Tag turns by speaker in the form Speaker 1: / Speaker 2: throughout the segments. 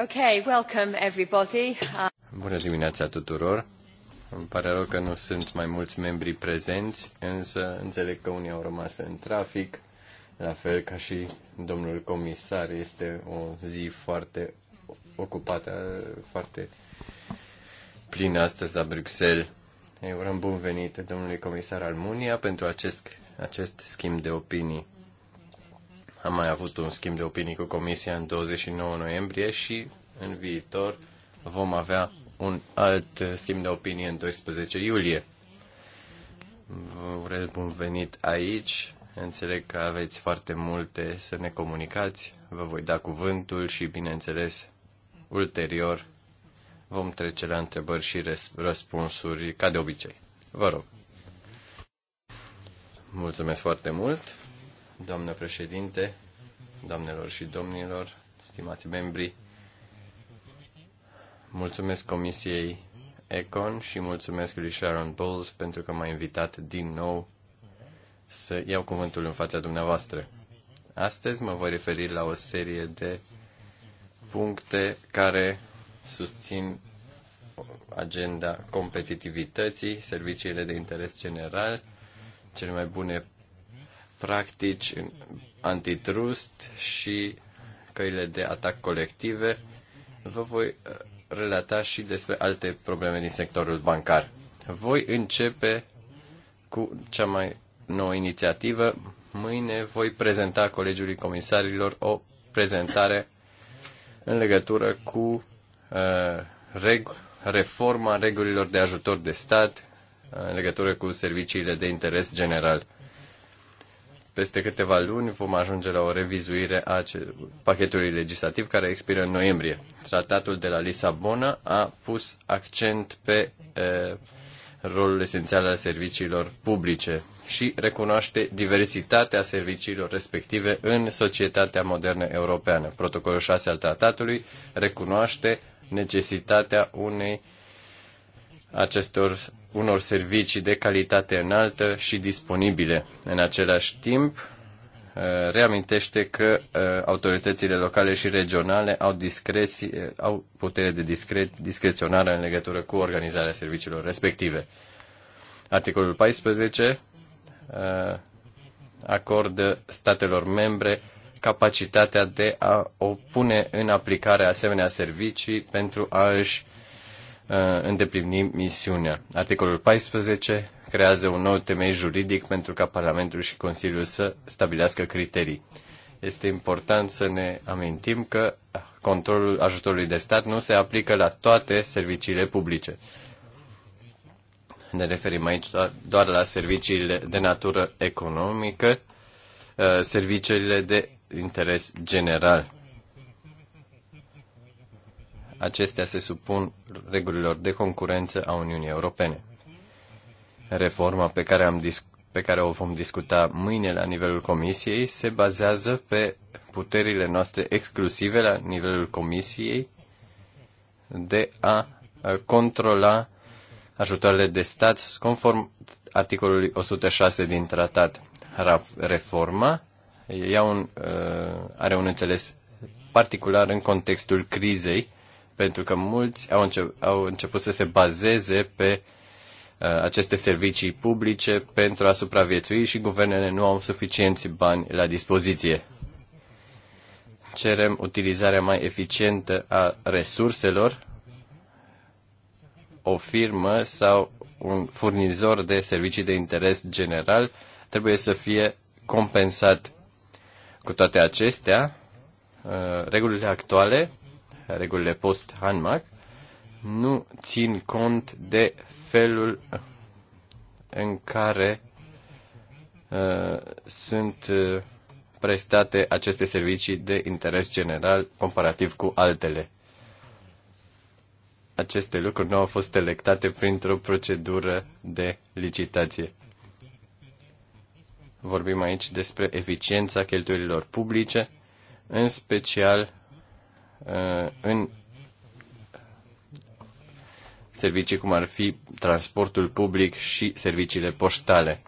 Speaker 1: Okay, welcome everybody.
Speaker 2: Bună dimineața tuturor. Îmi pare rău că nu sunt mai mulți membri prezenți, însă înțeleg că unii au rămas în trafic, la fel ca și domnul comisar. Este o zi foarte ocupată, foarte plină astăzi la Bruxelles. Eu urăm bun venit domnului comisar Almunia pentru acest, acest schimb de opinii. Am mai avut un schimb de opinii cu Comisia în 29 noiembrie și în viitor vom avea un alt schimb de opinie în 12 iulie. Vă urez bun venit aici. Înțeleg că aveți foarte multe să ne comunicați. Vă voi da cuvântul și, bineînțeles, ulterior vom trece la întrebări și răspunsuri, ca de obicei. Vă rog. Mulțumesc foarte mult doamnă președinte, doamnelor și domnilor, stimați membri, mulțumesc Comisiei Econ și mulțumesc lui Sharon Bowles pentru că m-a invitat din nou să iau cuvântul în fața dumneavoastră. Astăzi mă voi referi la o serie de puncte care susțin agenda competitivității, serviciile de interes general, cele mai bune practici antitrust și căile de atac colective, vă voi uh, relata și despre alte probleme din sectorul bancar. Voi începe cu cea mai nouă inițiativă. Mâine voi prezenta Colegiului Comisarilor o prezentare în legătură cu uh, reg- reforma regulilor de ajutor de stat uh, în legătură cu serviciile de interes general peste câteva luni vom ajunge la o revizuire a pachetului legislativ care expiră în noiembrie. Tratatul de la Lisabona a pus accent pe uh, rolul esențial al serviciilor publice și recunoaște diversitatea serviciilor respective în societatea modernă europeană. Protocolul 6 al tratatului recunoaște necesitatea unei uh, acestor unor servicii de calitate înaltă și disponibile. În același timp, uh, reamintește că uh, autoritățile locale și regionale au, discreție, uh, au putere de discre, discreționare în legătură cu organizarea serviciilor respective. Articolul 14 acordă statelor membre capacitatea de a opune în aplicare asemenea servicii pentru a își Uh, îndeplini misiunea. Articolul 14 creează un nou temei juridic pentru ca Parlamentul și Consiliul să stabilească criterii. Este important să ne amintim că controlul ajutorului de stat nu se aplică la toate serviciile publice. Ne referim aici doar la serviciile de natură economică, uh, serviciile de interes general. Acestea se supun regulilor de concurență a Uniunii Europene. Reforma pe care, am pe care o vom discuta mâine la nivelul Comisiei se bazează pe puterile noastre exclusive la nivelul Comisiei de a controla ajutoarele de stat conform articolului 106 din tratat. Reforma ia un, are un înțeles particular în contextul crizei pentru că mulți au, înce- au început să se bazeze pe uh, aceste servicii publice pentru a supraviețui și guvernele nu au suficienți bani la dispoziție. Cerem utilizarea mai eficientă a resurselor. O firmă sau un furnizor de servicii de interes general trebuie să fie compensat. Cu toate acestea, uh, regulile actuale regulile post-Hanmac, nu țin cont de felul uh, în care uh, sunt uh, prestate aceste servicii de interes general comparativ cu altele. Aceste lucruri nu au fost selectate printr-o procedură de licitație. Vorbim aici despre eficiența cheltuielilor publice, în special Uh, în servicii cum ar fi transportul public și serviciile poștale.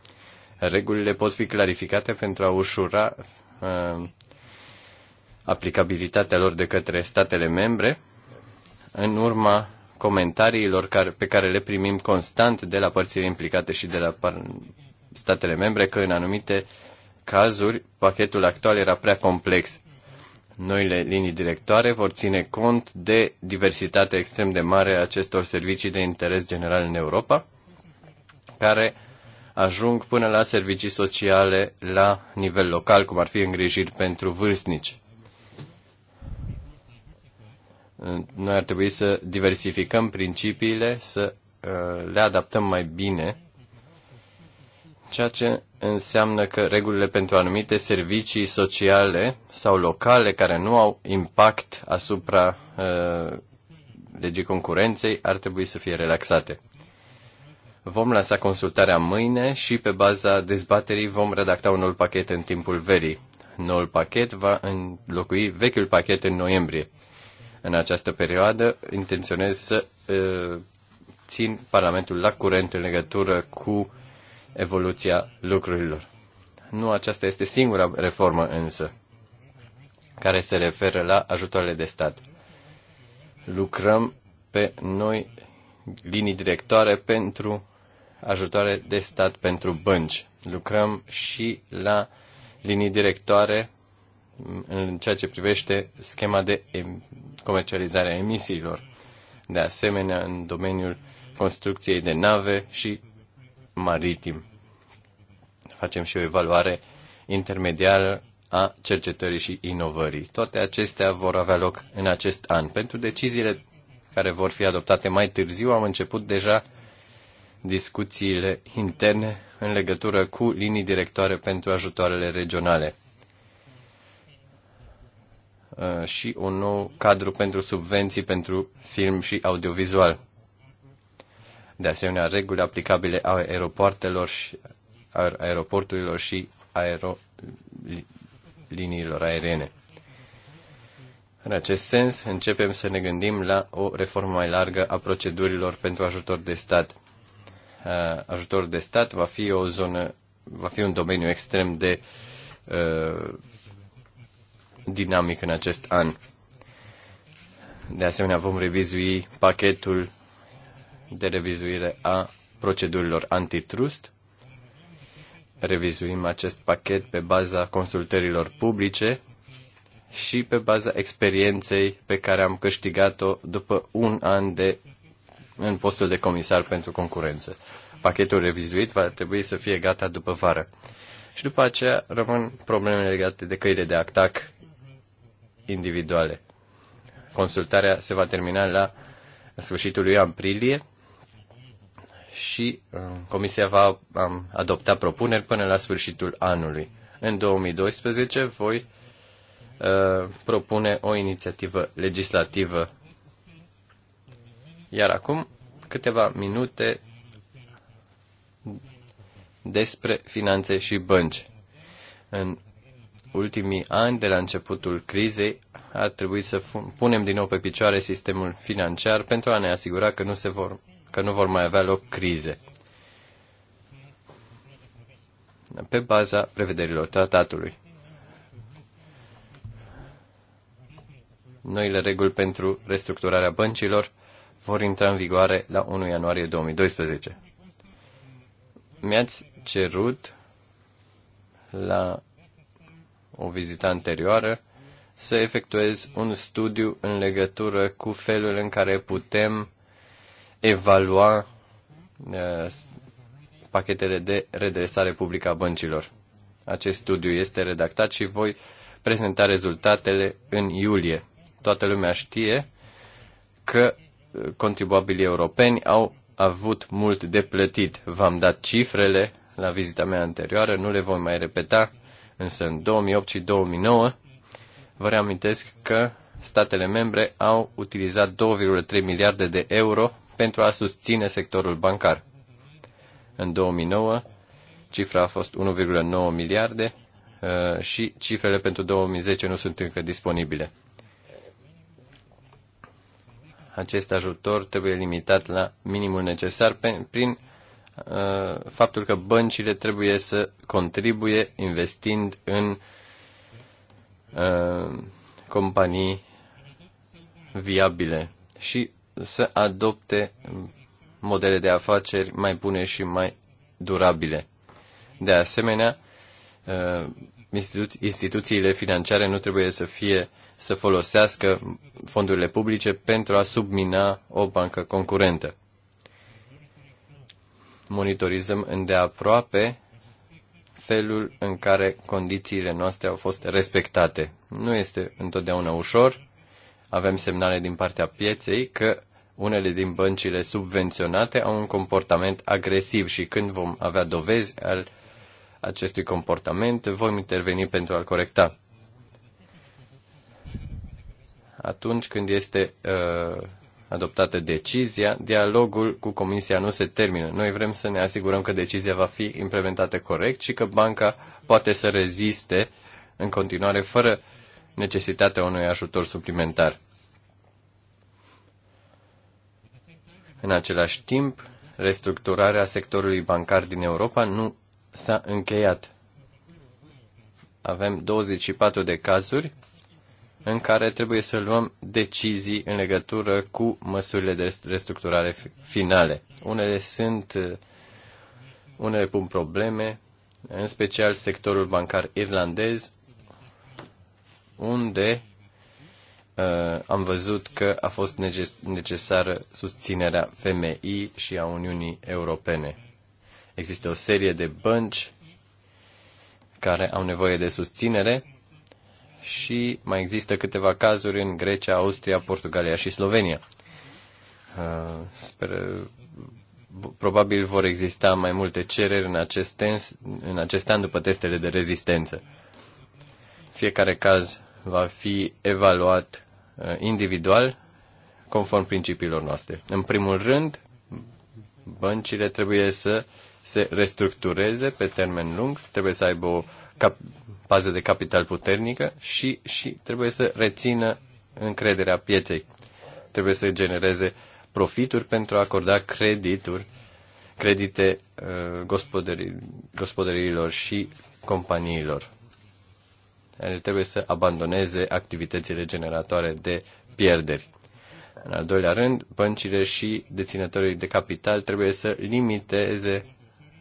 Speaker 2: Regulile pot fi clarificate pentru a ușura uh, aplicabilitatea lor de către statele membre în urma comentariilor care, pe care le primim constant de la părțile implicate și de la statele membre că în anumite cazuri pachetul actual era prea complex Noile linii directoare vor ține cont de diversitatea extrem de mare a acestor servicii de interes general în Europa, care ajung până la servicii sociale la nivel local, cum ar fi îngrijiri pentru vârstnici. Noi ar trebui să diversificăm principiile, să uh, le adaptăm mai bine ceea ce înseamnă că regulile pentru anumite servicii sociale sau locale care nu au impact asupra uh, legii concurenței ar trebui să fie relaxate. Vom lansa consultarea mâine și pe baza dezbaterii vom redacta un nou pachet în timpul verii. Noul pachet va înlocui vechiul pachet în noiembrie. În această perioadă intenționez să uh, țin Parlamentul la curent în legătură cu evoluția lucrurilor. Nu aceasta este singura reformă însă care se referă la ajutoarele de stat. Lucrăm pe noi linii directoare pentru ajutoare de stat pentru bănci. Lucrăm și la linii directoare în ceea ce privește schema de comercializare a emisiilor. De asemenea, în domeniul construcției de nave și maritim. Facem și o evaluare intermediară a cercetării și inovării. Toate acestea vor avea loc în acest an. Pentru deciziile care vor fi adoptate mai târziu, am început deja discuțiile interne în legătură cu linii directoare pentru ajutoarele regionale uh, și un nou cadru pentru subvenții pentru film și audiovizual de asemenea reguli aplicabile a aeroportelor și a aeroporturilor și aeroliniilor aeriene. În acest sens, începem să ne gândim la o reformă mai largă a procedurilor pentru ajutor de stat. Ajutor de stat va fi o zonă, va fi un domeniu extrem de dinamic în acest an. De asemenea, vom revizui pachetul de revizuire a procedurilor antitrust. Revizuim acest pachet pe baza consultărilor publice și pe baza experienței pe care am câștigat-o după un an de în postul de comisar pentru concurență. Pachetul revizuit va trebui să fie gata după vară. Și după aceea rămân problemele legate de căile de atac individuale. Consultarea se va termina la sfârșitul lui aprilie și uh, Comisia va um, adopta propuneri până la sfârșitul anului. În 2012 voi uh, propune o inițiativă legislativă. Iar acum câteva minute despre finanțe și bănci. În ultimii ani, de la începutul crizei, a trebuit să punem din nou pe picioare sistemul financiar pentru a ne asigura că nu se vor că nu vor mai avea loc crize. Pe baza prevederilor tratatului. Noile reguli pentru restructurarea băncilor vor intra în vigoare la 1 ianuarie 2012. Mi-ați cerut la o vizită anterioară să efectuez un studiu în legătură cu felul în care putem evalua uh, pachetele de redresare publică a băncilor. Acest studiu este redactat și voi prezenta rezultatele în iulie. Toată lumea știe că uh, contribuabilii europeni au avut mult de plătit. V-am dat cifrele la vizita mea anterioară, nu le voi mai repeta, însă în 2008 și 2009 vă reamintesc că statele membre au utilizat 2,3 miliarde de euro pentru a susține sectorul bancar. În 2009, cifra a fost 1,9 miliarde uh, și cifrele pentru 2010 nu sunt încă disponibile. Acest ajutor trebuie limitat la minimul necesar prin uh, faptul că băncile trebuie să contribuie investind în uh, companii viabile și să adopte modele de afaceri mai bune și mai durabile. De asemenea, uh, instituțiile financiare nu trebuie să fie să folosească fondurile publice pentru a submina o bancă concurentă. Monitorizăm îndeaproape felul în care condițiile noastre au fost respectate. Nu este întotdeauna ușor, avem semnale din partea pieței că unele din băncile subvenționate au un comportament agresiv și când vom avea dovezi al acestui comportament, vom interveni pentru a-l corecta. Atunci când este uh, adoptată decizia, dialogul cu Comisia nu se termină. Noi vrem să ne asigurăm că decizia va fi implementată corect și că banca poate să reziste în continuare fără uh, necesitatea unui ajutor suplimentar. În același timp, restructurarea sectorului bancar din Europa nu s-a încheiat. Avem 24 de cazuri în care trebuie să luăm decizii în legătură cu măsurile de restructurare finale. Unele sunt, unele pun probleme, în special sectorul bancar irlandez, unde uh, am văzut că a fost necesară susținerea FMI și a Uniunii Europene. Există o serie de bănci care au nevoie de susținere și mai există câteva cazuri în Grecia, Austria, Portugalia și Slovenia. Uh, sper, probabil vor exista mai multe cereri în acest, tens, în acest an după testele de rezistență. Fiecare caz va fi evaluat uh, individual conform principiilor noastre. În primul rând, băncile trebuie să se restructureze pe termen lung, trebuie să aibă o bază de capital puternică și, și trebuie să rețină încrederea pieței. Trebuie să genereze profituri pentru a acorda credituri, credite uh, gospodării, gospodăriilor și companiilor trebuie să abandoneze activitățile generatoare de pierderi. În al doilea rând, băncile și deținătorii de capital trebuie să limiteze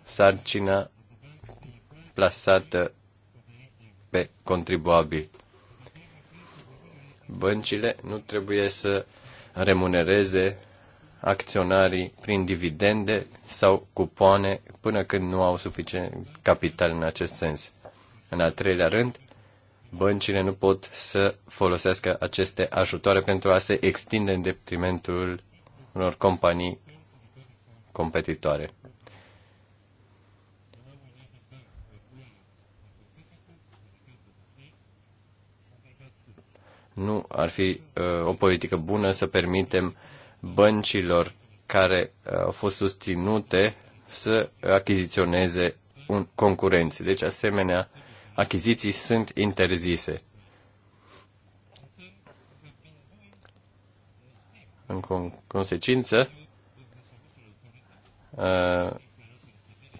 Speaker 2: sarcina plasată pe contribuabil. Băncile nu trebuie să remunereze acționarii prin dividende sau cupoane până când nu au suficient capital în acest sens. În al treilea rând, băncile nu pot să folosească aceste ajutoare pentru a se extinde în detrimentul unor companii competitoare. Nu ar fi uh, o politică bună să permitem băncilor care uh, au fost susținute să achiziționeze un concurenți. Deci, asemenea, achiziții sunt interzise. În consecință, uh,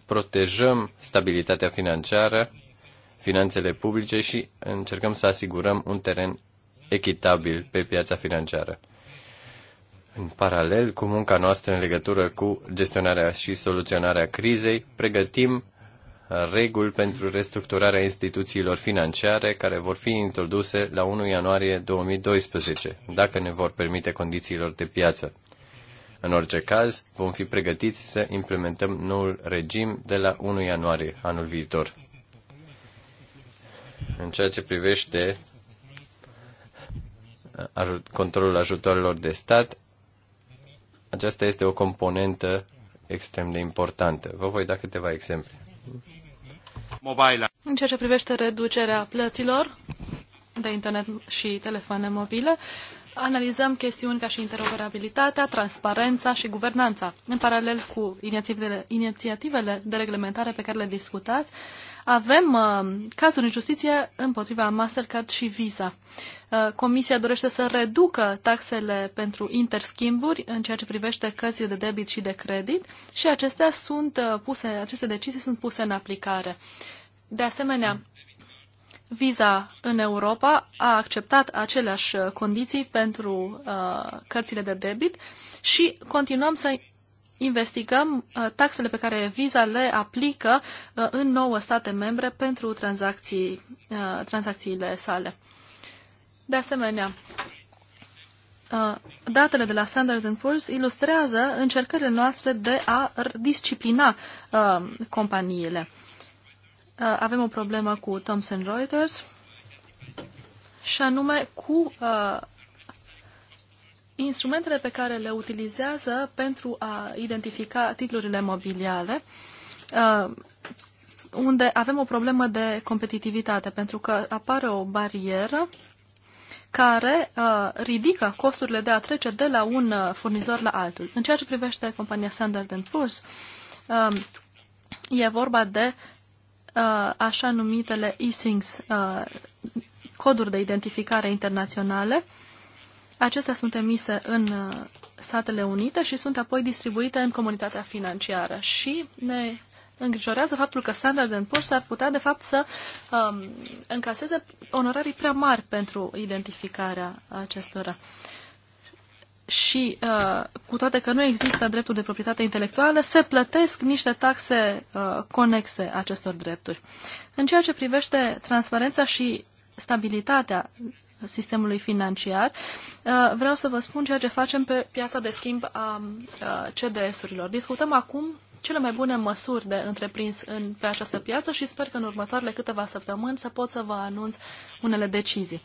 Speaker 2: protejăm stabilitatea financiară, finanțele publice și încercăm să asigurăm un teren echitabil pe piața financiară. În paralel cu munca noastră în legătură cu gestionarea și soluționarea crizei, pregătim reguli pentru restructurarea instituțiilor financiare care vor fi introduse la 1 ianuarie 2012, dacă ne vor permite condițiilor de piață. În orice caz, vom fi pregătiți să implementăm noul regim de la 1 ianuarie anul viitor. În ceea ce privește uh, controlul ajutoarelor de stat, aceasta este o componentă extrem de importantă. Vă voi da câteva exemple. Mobile.
Speaker 3: În ceea ce privește reducerea plăților de internet și telefoane mobile, analizăm chestiuni ca și interoperabilitatea, transparența și guvernanța. În paralel cu inițiativele, inițiativele de reglementare pe care le discutați, avem uh, cazuri în justiție împotriva Mastercard și Visa. Uh, Comisia dorește să reducă taxele pentru interschimburi în ceea ce privește cărțile de debit și de credit și acestea sunt uh, puse, aceste decizii sunt puse în aplicare. De asemenea, Visa în Europa a acceptat aceleași condiții pentru uh, cărțile de debit și continuăm să investigăm uh, taxele pe care Visa le aplică uh, în nouă state membre pentru tranzacții, uh, tranzacțiile sale. De asemenea, datele de la Standard Poor's ilustrează încercările noastre de a disciplina companiile. Avem o problemă cu Thomson Reuters și anume cu instrumentele pe care le utilizează pentru a identifica titlurile mobiliare, uh, unde avem o problemă de competitivitate, pentru că apare o barieră care uh, ridică costurile de a trece de la un uh, furnizor la altul. În ceea ce privește compania Standard Poor's, um, e vorba de așa numitele e-SINGS, coduri de identificare internaționale, Acestea sunt emise în uh, Statele Unite și sunt apoi distribuite în comunitatea financiară și ne îngrijorează faptul că Standard Poor's ar putea, de fapt, să um, încaseze onorarii prea mari pentru identificarea acestora. Și, uh, cu toate că nu există drepturi de proprietate intelectuală, se plătesc niște taxe uh, conexe acestor drepturi. În ceea ce privește transparența și stabilitatea sistemului financiar, uh, vreau să vă spun ceea ce facem pe piața de schimb a uh, CDS-urilor. Discutăm acum cele mai bune măsuri de întreprins în, pe această piață și sper că în următoarele câteva săptămâni să pot să vă anunț unele decizii.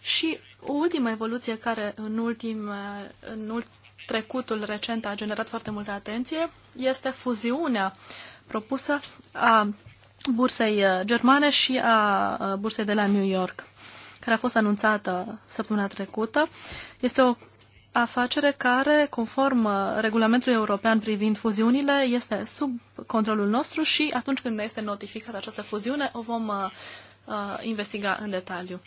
Speaker 3: Și o ultimă evoluție care în, ultim, uh, în ult, trecutul recent a generat foarte multă atenție este fuziunea propusă a bursei germane și a bursei de la New York care a fost anunțată săptămâna trecută. Este o afacere care, conform regulamentului european privind fuziunile, este sub controlul nostru și atunci când ne este notificată această fuziune, o vom uh, uh investiga în detaliu.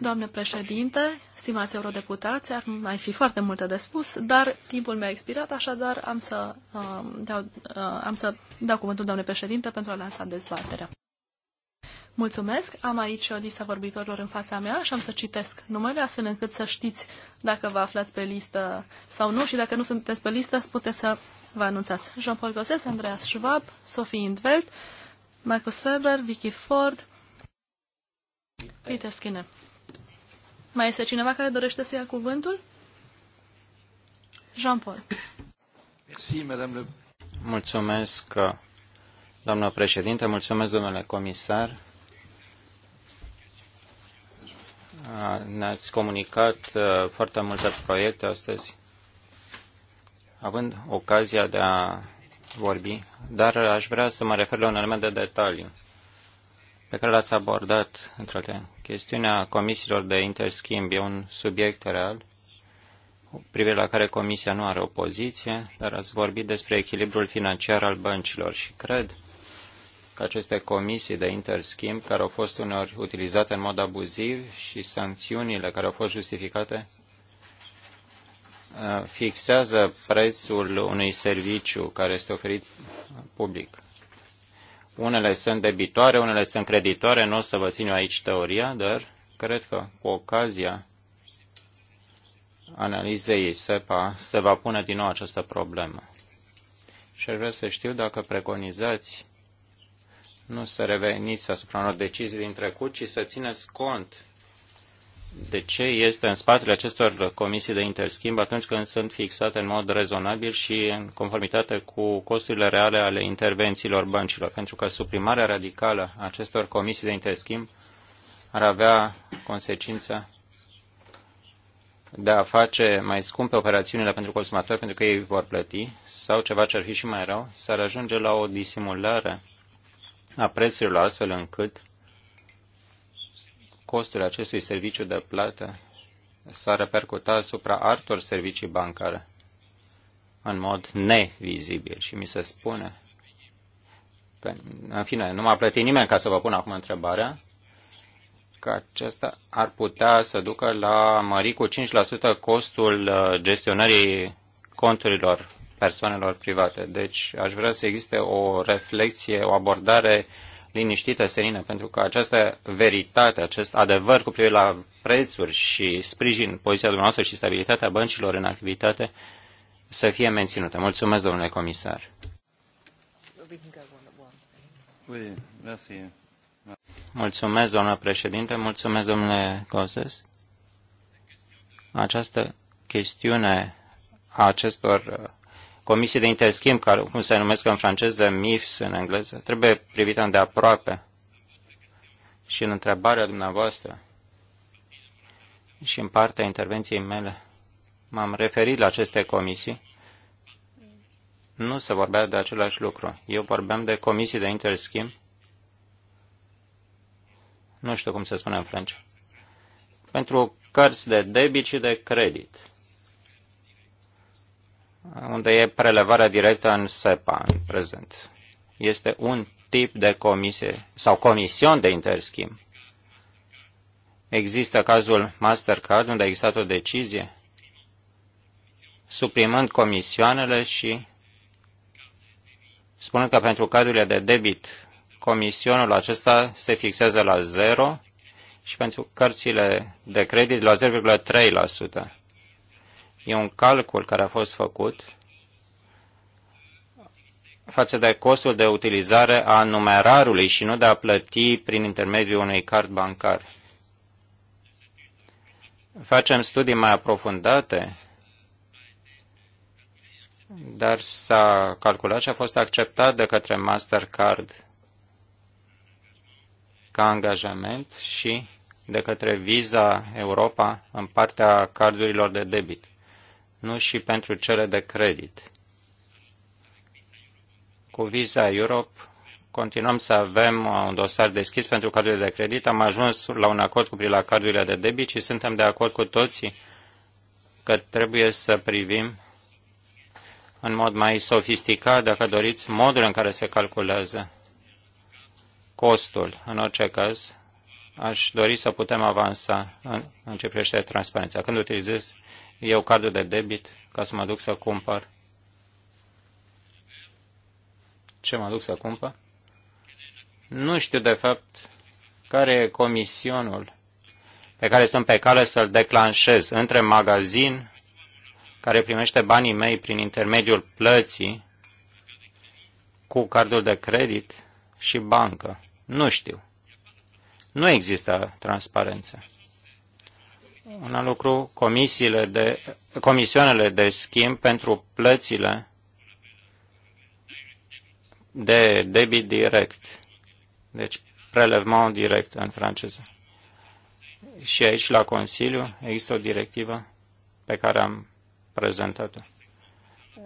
Speaker 3: Doamne președinte, stimați eurodeputați, ar mai fi foarte multe de spus, dar timpul mi-a expirat, așadar am să, uh, dau, uh, am să dau cuvântul doamne președinte pentru a lansa dezbaterea. Mulțumesc. Am aici o lista vorbitorilor în fața mea și am să citesc numele astfel încât să știți dacă vă aflați pe listă sau nu și dacă nu sunteți pe listă, puteți să vă anunțați. Jean-Paul Gosses, Andreas Schwab, Sophie Indveld, Marcus Weber, Vicky Ford, Peter Skinner. Mai este cineva care dorește să ia cuvântul? Jean-Paul.
Speaker 4: Mulțumesc, doamnă președinte, mulțumesc, domnule comisar. Ne-ați comunicat uh, foarte multe proiecte astăzi, având ocazia de a vorbi, dar aș vrea să mă refer la un element de detaliu pe care l-ați abordat, între alte. Chestiunea comisiilor de interschimb e un subiect real, privire la care Comisia nu are opoziție, dar ați vorbit despre echilibrul financiar al băncilor și cred aceste comisii de interschimb, care au fost uneori utilizate în mod abuziv și sancțiunile care au fost justificate, uh, fixează prețul unui serviciu care este oferit public. Unele sunt debitoare, unele sunt creditoare, nu o să vă țin eu aici teoria, dar cred că cu ocazia analizei SEPA se va pune din nou această problemă. Și aș vrea să știu dacă preconizați nu să reveniți asupra unor decizii din trecut, ci să țineți cont de ce este în spatele acestor comisii de interschimb atunci când sunt fixate în mod rezonabil și în conformitate cu costurile reale ale intervențiilor băncilor, pentru că suprimarea radicală a acestor comisii de interschimb ar avea consecința de a face mai scumpe operațiunile pentru consumatori, pentru că ei vor plăti, sau ceva ce ar fi și mai rău, s-ar ajunge la o disimulare a prețurilor, astfel încât costurile acestui serviciu de plată s ar repercuta asupra altor servicii bancare în mod nevizibil. Și mi se spune că, în fine, nu m-a plătit nimeni ca să vă pun acum întrebarea, că acesta ar putea să ducă la mări cu 5% costul uh, gestionării conturilor persoanelor private. Deci aș vrea să existe o reflexie, o abordare liniștită, senină, pentru că această veritate, acest adevăr cu privire la prețuri și sprijin poziția dumneavoastră și stabilitatea băncilor în activitate să fie menținută. Mulțumesc, domnule comisar. Mulțumesc, doamnă președinte, mulțumesc, domnule Gozes. Această chestiune a acestor comisii de interschimb, care, cum se numesc în franceză, MIFS în engleză, trebuie privită de aproape Și în întrebarea dumneavoastră și în partea intervenției mele m-am referit la aceste comisii, nu se vorbea de același lucru. Eu vorbeam de comisii de interschimb, nu știu cum se spune în franceză, pentru cărți de debit și de credit unde e prelevarea directă în SEPA în prezent. Este un tip de comisie sau comision de interschimb. Există cazul Mastercard, unde a existat o decizie suprimând comisioanele și spunând că pentru cardurile de debit comisionul acesta se fixează la 0 și pentru cărțile de credit la 0,3%. E un calcul care a fost făcut față de costul de utilizare a numerarului și nu de a plăti prin intermediul unui card bancar. Facem studii mai aprofundate, dar s-a calculat și a fost acceptat de către Mastercard ca angajament și de către Visa Europa în partea cardurilor de debit nu și pentru cele de credit. Cu Visa Europe continuăm să avem uh, un dosar deschis pentru cardurile de credit. Am ajuns la un acord cu privire la cardurile de debit și suntem de acord cu toții că trebuie să privim în mod mai sofisticat, dacă doriți, modul în care se calculează costul. În orice caz, aș dori să putem avansa în, în ce privește transparența. Când utilizez eu cardul de debit ca să mă duc să cumpăr. Ce mă duc să cumpăr? Nu știu, de fapt, care e comisionul pe care sunt pe cale să-l declanșez între magazin, care primește banii mei prin intermediul plății cu cardul de credit și bancă. Nu știu. Nu există transparență. Un alt lucru, comisiile de, comisioanele de schimb pentru plățile de debit direct. Deci prelevement direct în franceză. Și aici, la Consiliu, există o directivă pe care am prezentat-o.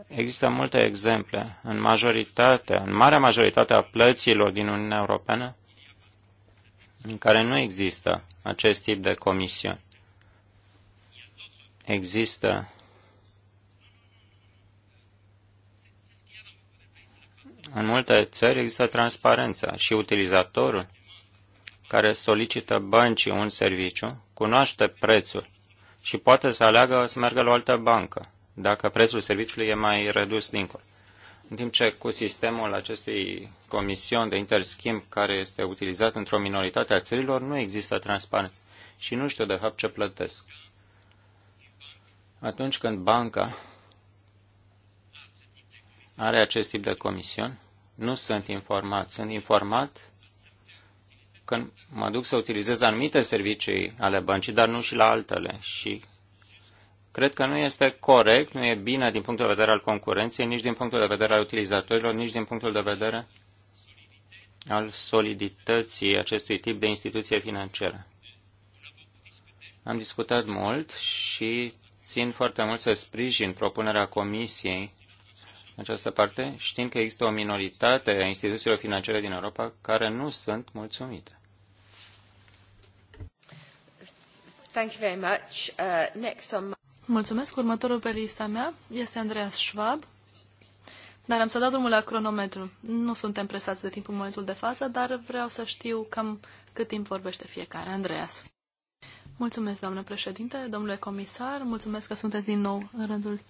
Speaker 4: Există multe exemple. În majoritatea, în marea majoritate a plăților din Uniunea Europeană, în care nu există acest tip de comisiuni există în multe țări există transparența și utilizatorul care solicită băncii un serviciu cunoaște prețul și poate să aleagă să meargă la o altă bancă dacă prețul serviciului e mai redus dincolo. În timp ce cu sistemul acestui comision de interschimb care este utilizat într-o minoritate a țărilor nu există transparență și nu știu de fapt ce plătesc. Atunci când banca are acest tip de comision, nu sunt informat. Sunt informat când mă duc să utilizez anumite servicii ale băncii, dar nu și la altele. Și cred că nu este corect, nu e bine din punctul de vedere al concurenței, nici din punctul de vedere al utilizatorilor, nici din punctul de vedere al solidității acestui tip de instituție financiară. Am discutat mult și Țin foarte mult să sprijin propunerea Comisiei în această parte, știind că există o minoritate a instituțiilor financiare din Europa care nu sunt mulțumite.
Speaker 3: Thank you very much. Uh, next on... Mulțumesc. Următorul pe lista mea este Andreas Schwab. Dar am să dau drumul la cronometru. Nu suntem presați de timp în momentul de față, dar vreau să știu cam cât timp vorbește fiecare. Andreas. Mulțumesc, doamnă președinte, domnule comisar, mulțumesc că sunteți din nou în rândul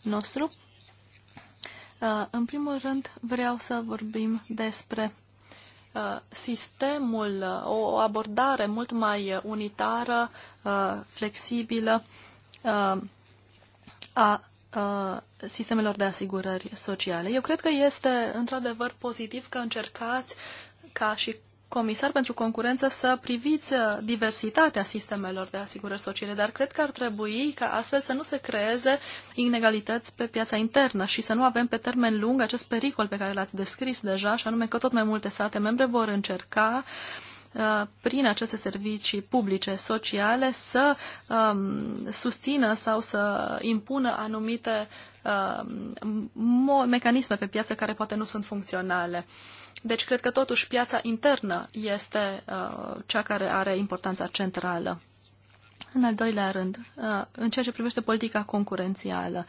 Speaker 3: nostru. Uh, în primul rând, vreau să vorbim despre uh, sistemul, uh, o abordare mult mai unitară, flexibilă a sistemelor de asigurări sociale. Eu cred că este într-adevăr pozitiv că încercați ca și comisar pentru concurență să priviți uh, diversitatea sistemelor de asigurări sociale, dar cred că ar trebui ca astfel să nu se creeze inegalități pe piața internă și să nu avem pe termen lung acest pericol pe care l-ați descris deja, și anume că tot mai multe state membre vor încerca uh, prin aceste servicii publice sociale să um, susțină sau să impună anumite um, mecanisme pe piață care poate nu sunt funcționale. Uh, deci cred că totuși piața internă este uh, cea care are importanța centrală. În al doilea rând, uh, în ceea ce privește politica concurențială,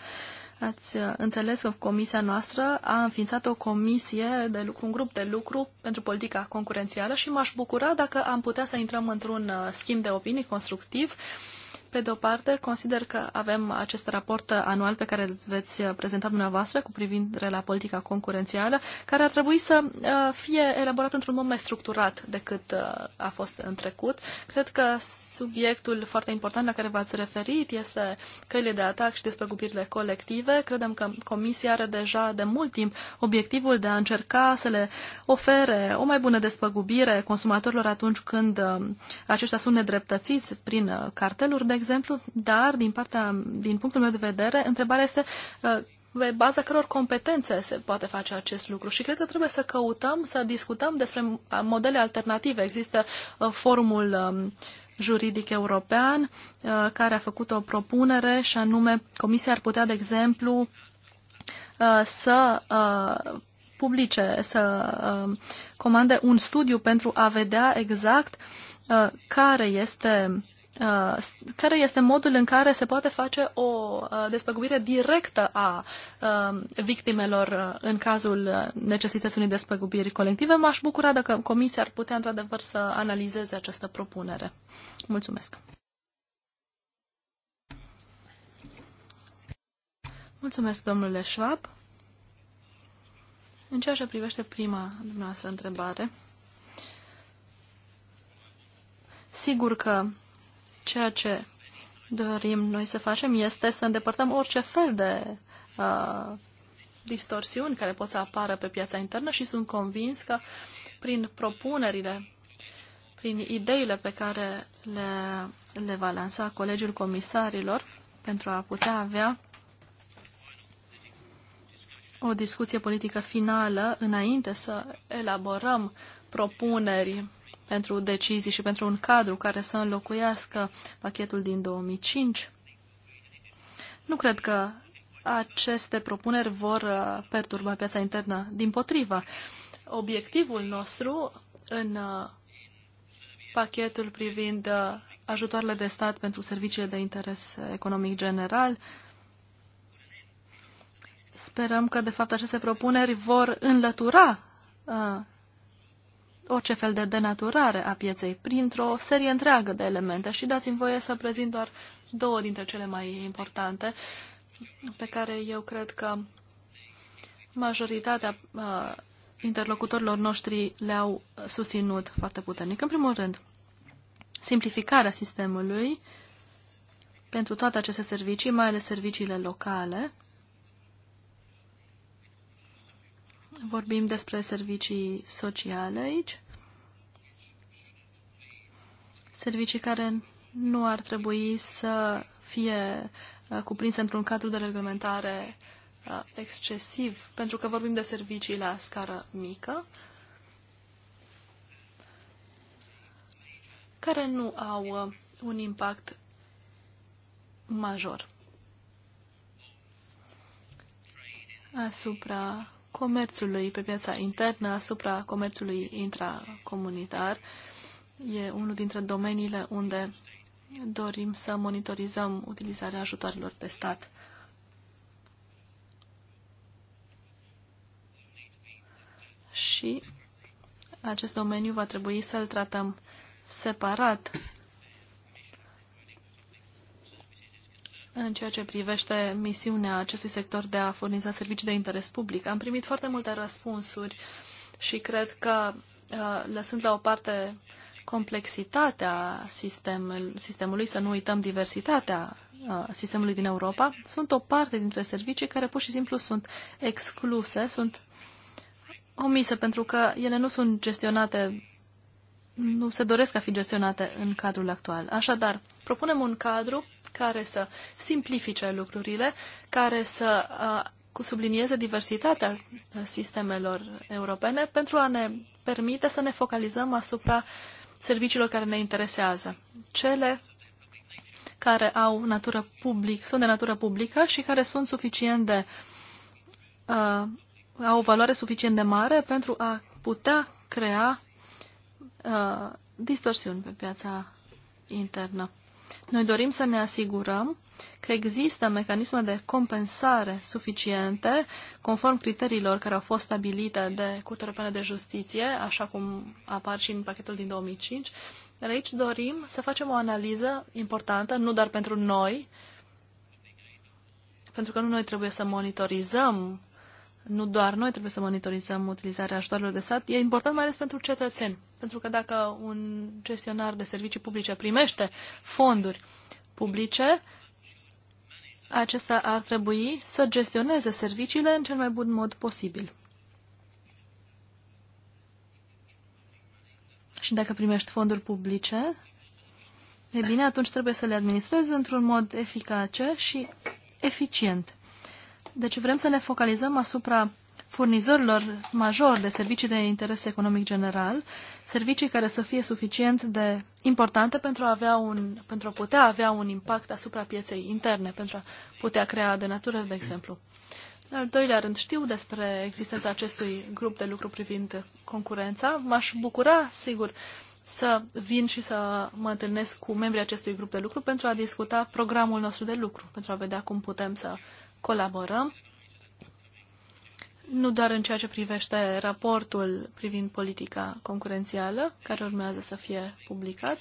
Speaker 3: ați uh, înțeles că comisia noastră a înființat o comisie de lucru, un grup de lucru pentru politica concurențială și m-aș bucura dacă am putea să intrăm într-un uh, schimb de opinii constructiv uh, pe de o parte, consider că avem acest raport anual pe care îl veți prezenta dumneavoastră cu privire la politica concurențială, care ar trebui să uh, fie elaborat într-un mod mai structurat decât uh, a fost în trecut. Cred că subiectul foarte important la care v-ați referit este căile de atac și despăgubirile colective. Credem că Comisia are deja de mult timp obiectivul de a încerca să le ofere o mai bună despăgubire consumatorilor atunci când uh, aceștia sunt nedreptățiți prin carteluri, de exemplu, dar din, partea, din punctul meu de vedere, întrebarea este uh, pe baza căror competențe se poate face acest lucru. Și cred că trebuie să căutăm, să discutăm despre modele alternative. Există uh, forumul um, juridic european uh, care a făcut o propunere și anume Comisia ar putea, de exemplu, să publice, să comande un studiu pentru a vedea exact care este Uh, care este modul în care se poate face o uh, despăgubire directă a um, victimelor uh, în cazul necesității unei despăgubiri colective. M-aș bucura dacă Comisia ar putea într-adevăr să analizeze această propunere. Mulțumesc! Mulțumesc, domnule Schwab. În ceea ce privește prima dumneavoastră întrebare, sigur că Ceea ce dorim noi să facem este să îndepărtăm orice fel de uh, distorsiuni care pot să apară pe piața internă și sunt convins că prin propunerile, prin ideile pe care le, le va lansa Colegiul Comisarilor pentru a putea avea o discuție politică finală înainte să elaborăm propuneri pentru decizii și pentru un cadru care să înlocuiască pachetul din 2005. Nu cred că aceste propuneri vor uh, perturba piața internă. Din potriva, obiectivul nostru în uh, pachetul privind uh, ajutoarele de stat pentru serviciile de interes economic general. Sperăm că, de fapt, aceste propuneri vor înlătura orice fel de denaturare a pieței printr-o serie întreagă de elemente și dați-mi voie să prezint doar două dintre cele mai importante pe care eu cred că majoritatea uh, interlocutorilor noștri le-au susținut foarte puternic. În primul rând, simplificarea sistemului pentru toate aceste servicii, mai ales serviciile locale, Vorbim despre servicii sociale aici. Servicii care nu ar trebui să fie uh, cuprinse într-un cadru de reglementare uh, excesiv, pentru că vorbim de servicii la scară mică, care nu au uh, un impact major asupra comerțului pe piața internă, asupra comerțului intracomunitar. E unul dintre domeniile unde dorim să monitorizăm utilizarea ajutoarelor de stat. Și acest domeniu va trebui să-l tratăm separat În ceea ce privește misiunea acestui sector de a furniza servicii de interes public, am primit foarte multe răspunsuri și cred că, uh, lăsând la o parte complexitatea sistemul, sistemului, să nu uităm diversitatea uh, sistemului din Europa, sunt o parte dintre servicii care pur și simplu sunt excluse, sunt omise, pentru că ele nu sunt gestionate, nu se doresc a fi gestionate în cadrul actual. Așadar, propunem un cadru care să simplifice lucrurile, care să uh, sublinieze diversitatea sistemelor europene pentru a ne permite să ne focalizăm asupra serviciilor care ne interesează. Cele care au natură public, sunt de natură publică și care sunt suficient de uh, au o valoare suficient de mare pentru a putea crea uh, distorsiuni pe piața internă. Noi dorim să ne asigurăm că există mecanisme de compensare suficiente conform criteriilor care au fost stabilite de Curtea Europeană de Justiție, așa cum apar și în pachetul din 2005. Dar aici dorim să facem o analiză importantă, nu doar pentru noi, pentru că nu noi trebuie să monitorizăm nu doar noi trebuie să monitorizăm utilizarea ajutoarelor de stat, e important mai ales pentru cetățeni. Pentru că dacă un gestionar de servicii publice primește fonduri publice, acesta ar trebui să gestioneze serviciile în cel mai bun mod posibil. Și dacă primești fonduri publice, e bine, atunci trebuie să le administrezi într-un mod eficace și eficient. Deci vrem să ne focalizăm asupra furnizorilor majori de servicii de interes economic general, servicii care să fie suficient de importante pentru a, avea un, pentru a putea avea un impact asupra pieței interne, pentru a putea crea de natură, de exemplu. În al doilea rând, știu despre existența acestui grup de lucru privind concurența. M-aș bucura, sigur, să vin și să mă întâlnesc cu membrii acestui grup de lucru pentru a discuta programul nostru de lucru, pentru a vedea cum putem să colaborăm, nu doar în ceea ce privește raportul privind politica concurențială, care urmează să fie publicat,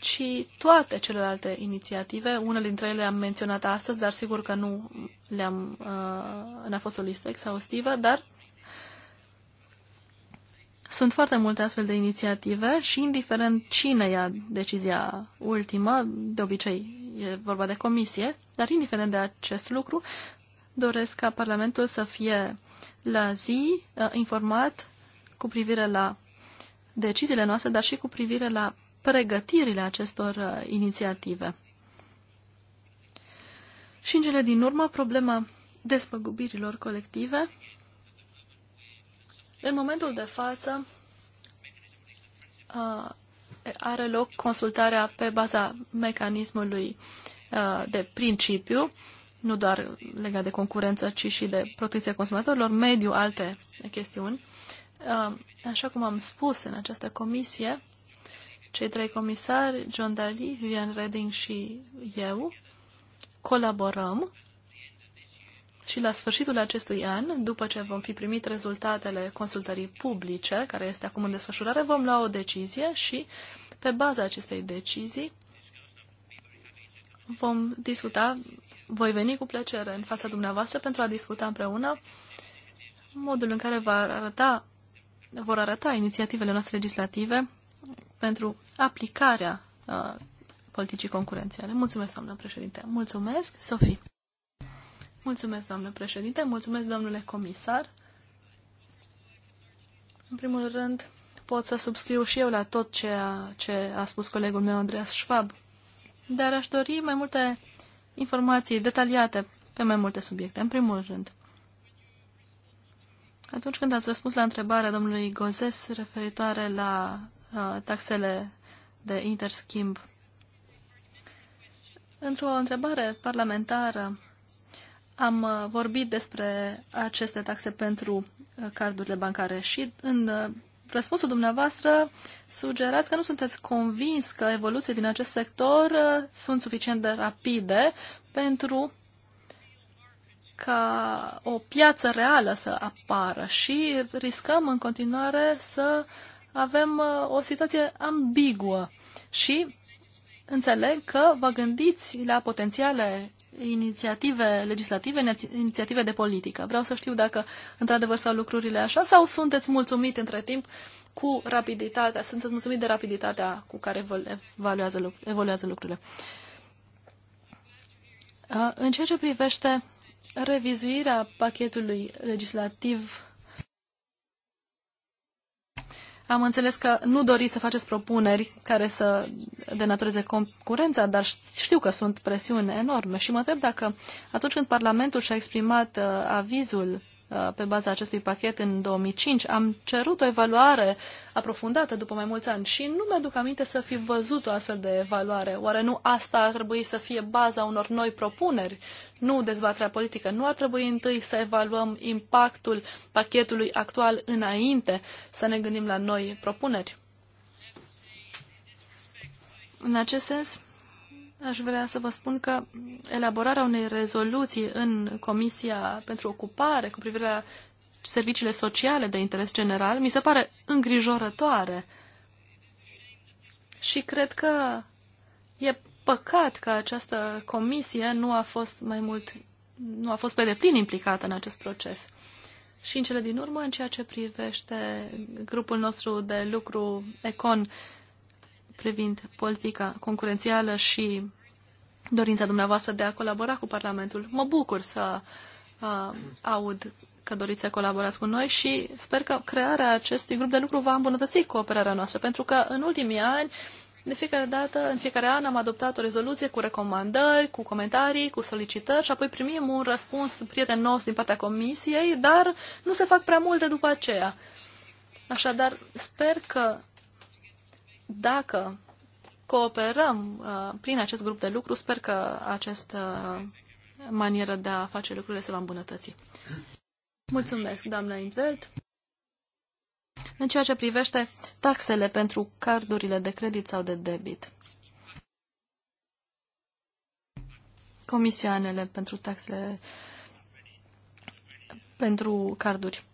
Speaker 3: ci toate celelalte inițiative. Unele dintre ele am menționat astăzi, dar sigur că nu le-am, uh, n-a fost o listă exhaustivă, dar sunt foarte multe astfel de inițiative și indiferent cine ia decizia ultimă, de obicei e vorba de comisie, dar indiferent de acest lucru, doresc ca Parlamentul să fie la zi uh, informat cu privire la deciziile noastre, dar și cu privire la pregătirile acestor uh, inițiative. Și în cele din urmă, problema despăgubirilor colective în momentul de față are loc consultarea pe baza mecanismului de principiu, nu doar legat de concurență, ci și de protecția consumatorilor, mediu, alte chestiuni. Așa cum am spus în această comisie, cei trei comisari, John Daly, Vivian Redding și eu, colaborăm și la sfârșitul acestui an, după ce vom fi primit rezultatele consultării publice, care este acum în desfășurare, vom lua o decizie și, pe baza acestei decizii, vom discuta, voi veni cu plăcere în fața dumneavoastră pentru a discuta împreună modul în care va arăta, vor arăta inițiativele noastre legislative pentru aplicarea uh, politicii concurențiale. Mulțumesc, doamnă președinte. Mulțumesc, Sofie. Mulțumesc, doamnă președinte, mulțumesc, domnule comisar. În primul rând, pot să subscriu și eu la tot ceea ce a spus colegul meu, Andreas Schwab, dar aș dori mai multe informații detaliate pe mai multe subiecte. În primul rând, atunci când ați răspuns la întrebarea domnului Gozes referitoare la uh, taxele de interschimb, într-o întrebare parlamentară am uh, vorbit despre aceste taxe pentru uh, cardurile bancare și în uh, răspunsul dumneavoastră sugerați că nu sunteți convins că evoluții din acest sector sunt suficient de rapide pentru ca o piață reală să apară și riscăm în continuare să avem o situație ambiguă și înțeleg că vă gândiți la potențiale inițiative legislative, inițiative de politică. Vreau să știu dacă într-adevăr stau lucrurile așa sau sunteți mulțumit între timp cu rapiditatea, sunteți mulțumit de rapiditatea cu care evoluează, evoluează lucrurile. În ceea ce privește revizuirea pachetului legislativ am înțeles că nu doriți să faceți propuneri care să denatureze concurența, dar știu că sunt presiuni enorme și mă întreb dacă atunci când Parlamentul și-a exprimat uh, avizul Uh, pe baza acestui pachet în 2005, am cerut o evaluare aprofundată după mai mulți ani și nu mi-aduc aminte să fi văzut o astfel de evaluare. Oare nu asta ar trebui să fie baza unor noi propuneri, nu dezbaterea politică? Nu ar trebui întâi să evaluăm impactul pachetului actual înainte să ne gândim la noi propuneri? În acest sens, aș vrea să vă spun că elaborarea unei rezoluții în Comisia pentru Ocupare cu privire la serviciile sociale de interes general mi se pare îngrijorătoare și cred că e păcat că această comisie nu a fost mai mult, nu a fost pe deplin implicată în acest proces. Și în cele din urmă, în ceea ce privește grupul nostru de lucru Econ, uh, privind politica concurențială și dorința dumneavoastră de a colabora cu Parlamentul. Mă bucur să uh, aud că doriți să colaborați cu noi și sper că crearea acestui grup de lucru va îmbunătăți cooperarea noastră, pentru că în ultimii ani, de fiecare dată, în fiecare an am adoptat o rezoluție cu recomandări, cu comentarii, cu solicitări și apoi primim un răspuns prietenos din partea comisiei, dar nu se fac prea multe după aceea. Așadar, sper că dacă cooperăm uh, prin acest grup de lucru, sper că această manieră de a face lucrurile se va îmbunătăți. Mulțumesc, doamna Intveld. În ceea ce privește taxele pentru cardurile de credit sau de debit, comisioanele pentru taxele pentru carduri.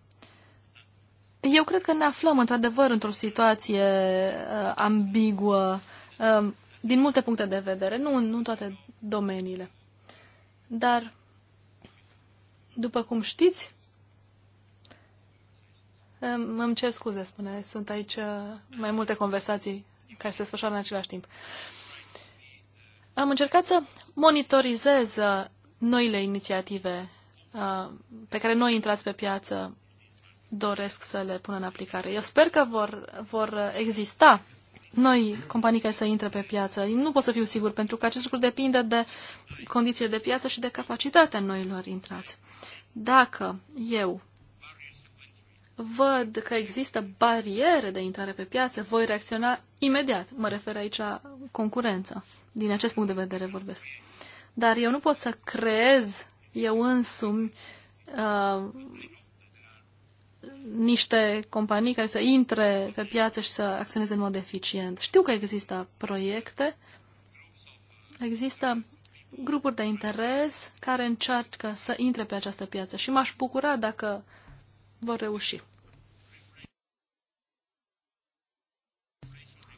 Speaker 3: Eu cred că ne aflăm într-adevăr într-o situație uh, ambiguă uh, din multe puncte de vedere, nu, nu în toate domeniile. Dar, după cum știți, uh, îmi cer scuze, spune, sunt aici uh, mai multe conversații care se desfășoară în același timp. Am încercat să monitorizez uh, noile inițiative uh, pe care noi intrați pe piață doresc să le pună în aplicare. Eu sper că vor, vor exista noi companii care să intre pe piață. Nu pot să fiu sigur, pentru că acest lucru depinde de condițiile de piață și de capacitatea noilor intrați. Dacă eu văd că există bariere de intrare pe piață, voi reacționa imediat. Mă refer aici la concurență. Din acest punct de vedere vorbesc. Dar eu nu pot să creez eu însumi uh, niște companii care să intre pe piață și să acționeze în mod eficient. Știu că există proiecte, există grupuri de interes care încearcă să intre pe această piață și m-aș bucura dacă vor reuși.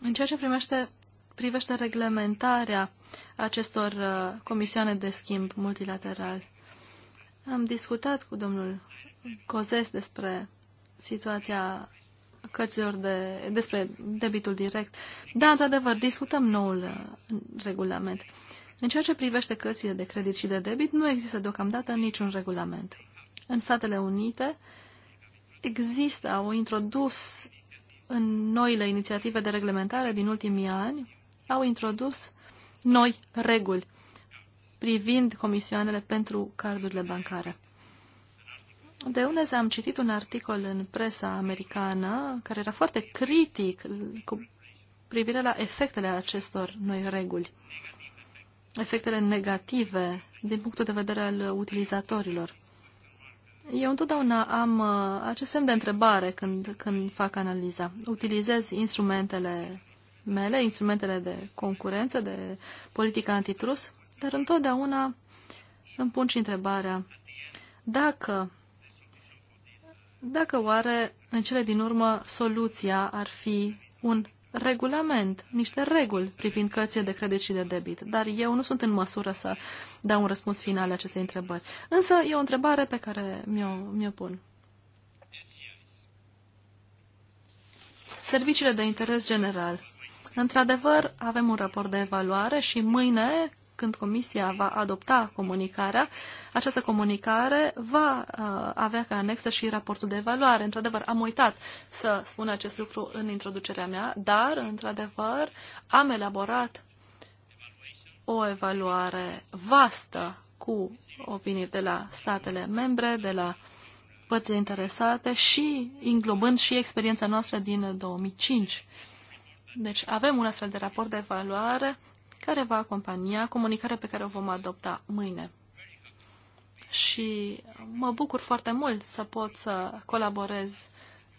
Speaker 3: În ceea ce primește, privește reglementarea acestor uh, comisioane de schimb multilateral, am discutat cu domnul Cozes despre situația cărților de, despre debitul direct. Da, într-adevăr, discutăm noul uh, regulament. În ceea ce privește cărțile de credit și de debit, nu există deocamdată niciun regulament. În Statele Unite există, au introdus în noile inițiative de reglementare din ultimii ani, au introdus noi reguli privind comisioanele pentru cardurile bancare. De unde am citit un articol în presa americană care era foarte critic cu privire la efectele acestor noi reguli, efectele negative din punctul de vedere al utilizatorilor. Eu întotdeauna am uh, acest semn de întrebare când, când fac analiza. Utilizez instrumentele mele, instrumentele de concurență, de politică antitrust, dar întotdeauna îmi pun și întrebarea dacă dacă oare în cele din urmă soluția ar fi un regulament, niște reguli privind cărțile de credit și de debit. Dar eu nu sunt în măsură să dau un răspuns final acestei întrebări. Însă e o întrebare pe care mi-o, mi-o pun. Serviciile de interes general. Într-adevăr, avem un raport de evaluare și mâine când Comisia va adopta comunicarea, această comunicare va uh, avea ca anexă și raportul de evaluare. Într-adevăr, am uitat să spun acest lucru în introducerea mea, dar, într-adevăr, am elaborat o evaluare vastă cu opinii de la statele membre, de la părțile interesate și înglobând și experiența noastră din 2005. Deci avem un astfel de raport de evaluare care va acompania comunicarea pe care o vom adopta mâine. Și mă bucur foarte mult să pot să colaborez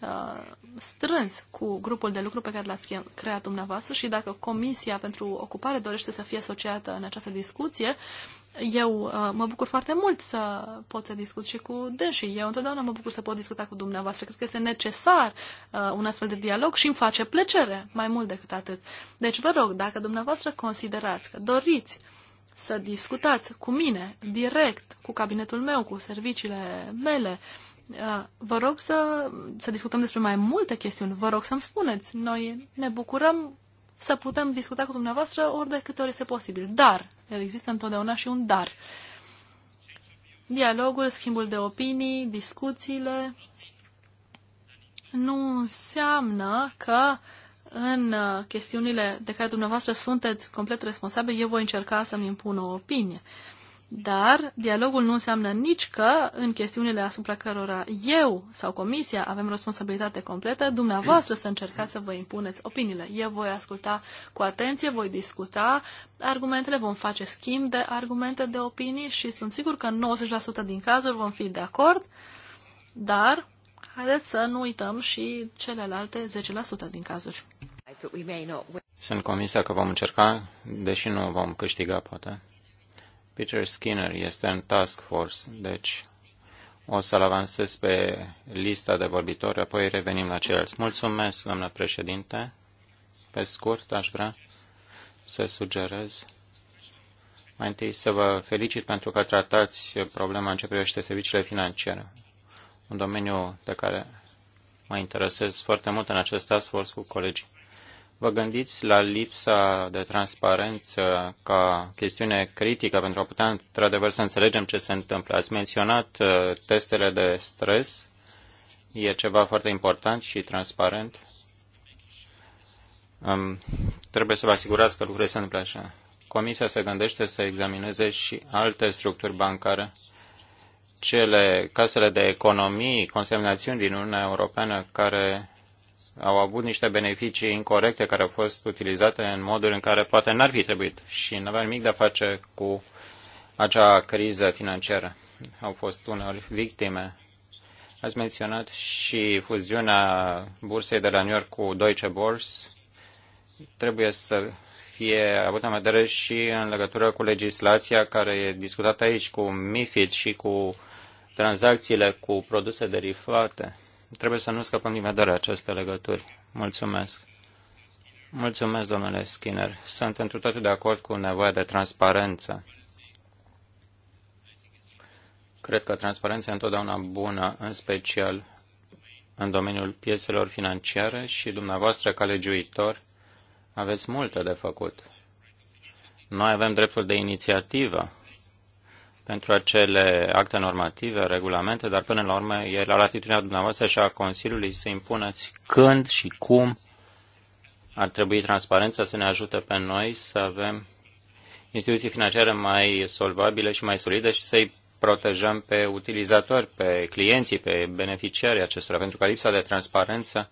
Speaker 3: uh, strâns cu grupul de lucru pe care l-ați creat dumneavoastră și dacă Comisia pentru Ocupare dorește să fie asociată în această discuție, eu uh, mă bucur foarte mult să pot să discut și cu dânsii. Eu întotdeauna mă bucur să pot discuta cu dumneavoastră. Cred că este necesar uh, un astfel de dialog și îmi face plăcere mai mult decât atât. Deci vă rog, dacă dumneavoastră considerați că doriți să discutați cu mine, direct, cu cabinetul meu, cu serviciile mele, uh, vă rog să, să discutăm despre mai multe chestiuni. Vă rog să-mi spuneți. Noi ne bucurăm să putem discuta cu dumneavoastră ori de câte ori este posibil. Dar el Există întotdeauna și un dar. Dialogul, schimbul de opinii, discuțiile nu înseamnă că în uh, chestiunile de care dumneavoastră sunteți complet responsabili, eu voi încerca să-mi impun o opinie. Uh, dar dialogul nu înseamnă nici că, în chestiunile asupra cărora eu sau comisia avem responsabilitate completă, dumneavoastră să încercați să vă impuneți opiniile. Eu voi asculta cu atenție, voi discuta argumentele, vom face schimb de argumente, de opinii și sunt sigur că în 90% din cazuri vom fi de acord, dar haideți să nu uităm și celelalte 10% din cazuri.
Speaker 4: Sunt convinsă că vom încerca, deși nu vom câștiga, poate Peter Skinner este în task force, deci o să-l avansez pe lista de vorbitori, apoi revenim la ceilalți. Mulțumesc, doamnă președinte. Pe scurt, aș vrea să sugerez mai întâi să vă felicit pentru că tratați problema în ce privește serviciile financiare, un domeniu de care mă interesez foarte mult în acest task force cu colegii. Vă gândiți la lipsa de transparență ca chestiune critică pentru a putea într-adevăr să înțelegem ce se întâmplă. Ați menționat uh, testele de stres, e ceva foarte important și transparent. Um, trebuie să vă asigurați că lucrurile se întâmplă așa. Comisia se gândește să examineze și alte structuri bancare, cele casele de economii, consemnațiuni din Uniunea Europeană care au avut niște beneficii incorrecte care au fost utilizate în modul în care poate n-ar fi trebuit și nu avea nimic de a face cu acea criză financiară. Au fost uneori victime. Ați menționat și fuziunea bursei de la New York cu Deutsche Bors. Trebuie să fie avut în vedere și în legătură cu legislația care e discutată aici, cu MIFID și cu tranzacțiile cu produse derivate Trebuie să nu scăpăm din vedere aceste legături. Mulțumesc. Mulțumesc, domnule Skinner. Sunt întru totul de acord cu nevoia de transparență. Cred că transparența e întotdeauna bună, în special în domeniul pieselor financiare și dumneavoastră, ca legiuitor, aveți multe de făcut. Noi avem dreptul de inițiativă pentru acele acte normative, regulamente, dar până la urmă e la latitudinea dumneavoastră și a Consiliului să impuneți când și cum ar trebui transparența să ne ajute pe noi să avem instituții financiare mai solvabile și mai solide și să-i protejăm pe utilizatori, pe clienții, pe beneficiarii acestora, pentru că lipsa de transparență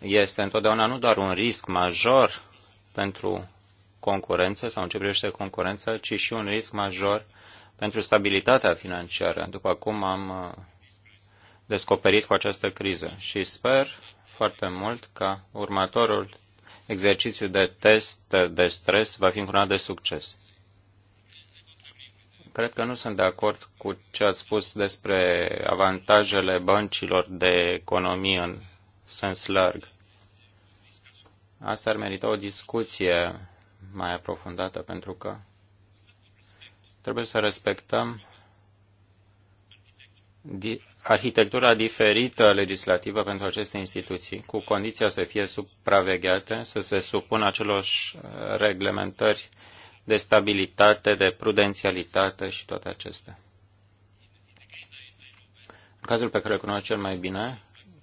Speaker 4: este întotdeauna nu doar un risc major pentru concurență sau în ce privește concurența, ci și un risc major pentru stabilitatea financiară, după cum am uh, descoperit cu această criză. Și sper foarte mult că următorul exercițiu de test de stres va fi încurat de succes. Cred că nu sunt de acord cu ce ați spus despre avantajele băncilor de economie în sens larg. Asta ar merita o discuție mai aprofundată, pentru că Trebuie să respectăm di arhitectura diferită legislativă pentru aceste instituții, cu condiția să fie supravegheate, să se supună acelorși reglementări de stabilitate, de prudențialitate și toate acestea. În cazul pe care îl cunosc cel mai bine,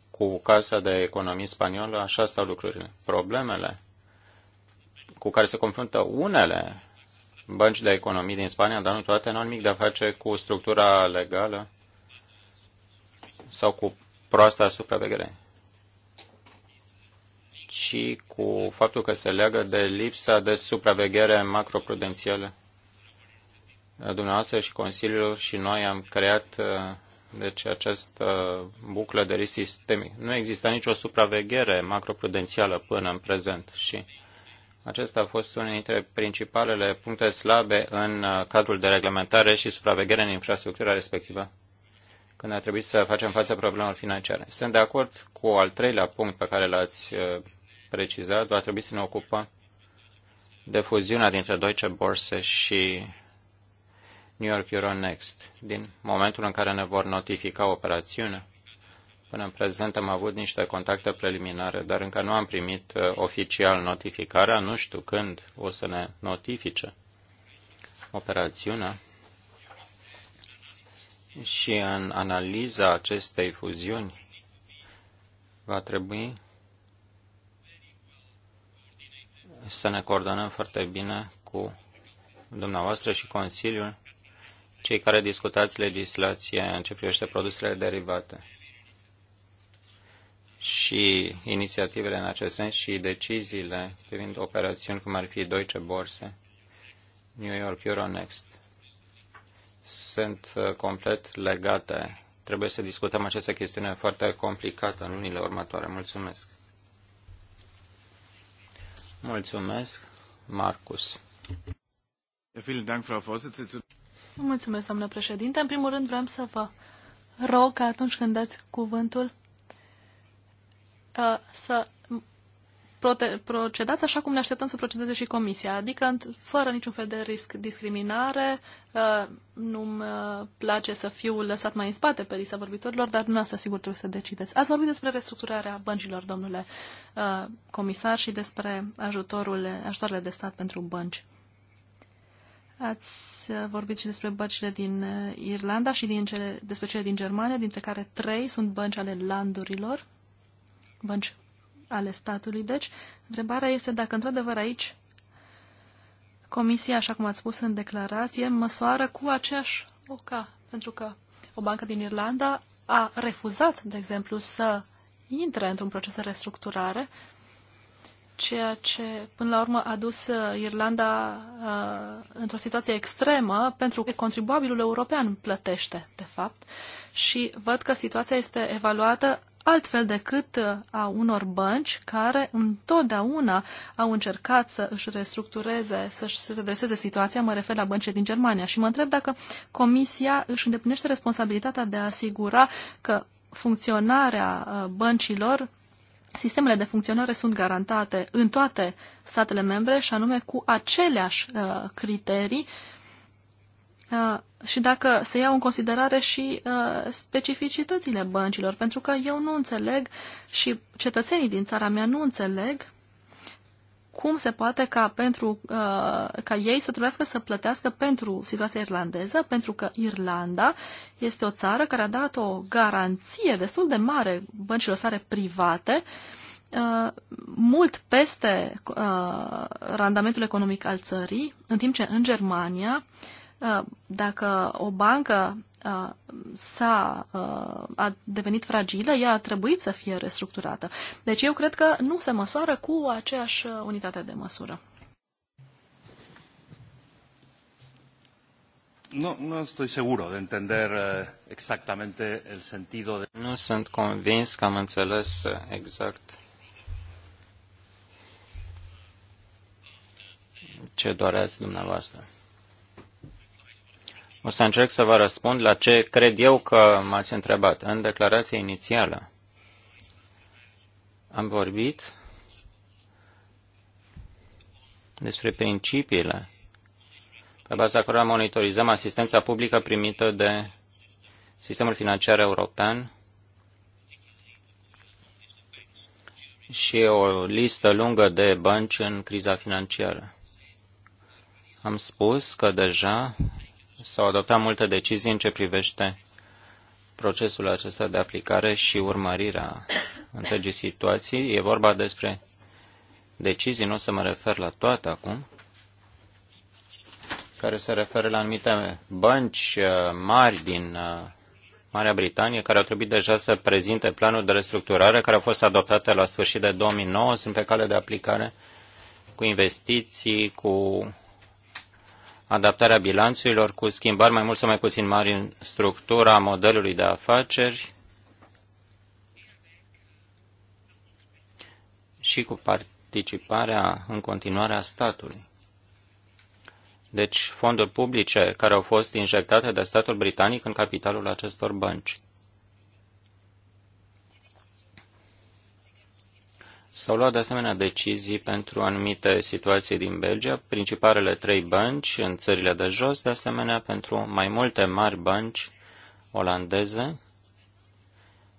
Speaker 4: cu Casa de Economie Spaniolă, așa stau lucrurile. Problemele cu care se confruntă unele bănci de economii din Spania, dar nu toate, nu au nimic de a face cu structura legală sau cu proasta supraveghere, ci cu faptul că se leagă de lipsa de supraveghere macroprudențială. Dumneavoastră și Consiliul și noi am creat uh, deci această buclă de risc sistemic. Nu exista nicio supraveghere macroprudențială până în prezent și acesta a fost unul dintre principalele puncte slabe în uh, cadrul de reglementare și supraveghere în infrastructura respectivă, când a trebuit să facem față problemelor financiare. Sunt de acord cu al treilea punct pe care l-ați uh, precizat, va trebui să ne ocupăm de fuziunea dintre Deutsche Börse și New York Euronext, din momentul în care ne vor notifica operațiunea Până în prezent am avut niște contacte preliminare, dar încă nu am primit uh, oficial notificarea, nu știu când o să ne notifice operațiunea. Și în analiza acestei fuziuni va trebui să ne coordonăm foarte bine cu dumneavoastră și Consiliul, cei care discutați legislația în ce privește produsele derivate și inițiativele în acest sens și deciziile privind operațiuni cum ar fi Deutsche Börse, New York Euronext, sunt uh, complet legate. Trebuie să discutăm această chestiune foarte complicată în lunile următoare. Mulțumesc! Mulțumesc, Marcus!
Speaker 3: Mulțumesc, doamnă președinte. În primul rând vreau să vă rog că atunci când dați cuvântul Uh, să procedați așa cum ne așteptăm să procedeze și Comisia, adică fără niciun fel de risc discriminare. Uh, nu-mi uh, place să fiu lăsat mai în spate pe lista vorbitorilor, dar dumneavoastră sigur trebuie să decideți. Ați vorbit despre restructurarea băncilor, domnule comisar, și despre ajutorul, ajutoarele de stat pentru bănci. Ați vorbit și despre băncile din Irlanda și din cele, despre cele din Germania, dintre care trei sunt bănci ale landurilor, bănci ale statului. Deci, întrebarea este dacă într-adevăr aici Comisia, așa cum ați spus în declarație, măsoară cu aceeași oca, pentru că o bancă din Irlanda a refuzat, de exemplu, să intre într-un proces de restructurare, ceea ce, până la urmă, a dus uh, Irlanda uh, într-o situație extremă, pentru că contribuabilul european plătește, de fapt, și văd că situația este evaluată altfel decât uh, a unor bănci care întotdeauna au încercat să își restructureze, să-și redreseze situația, mă refer la bănci din Germania și mă întreb dacă Comisia își îndeplinește responsabilitatea de a asigura că funcționarea uh, băncilor Sistemele de funcționare sunt garantate în toate statele membre și anume cu aceleași uh, criterii Uh, și dacă se iau în considerare și uh, specificitățile băncilor, pentru că eu nu înțeleg și cetățenii din țara mea nu înțeleg cum se poate ca, pentru, uh, ca ei să trebuiască să plătească pentru situația irlandeză, pentru că Irlanda este o țară care a dat o garanție destul de mare băncilor sale private, mult peste randamentul economic al țării, în timp ce în Germania uh, Uh, dacă o bancă uh, s-a uh, a devenit fragilă, ea a trebuit să fie restructurată. Deci eu cred că nu se măsoară cu aceeași unitate de măsură.
Speaker 1: No, no estoy seguro de entender exactamente el sentido de...
Speaker 4: Nu sunt convins că am înțeles exact ce doreați dumneavoastră. O să încerc să vă răspund la ce cred eu că m-ați întrebat. În declarația inițială am vorbit despre principiile pe baza cărora monitorizăm asistența publică primită de sistemul financiar european și o listă lungă de bănci în criza financiară. Am spus că deja S-au adoptat multe decizii în ce privește procesul acesta de aplicare și urmărirea întregii situații. E vorba despre decizii, nu o să mă refer la toate acum, care se referă la anumite bănci uh, mari din uh, Marea Britanie, care au trebuit deja să prezinte planul de restructurare, care au fost adoptate la sfârșit de 2009, sunt pe cale de aplicare cu investiții, cu adaptarea bilanțurilor cu schimbări mai mult sau mai puțin mari în structura modelului de afaceri și cu participarea în continuare a statului. Deci fonduri publice care au fost injectate de statul britanic în capitalul acestor bănci. S-au luat de asemenea decizii pentru anumite situații din Belgia, principalele trei bănci în țările de jos, de asemenea pentru mai multe mari bănci olandeze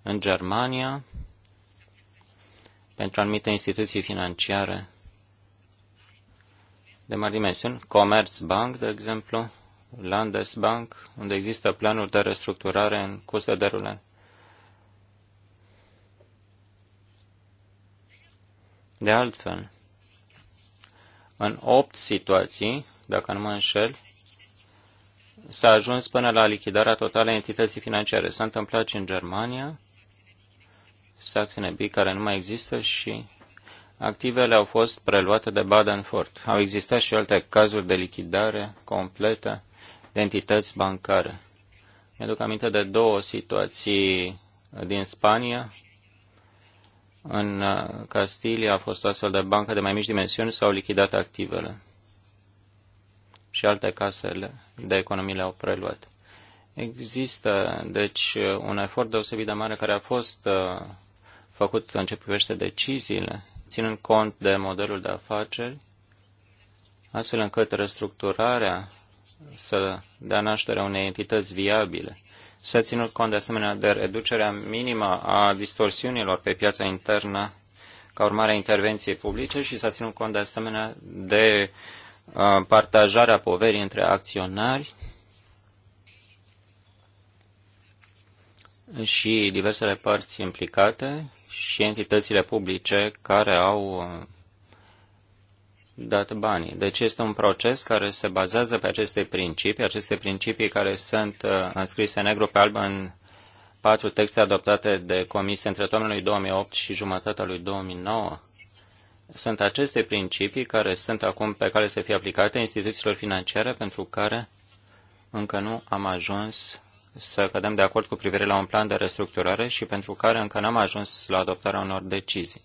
Speaker 4: în Germania, pentru anumite instituții financiare de mari dimensiuni, Commerzbank, de exemplu, Landesbank, unde există planuri de restructurare în curs de derulare De altfel, în opt situații, dacă nu mă înșel, s-a ajuns până la lichidarea totală a entității financiare. S-a întâmplat și în Germania, B, care nu mai există, și activele au fost preluate de Baden-Fort. Au existat și alte cazuri de lichidare completă de entități bancare. Mi-aduc aminte de două situații din Spania, în uh, Castilia a fost o astfel de bancă de mai mici dimensiuni, s-au lichidat activele și alte casele de economii le-au preluat. Există, deci, un efort deosebit de mare care a fost uh, făcut în ce privește deciziile, ținând cont de modelul de afaceri, astfel încât restructurarea să dea naștere unei entități viabile s-a ținut cont de asemenea de reducerea minimă a distorsiunilor pe piața internă ca urmare a intervenției publice și s-a ținut cont de asemenea de partajarea poverii între acționari și diversele părți implicate și entitățile publice care au dat banii. Deci este un proces care se bazează pe aceste principii, aceste principii care sunt uh, înscrise negru pe alb în patru texte adoptate de comisie între toamna lui 2008 și jumătatea lui 2009. Sunt aceste principii care sunt acum pe care să fie aplicate instituțiilor financiare pentru care încă nu am ajuns să cădem de acord cu privire la un plan de restructurare și pentru care încă n-am ajuns la adoptarea unor decizii.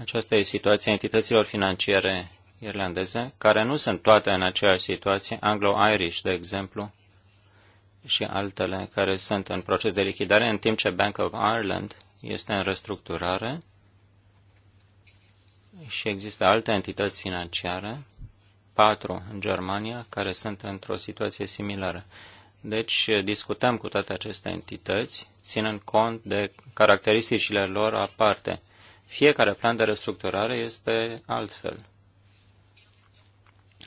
Speaker 4: Aceasta e situația entităților financiare irlandeze, care nu sunt toate în aceeași situație, Anglo-Irish, de exemplu, și altele care sunt în proces de lichidare, în timp ce Bank of Ireland este în restructurare și există alte entități financiare, patru în Germania, care sunt într-o situație similară. Deci discutăm cu toate aceste entități, ținând cont de caracteristicile lor aparte. Fiecare plan de restructurare este altfel.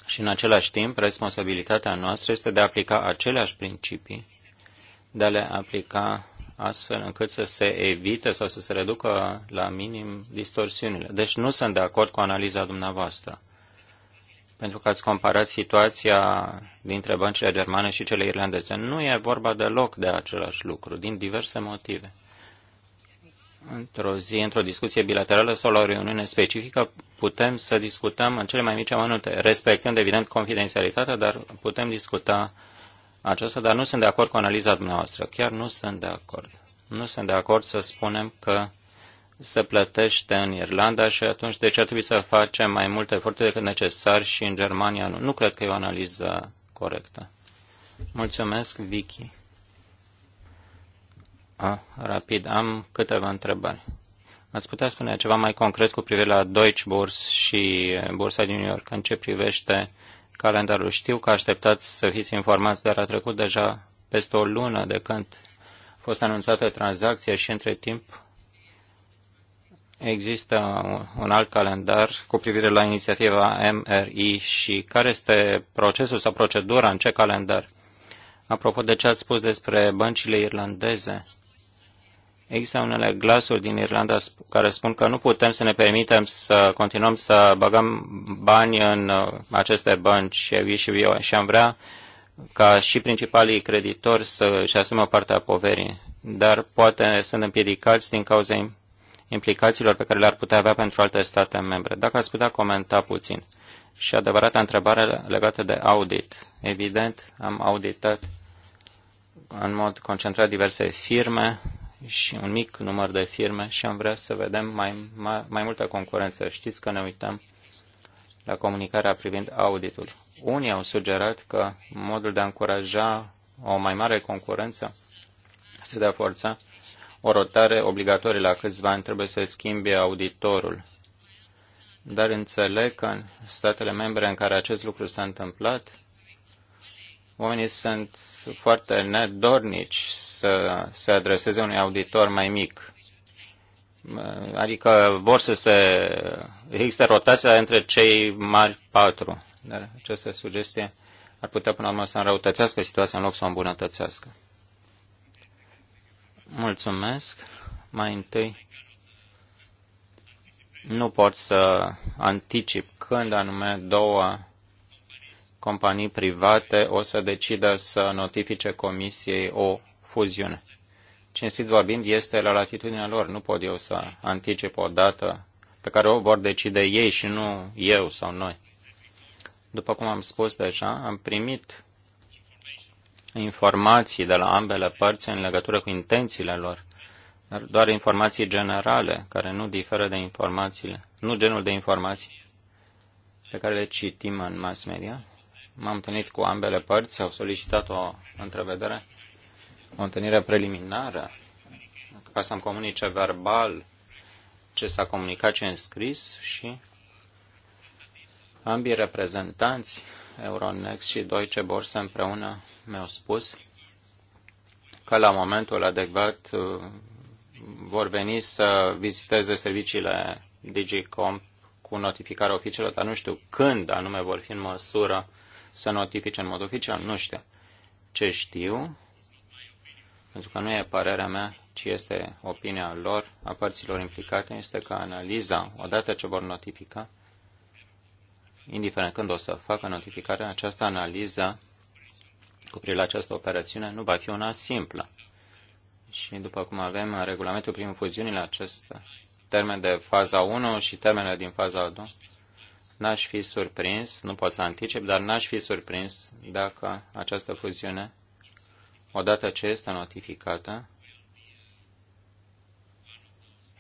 Speaker 4: Și în același timp, responsabilitatea noastră este de a aplica aceleași principii, de a le aplica astfel încât să se evite sau să se reducă la minim distorsiunile. Deci nu sunt de acord cu analiza dumneavoastră. Pentru că ați comparat situația dintre băncile germane și cele irlandeze. Nu e vorba deloc de același lucru, din diverse motive într-o zi, într-o discuție bilaterală sau la o reuniune specifică, putem să discutăm în cele mai mici amănunte, respectând, evident, confidențialitatea, dar putem discuta aceasta, dar nu sunt de acord cu analiza dumneavoastră. Chiar nu sunt de acord. Nu sunt de acord să spunem că se plătește în Irlanda și atunci de ce ar trebui să facem mai multe eforturi decât necesar și în Germania nu. Nu cred că e o analiză corectă. Mulțumesc, Vicky rapid. Am câteva întrebări. Ați putea spune ceva mai concret cu privire la Deutsche Burs și eh, Bursa din New York în ce privește calendarul? Știu că așteptați să fiți informați, dar a trecut deja peste o lună de când a fost anunțată tranzacția și între timp există un alt calendar cu privire la inițiativa MRI și care este procesul sau procedura, în ce calendar? Apropo de ce ați spus despre băncile irlandeze, Există unele glasuri din Irlanda care spun că nu putem să ne permitem să continuăm să băgăm bani în uh, aceste bănci și și eu și am vrea ca și principalii creditori să își asumă partea poverii, dar poate sunt împiedicați din cauza implicațiilor pe care le-ar putea avea pentru alte state membre. Dacă ați putea comenta puțin. Și adevărata întrebare legată de audit. Evident, am auditat în mod concentrat diverse firme, și un mic număr de firme și am vrea să vedem mai, mai, mai multă concurență. Știți că ne uităm la comunicarea privind auditul. Unii au sugerat că modul de a încuraja o mai mare concurență este de a forța o rotare obligatorie la câțiva ani, trebuie să schimbe auditorul. Dar înțeleg că în statele membre în care acest lucru s-a întâmplat, Oamenii sunt foarte nedornici să se adreseze unui auditor mai mic. Adică vor să se... Există rotația între cei mari patru. Dar această sugestie ar putea până la urmă să înrăutățească situația în loc să o îmbunătățească. Mulțumesc. Mai întâi, nu pot să anticip când anume două companii private o să decidă să notifice comisiei o fuziune. Cinstit vorbind, este la latitudinea lor. Nu pot eu să anticip o dată pe care o vor decide ei și nu eu sau noi. După cum am spus deja, am primit informații de la ambele părți în legătură cu intențiile lor, dar doar informații generale, care nu diferă de informațiile, nu genul de informații pe care le citim în mass media. M-am întâlnit cu ambele părți, au solicitat o întrevedere, o întâlnire preliminară, ca să-mi comunice verbal ce s-a comunicat, ce înscris și ambii reprezentanți Euronext și Deutsche Börse împreună mi-au spus că la momentul adecvat uh, vor veni să viziteze serviciile Digicom cu notificare oficială, dar nu știu când anume vor fi în măsură să notifice în mod oficial, nu știu. Ce știu, pentru că nu e părerea mea, ci este opinia lor, a părților implicate, este că analiza, odată ce vor notifica, indiferent când o să facă notificarea, această analiză cu privire la această operațiune nu va fi una simplă. Și după cum avem în regulamentul primul fuziunile acest termen de faza 1 și termenele din faza 2, N-aș fi surprins, nu pot să anticip, dar n-aș fi surprins dacă această fuziune, odată ce este notificată,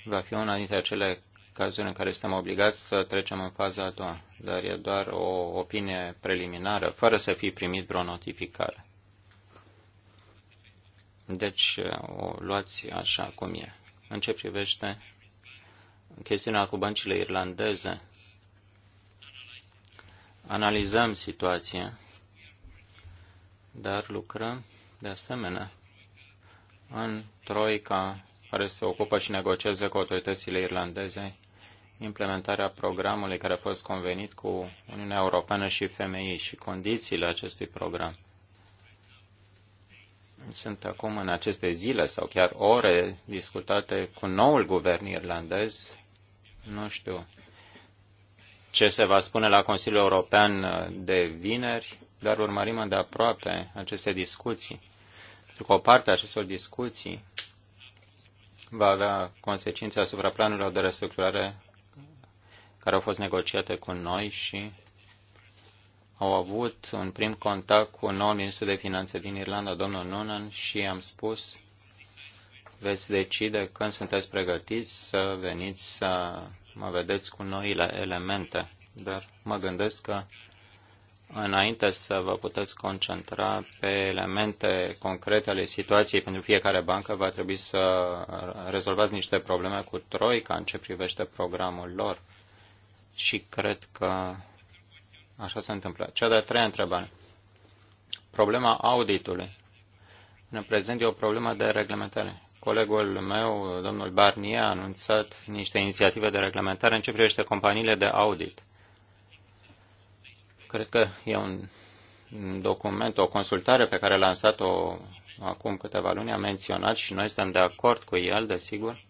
Speaker 4: va fi una dintre acele cazuri în care suntem obligați să trecem în faza a doua, dar e doar o opinie preliminară, fără să fi primit vreo notificare. Deci o luați așa cum e. În ce privește chestiunea cu băncile irlandeze, analizăm situația, dar lucrăm de asemenea în troica care se ocupă și negociază cu autoritățile irlandeze implementarea programului care a fost convenit cu Uniunea Europeană și FMI și condițiile acestui program. Sunt acum în aceste zile sau chiar ore discutate cu noul guvern irlandez. Nu știu ce se va spune la Consiliul European uh, de vineri, dar urmărim îndeaproape aceste discuții. Pentru că o parte a acestor discuții va avea consecințe asupra planurilor de restructurare care au fost negociate cu noi și au avut un prim contact cu noul ministru de finanțe din Irlanda, domnul Noonan, și am spus veți decide când sunteți pregătiți să veniți să mă vedeți cu noile elemente, dar mă gândesc că înainte să vă puteți concentra pe elemente concrete ale situației pentru fiecare bancă, va trebui să rezolvați niște probleme cu Troica în ce privește programul lor. Și cred că așa se întâmplă. Cea de-a treia întrebare. Problema auditului. În prezent e o problemă de reglementare. Colegul meu, domnul Barnier, a anunțat niște inițiative de reglementare în ce privește companiile de audit. Cred că e un document, o consultare pe care a lansat-o acum câteva luni, a menționat și noi suntem de acord cu el, desigur,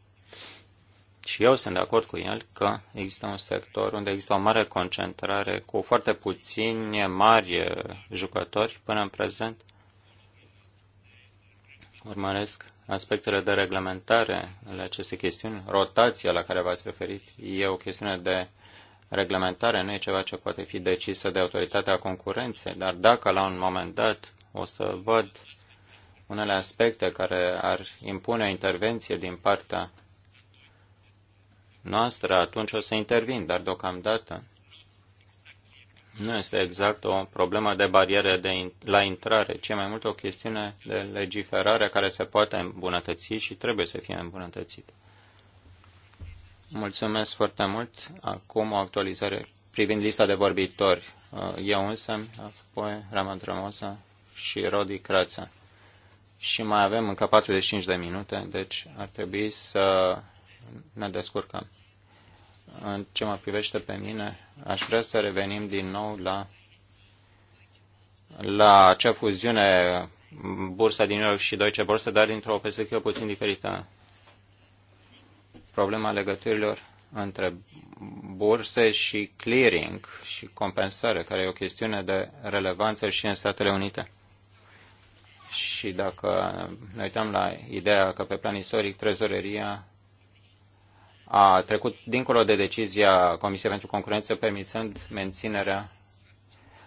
Speaker 4: și eu sunt de acord cu el că există un sector unde există o mare concentrare cu foarte puțini mari jucători până în prezent. Urmăresc aspectele de reglementare ale acestei chestiuni. Rotația la care v-ați referit e o chestiune de reglementare, nu e ceva ce poate fi decisă de autoritatea concurenței, dar dacă la un moment dat o să văd unele aspecte care ar impune o intervenție din partea noastră, atunci o să intervin, dar deocamdată nu este exact o problemă de bariere de in- la intrare, ci mai mult o chestiune de legiferare care se poate îmbunătăți și trebuie să fie îmbunătățită. Mulțumesc foarte mult. Acum o actualizare privind lista de vorbitori. Uh, eu însă, apoi Raman Tramosa și Rodi Crața. Și mai avem încă 45 de minute, deci ar trebui să ne descurcăm. În ce mă privește pe mine, aș vrea să revenim din nou la, la acea fuziune bursa din New York și Deutsche Börse, dar dintr-o perspectivă puțin diferită. Problema legăturilor între burse și clearing și compensare, care e o chestiune de relevanță și în Statele Unite. Și dacă ne uităm la ideea că pe plan istoric trezoreria a trecut dincolo de decizia Comisiei pentru Concurență, permițând menținerea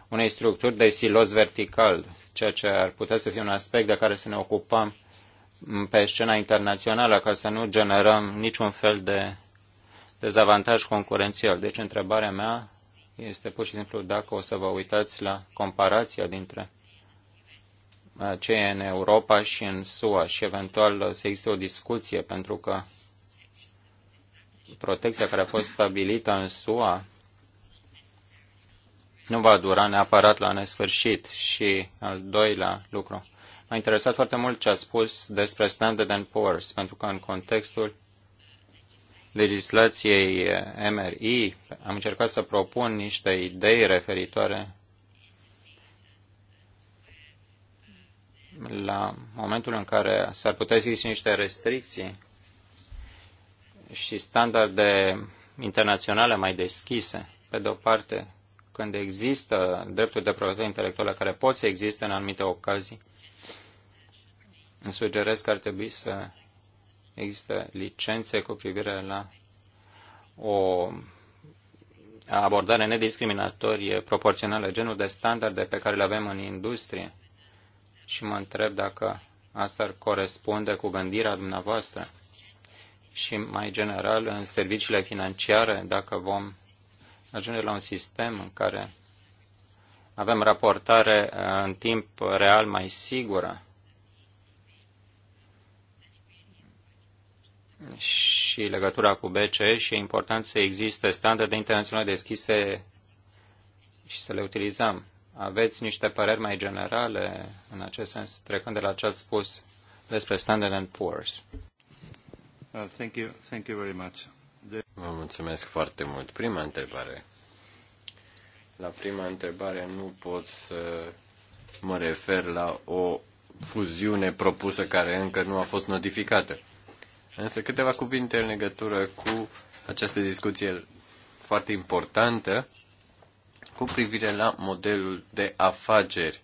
Speaker 4: unei structuri de silos vertical, ceea ce ar putea să fie un aspect de care să ne ocupăm pe scena internațională, ca să nu generăm niciun fel de dezavantaj concurențial. Deci întrebarea mea este pur și simplu dacă o să vă uitați la comparația dintre uh, ce e în Europa și în SUA și eventual să existe o discuție, pentru că protecția care a fost stabilită în SUA nu va dura neapărat la nesfârșit. Și al doilea lucru, m-a interesat foarte mult ce a spus despre Standard Poor's, pentru că în contextul legislației MRI am încercat să propun niște idei referitoare la momentul în care s-ar putea zice niște restricții și standarde internaționale mai deschise. Pe de o parte, când există drepturi de proprietate intelectuală care pot să existe în anumite ocazii, sugerez că ar trebui să există licențe cu privire la o abordare nediscriminatorie, proporțională, genul de standarde pe care le avem în industrie. Și mă întreb dacă asta ar corespunde cu gândirea dumneavoastră și mai general în serviciile financiare, dacă vom ajunge la un sistem în care avem raportare uh, în timp real mai sigură și legătura cu BCE și e important să existe standarde internaționale deschise și să le utilizăm. Aveți niște păreri mai generale în acest sens, trecând de la ce ați spus despre Standard Poor's.
Speaker 2: Uh, thank you. Thank you very much. The... Vă mulțumesc foarte mult. Prima întrebare. La prima întrebare nu pot să mă refer la o fuziune propusă care încă nu a fost notificată. Însă câteva cuvinte în legătură cu această discuție foarte importantă cu privire la modelul de afaceri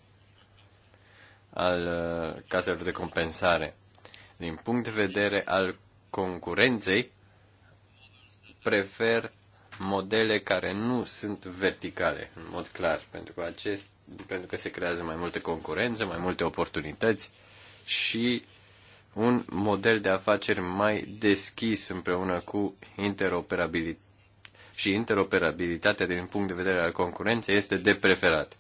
Speaker 2: al uh, caselor de compensare. Din punct de vedere al concurenței, prefer modele care nu sunt verticale, în mod clar, pentru că, acest, pentru că se creează mai multă concurență, mai multe oportunități și un model de afaceri mai deschis împreună cu interoperabilitate și interoperabilitatea din punct de vedere al concurenței este de preferat.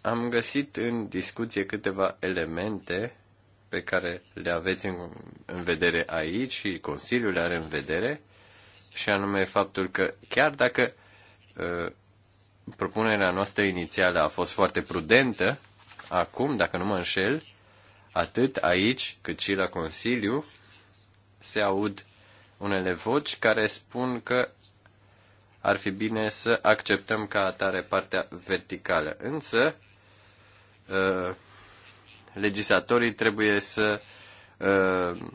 Speaker 2: Am găsit în discuție câteva elemente pe care le aveți în, în vedere aici și Consiliul le are în vedere, și anume faptul că chiar dacă uh, propunerea noastră inițială a fost foarte prudentă, acum, dacă nu mă înșel, atât aici cât și la Consiliu se aud unele voci care spun că ar fi bine să acceptăm ca atare partea verticală. Însă, uh, legislatorii trebuie să uh,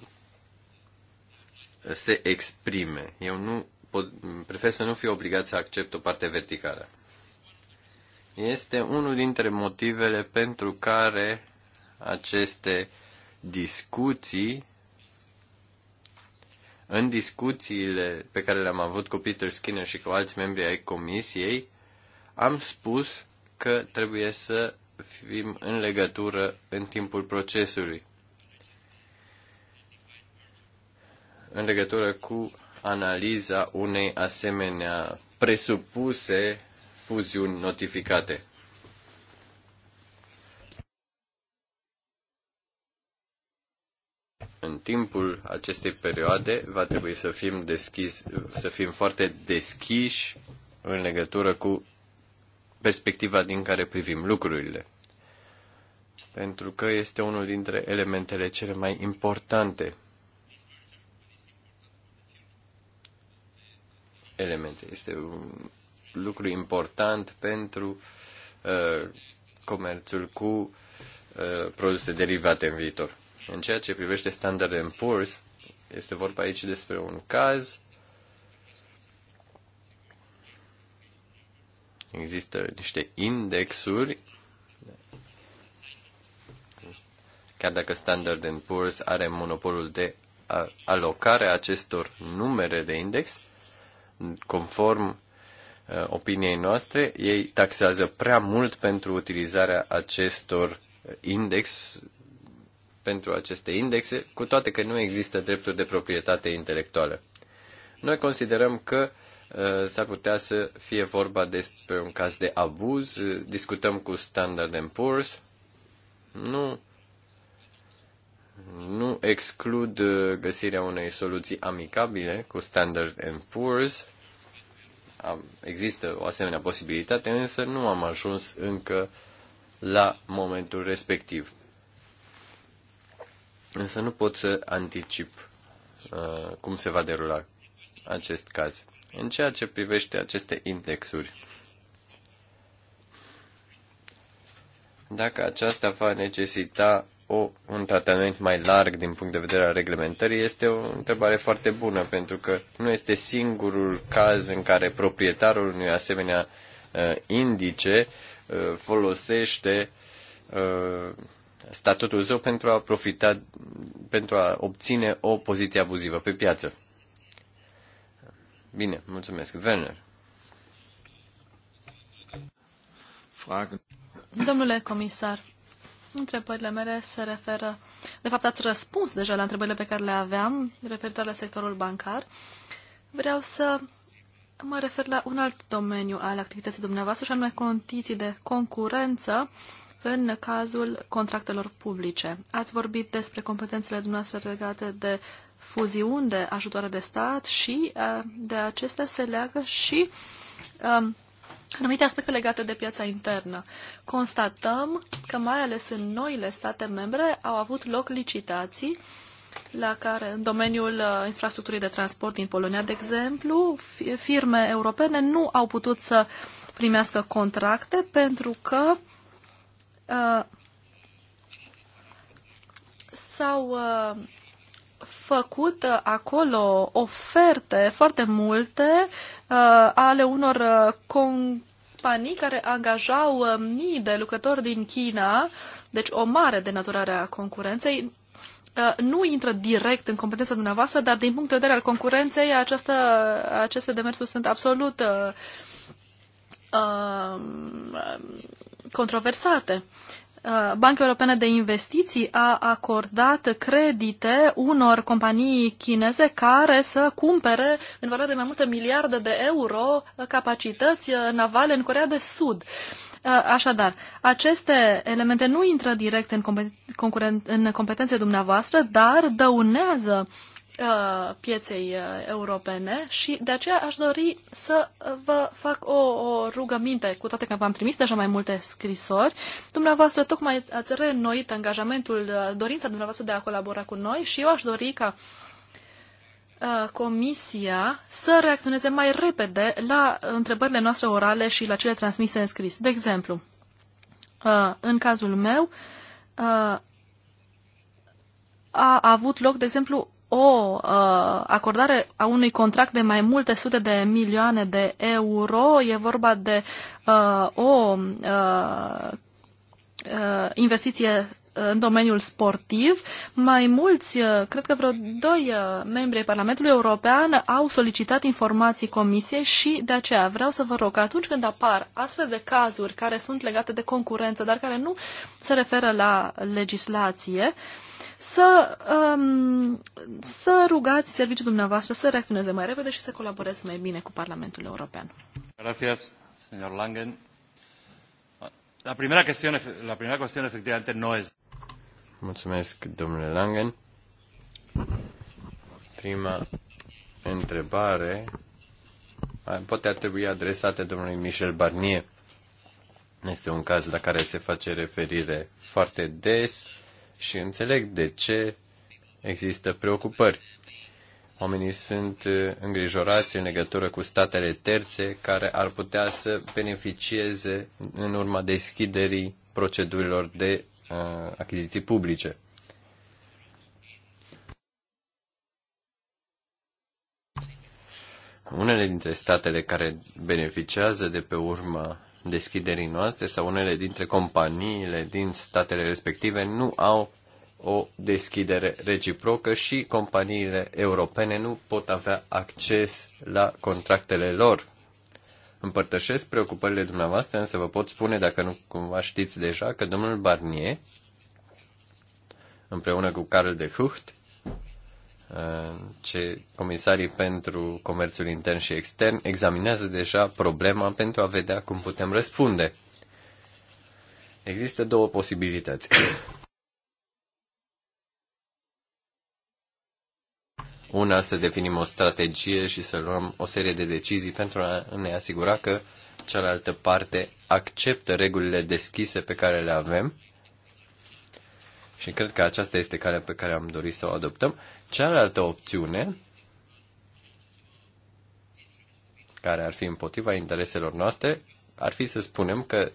Speaker 2: se exprime. Eu nu pot, prefer să nu fiu obligat să accept o parte verticală. Este unul dintre motivele pentru care aceste discuții în discuțiile pe care le-am avut cu Peter Skinner și cu alți membri ai comisiei, am spus că trebuie să fim în legătură în timpul procesului. În legătură cu analiza unei asemenea presupuse fuziuni notificate. În timpul acestei perioade va trebui să fim, deschis, să fim foarte deschiși în legătură cu perspectiva din care privim lucrurile. Pentru că este unul dintre elementele cele mai importante elemente. Este un lucru important pentru uh, comerțul cu uh, produse derivate în viitor. În ceea ce privește Standard Poor's, este vorba aici despre un caz Există niște indexuri, chiar dacă Standard Poor's are monopolul de alocare a acestor numere de index, conform uh, opiniei noastre, ei taxează prea mult pentru utilizarea acestor index, pentru aceste indexe, cu toate că nu există drepturi de proprietate intelectuală. Noi considerăm că uh, Uh, s-ar putea să fie vorba despre un caz de abuz. Uh, discutăm cu Standard Poor's. Nu, nu exclud uh, găsirea unei soluții amicabile cu Standard Poor's. Există o asemenea posibilitate, însă nu am ajuns încă la momentul respectiv. Însă nu pot să anticip uh, cum se va derula acest caz. În ceea ce privește aceste indexuri, dacă aceasta va necesita o, un tratament mai larg din punct de vedere al reglementării, este o întrebare foarte bună, pentru că nu este singurul caz în care proprietarul unui asemenea uh, indice uh, folosește uh, statutul său pentru a profita, pentru a obține o poziție abuzivă pe piață. Bine, mulțumesc. Werner. Frage.
Speaker 3: Domnule comisar, întrebările mele se referă... De fapt, ați răspuns deja la întrebările pe care le aveam referitor la sectorul bancar. Vreau să mă refer la un alt domeniu al activității dumneavoastră, și anume condiții de concurență în cazul contractelor publice. Ați vorbit despre competențele dumneavoastră legate de fuziuni de ajutoare de stat și uh, de acestea se leagă și um, anumite aspecte legate de piața internă. Constatăm că mai ales în noile state membre au avut loc licitații la care în domeniul uh, infrastructurii de transport din Polonia, de exemplu, firme europene nu au putut să primească contracte pentru că uh, s-au uh, făcut uh, acolo oferte foarte multe uh, ale unor uh, companii care angajau uh, mii de lucrători din China, deci o mare denaturare a concurenței. Uh, nu intră direct în competența dumneavoastră, dar din punct de vedere al concurenței, această, aceste demersuri sunt absolut uh, uh controversate. Uh, Uh, Banca Europeană de Investiții a acordat credite unor companii chineze care să cumpere în valoare de mai multe miliarde de euro capacități uh, navale în Corea de Sud. Uh, așadar, aceste elemente nu intră direct în, competen- în competențe dumneavoastră, dar dăunează Uh, pieței uh, europene și de aceea aș dori să vă fac o, o rugăminte, cu toate că v-am trimis deja mai multe scrisori. Dumneavoastră tocmai ați reînnoit angajamentul, uh, dorința dumneavoastră de a colabora cu noi și eu aș dori ca Comisia să reacționeze mai repede la întrebările noastre orale și la cele transmise în scris. De exemplu, în cazul meu, a avut loc, de exemplu, o uh, acordare a unui contract de mai multe sute de milioane de euro. E vorba de uh, o uh, uh, investiție în domeniul sportiv. Mai mulți, uh, cred că vreo doi uh, membri ai Parlamentului European au solicitat informații comisiei și de aceea vreau să vă rog că atunci când apar astfel de cazuri care sunt legate de concurență, dar care nu se referă la legislație, uh, să, um, să rugați serviciul dumneavoastră să reacționeze mai repede și să colaboreze mai bine cu Parlamentul European.
Speaker 1: Gracias, señor Langen. La primera cuestión, la primera cuestión efectivamente no es...
Speaker 2: Mulțumesc, domnule Langen. Prima întrebare poate ar trebui adresată domnului Michel Barnier. Este un caz la care se face referire foarte des și înțeleg de ce există preocupări. Oamenii sunt uh, îngrijorați în legătură cu statele terțe care ar putea să beneficieze în urma deschiderii procedurilor de uh, achiziții publice. Unele dintre statele care beneficiază de pe urma deschiderii noastre sau unele dintre companiile din statele respective nu au o deschidere reciprocă și companiile europene nu pot avea acces la contractele lor. Împărtășesc preocupările dumneavoastră, însă vă pot spune, dacă nu cumva știți deja, că domnul Barnier, împreună cu Carl de Hucht, ce comisarii pentru comerțul intern și extern examinează deja problema pentru a vedea cum putem răspunde. Există două posibilități. Una, să definim o strategie și să luăm o serie de decizii pentru a ne asigura că cealaltă parte acceptă regulile deschise pe care le avem. Și cred că aceasta este calea pe care am dorit să o adoptăm. Cealaltă opțiune, care ar fi împotriva intereselor noastre, ar fi să spunem că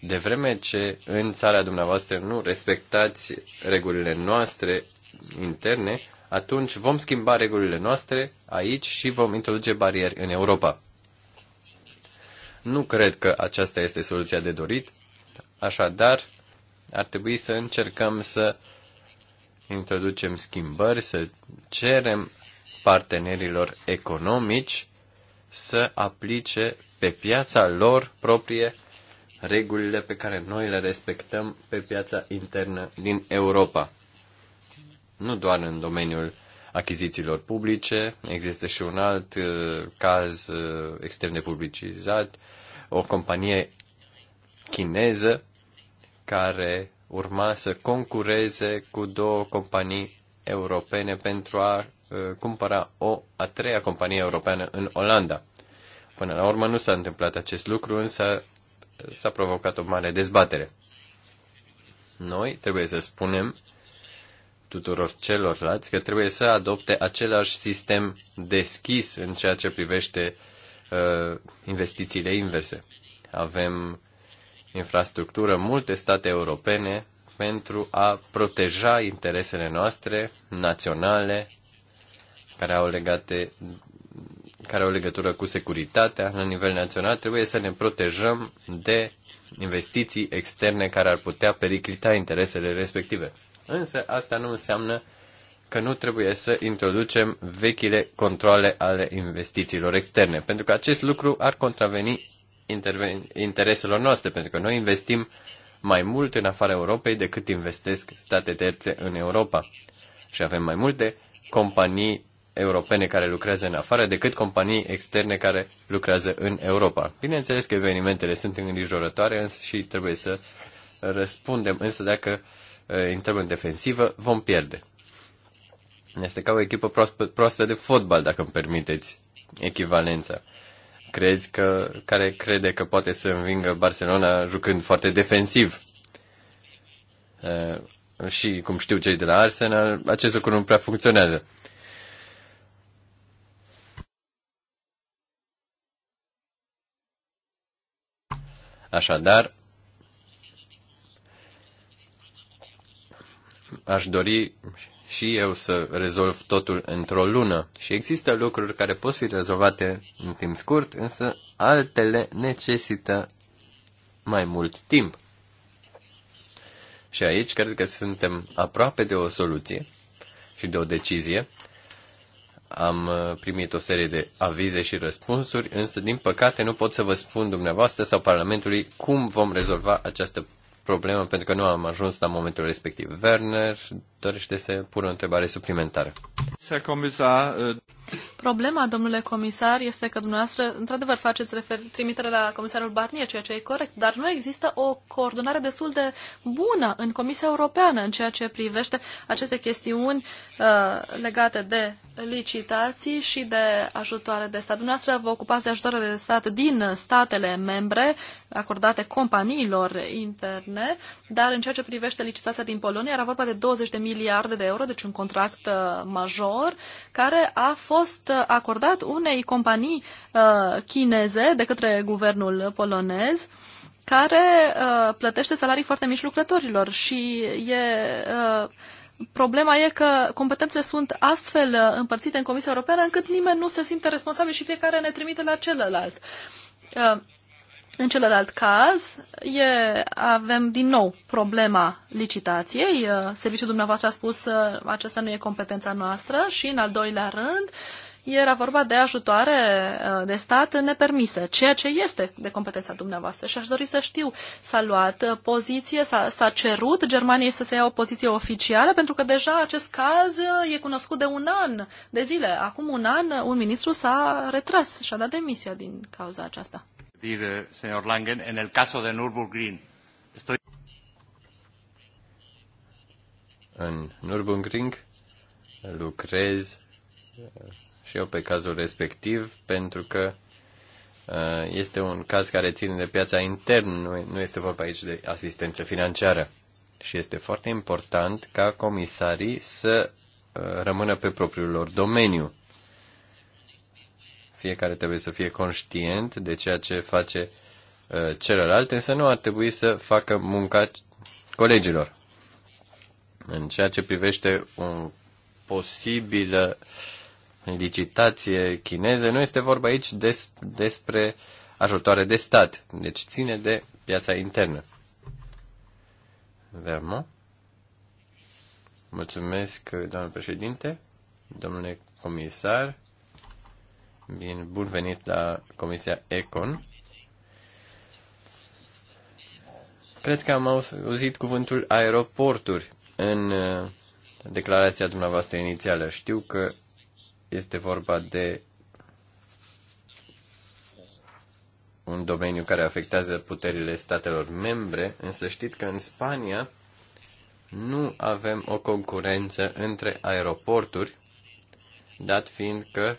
Speaker 2: de vreme ce în țara dumneavoastră nu respectați regulile noastre interne, atunci vom schimba regulile noastre aici și vom introduce barieri în Europa. Nu cred că aceasta este soluția de dorit, așadar ar trebui să încercăm să uh, introducem schimbări, să cerem partenerilor economici să aplice pe piața lor proprie regulile pe care noi le respectăm pe piața internă din Europa. Nu doar în domeniul achizițiilor publice, există și un alt uh, caz uh, extrem de publicizat, o companie chineză care urma să concureze cu două companii europene pentru a uh, cumpăra o a treia companie europeană în Olanda. Până la urmă nu s-a întâmplat acest lucru, însă s-a provocat o mare dezbatere. Noi trebuie să spunem tuturor celorlalți că trebuie să adopte același sistem deschis în ceea ce privește uh, investițiile inverse. Avem infrastructură multe state europene pentru a proteja interesele noastre naționale care au, legate, care au legătură cu securitatea la nivel național, trebuie să ne protejăm de investiții externe care ar putea periclita interesele respective. Însă asta nu înseamnă că nu trebuie să introducem vechile controle ale investițiilor externe, pentru că acest lucru ar contraveni intereselor noastre, pentru că noi investim mai mult în afara Europei decât investesc state terțe în Europa. Și avem mai multe companii europene care lucrează în afară decât companii externe care lucrează în Europa. Bineînțeles că evenimentele sunt îngrijorătoare și trebuie să răspundem, însă dacă intrăm în defensivă, vom pierde. Este ca o echipă proastă de fotbal, dacă îmi permiteți echivalența crezi că, care crede că poate să învingă Barcelona jucând foarte defensiv. Uh, și cum știu cei de la Arsenal, acest lucru nu prea funcționează. Așadar, aș dori și eu să rezolv totul într-o lună. Și există lucruri care pot fi rezolvate în timp scurt, însă altele necesită mai mult timp. Și aici cred că suntem aproape de o soluție și de o decizie. Am uh, primit o serie de avize și răspunsuri, însă din păcate nu pot să vă spun dumneavoastră sau Parlamentului cum vom rezolva această problemă pentru că nu am ajuns la momentul respectiv. Werner dorește să pună o întrebare suplimentară. Uh,
Speaker 3: Problema, domnule comisar, este că dumneavoastră, într-adevăr, faceți refer- trimitere la comisarul Barnier, ceea ce e corect, dar nu există o coordonare destul de bună în Comisia Europeană în ceea ce privește aceste chestiuni uh, legate de licitații și de ajutoare de stat. Dumneavoastră vă ocupați de ajutoarele de stat din statele membre acordate companiilor internet bine, dar în ceea ce privește licitația din Polonia era vorba de 20 de miliarde de euro, deci un contract uh, major, care a fost uh, acordat unei companii uh, chineze de către guvernul polonez care plătește salarii foarte mici lucrătorilor și e Problema e că competențele sunt astfel împărțite în Comisia Europeană încât nimeni nu se simte responsabil și fiecare ne trimite la celălalt. În celălalt caz, e, avem din nou problema licitației. Serviciul dumneavoastră a spus că acesta nu e competența noastră și, în al doilea rând, era vorba de ajutoare de stat nepermise, ceea ce este de competența dumneavoastră. Și aș dori să știu, s-a luat poziție, s-a, cerut Germaniei să se ia o poziție oficială, pentru că deja acest caz e cunoscut de un an de zile. Acum un an, un ministru s-a retras și a dat demisia din cauza aceasta
Speaker 1: decir, señor Langen, en el caso de Nürburgring. Estoy...
Speaker 2: În Nürburgring lucrez uh, și eu pe cazul respectiv pentru că uh, este un caz care ține de piața internă, nu este vorba aici de asistență financiară. Și este foarte important ca comisarii să uh, rămână pe propriul lor domeniu. Fiecare trebuie să fie conștient de ceea ce face uh, celălalt, însă nu ar trebui să facă munca colegilor. În ceea ce privește o posibilă licitație chineză, nu este vorba aici des, despre ajutoare de stat, deci ține de piața internă. Vermo. Mulțumesc, doamnă președinte, domnule comisar. Bine, bun venit la Comisia Econ. Cred că am auzit cuvântul aeroporturi în uh, declarația dumneavoastră inițială. Știu că este vorba de un domeniu care afectează puterile statelor membre, însă știți că în Spania nu avem o concurență între aeroporturi, dat fiind că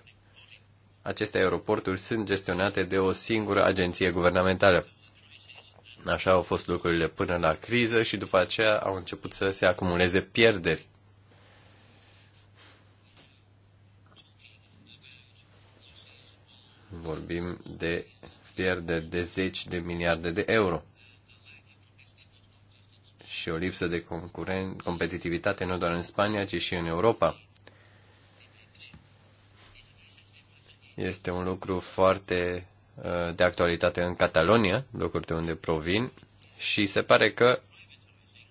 Speaker 2: aceste aeroporturi sunt gestionate de o singură agenție guvernamentală. Așa au fost lucrurile până la criză și după aceea au început să se acumuleze pierderi. Vorbim de pierderi de zeci de miliarde de euro și o lipsă de competitivitate nu doar în Spania, ci și în Europa. Este un lucru foarte uh, de actualitate în Catalonia, locuri de unde provin, și se pare că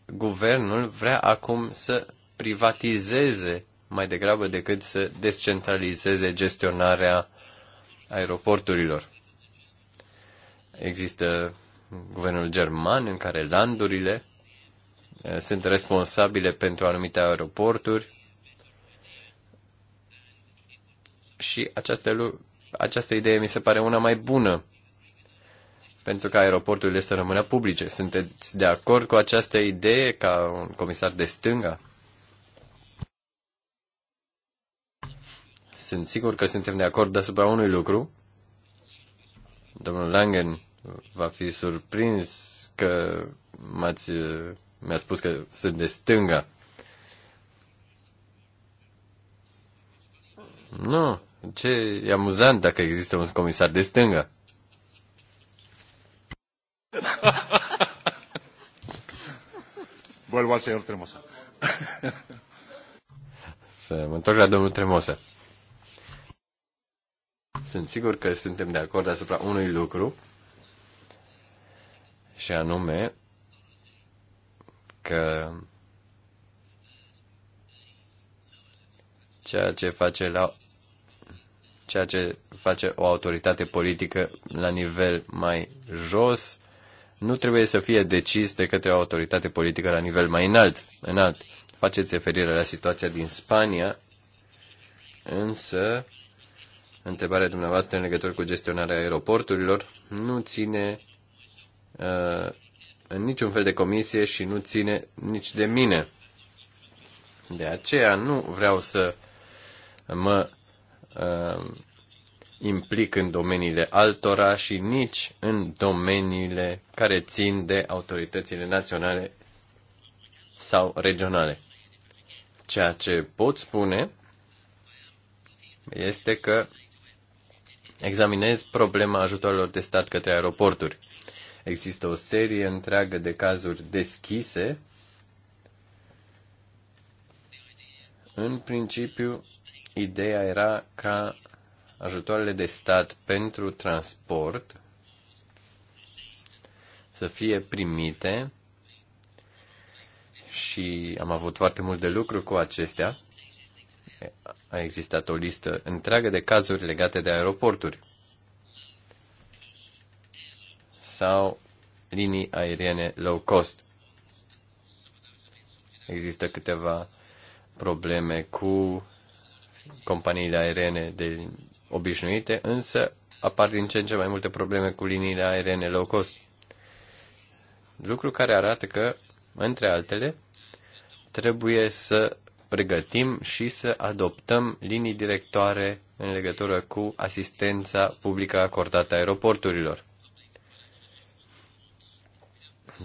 Speaker 2: guvernul vrea acum să privatizeze mai degrabă decât să descentralizeze gestionarea aeroporturilor. Există guvernul german în care landurile uh, sunt responsabile pentru anumite aeroporturi Și această, această idee mi se pare una mai bună pentru ca aeroporturile să rămână publice. Sunteți de acord cu această idee ca un comisar de stânga? Sunt sigur că suntem de acord asupra unui lucru. Domnul Langen va fi surprins că m-ați, mi-a spus că sunt de stânga. Nu, ce e amuzant dacă există un comisar de stânga.
Speaker 1: Vuelvo al señor Tremosa.
Speaker 2: Să mă întorc la domnul Tremosa. Sunt sigur că suntem de acord asupra unui lucru, și anume că ceea ce face la ceea ce face o autoritate politică la nivel mai jos nu trebuie să fie decis de către o autoritate politică la nivel mai înalt. înalt. Faceți referire la situația din Spania, însă întrebarea dumneavoastră în legătură cu gestionarea aeroporturilor nu ține uh, în niciun fel de comisie și nu ține nici de mine. De aceea nu vreau să mă Um, implic în domeniile altora și nici în domeniile care țin de autoritățile naționale sau regionale. Ceea ce pot spune este că examinez problema ajutorilor de stat către aeroporturi. Există o serie întreagă de cazuri deschise. În principiu, ideea era ca ajutoarele de stat pentru transport să fie primite și am avut foarte mult de lucru cu acestea. A existat o listă întreagă de cazuri legate de aeroporturi sau linii aeriene low cost. Există câteva probleme cu companiile aeriene de obișnuite, însă apar din ce în ce mai multe probleme cu liniile aeriene low cost. Lucru care arată că, între altele, trebuie să pregătim și să adoptăm linii directoare în legătură cu asistența publică acordată aeroporturilor.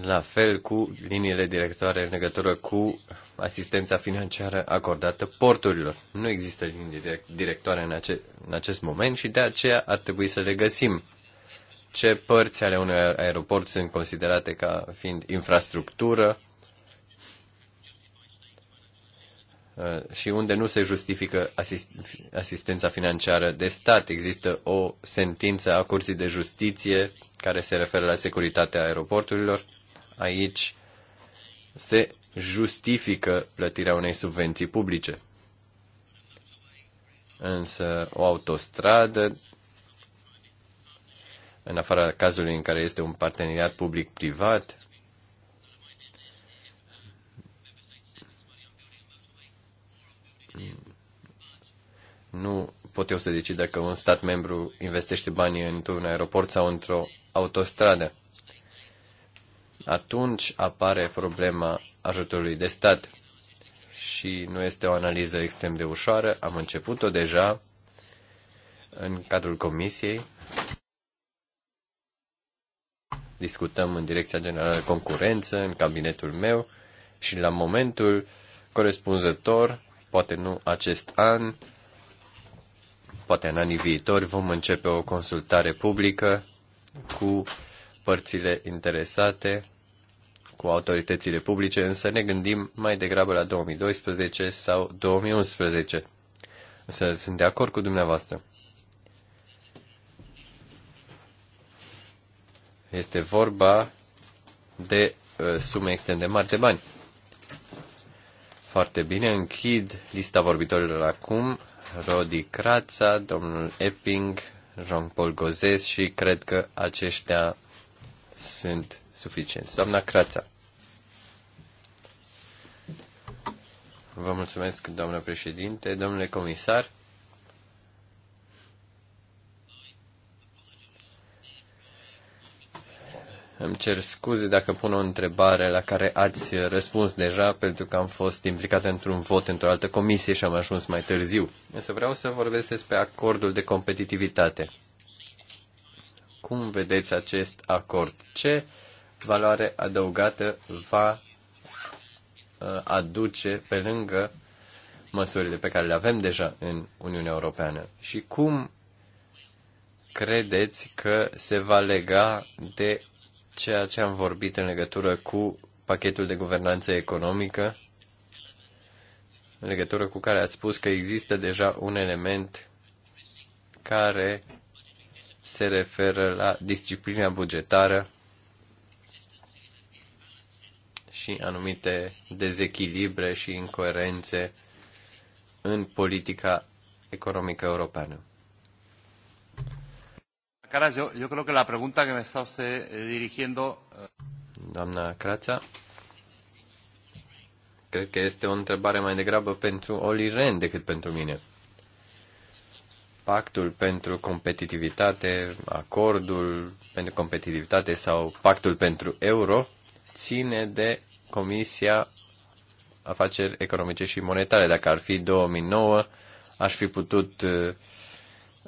Speaker 2: La fel cu liniile directoare în legătură cu asistența financiară acordată porturilor. Nu există linii directoare în, ace- în acest moment și de aceea ar trebui să le găsim. Ce părți ale unui aeroport sunt considerate ca fiind infrastructură uh, și unde nu se justifică asist- asistența financiară de stat. Există o sentință a Curții de Justiție care se referă la securitatea aeroporturilor. Aici se justifică plătirea unei subvenții publice. Însă o autostradă, în afara cazului în care este un parteneriat public-privat, nu pot eu să decid dacă un stat membru investește banii într-un aeroport sau într-o autostradă. Atunci apare problema ajutorului de stat. Și nu este o analiză extrem de ușoară, am început-o deja în cadrul comisiei. Discutăm în Direcția Generală Concurență, în cabinetul meu și la momentul corespunzător, poate nu acest an, poate în anii viitori, vom începe o consultare publică cu părțile interesate cu autoritățile publice, însă ne gândim mai degrabă la 2012 sau 2011. Însă sunt de acord cu dumneavoastră. Este vorba de uh, sume extrem de mari de bani. Foarte bine, închid lista vorbitorilor acum. Rodi Crața, domnul Epping, Jean-Paul Gozes și cred că aceștia sunt suficienți. Doamna Crața. Vă mulțumesc, doamnă președinte, domnule comisar. Îmi cer scuze dacă pun o întrebare la care ați răspuns deja, pentru că am fost implicat într-un vot într-o altă comisie și am ajuns mai târziu. Însă vreau să vorbesc despre acordul de competitivitate. Cum vedeți acest acord? Ce valoare adăugată va Uh, aduce pe lângă măsurile pe care le avem deja în Uniunea Europeană și cum credeți că se va lega de ceea ce am vorbit în legătură cu pachetul de guvernanță economică, în legătură cu care ați spus că există deja un element care se referă la disciplina bugetară și anumite dezechilibre și incoerențe în politica economică europeană.
Speaker 1: Cara, yo, yo cred că la pregunta que me está usted eh, dirigiendo... Eh,
Speaker 2: Doamna Crața, cred că este o întrebare mai degrabă pentru Oli Ren decât pentru mine. Pactul pentru competitivitate, acordul pentru competitivitate sau pactul pentru euro ține de Comisia Afaceri Economice și Monetare. Dacă ar fi 2009, aș fi putut uh,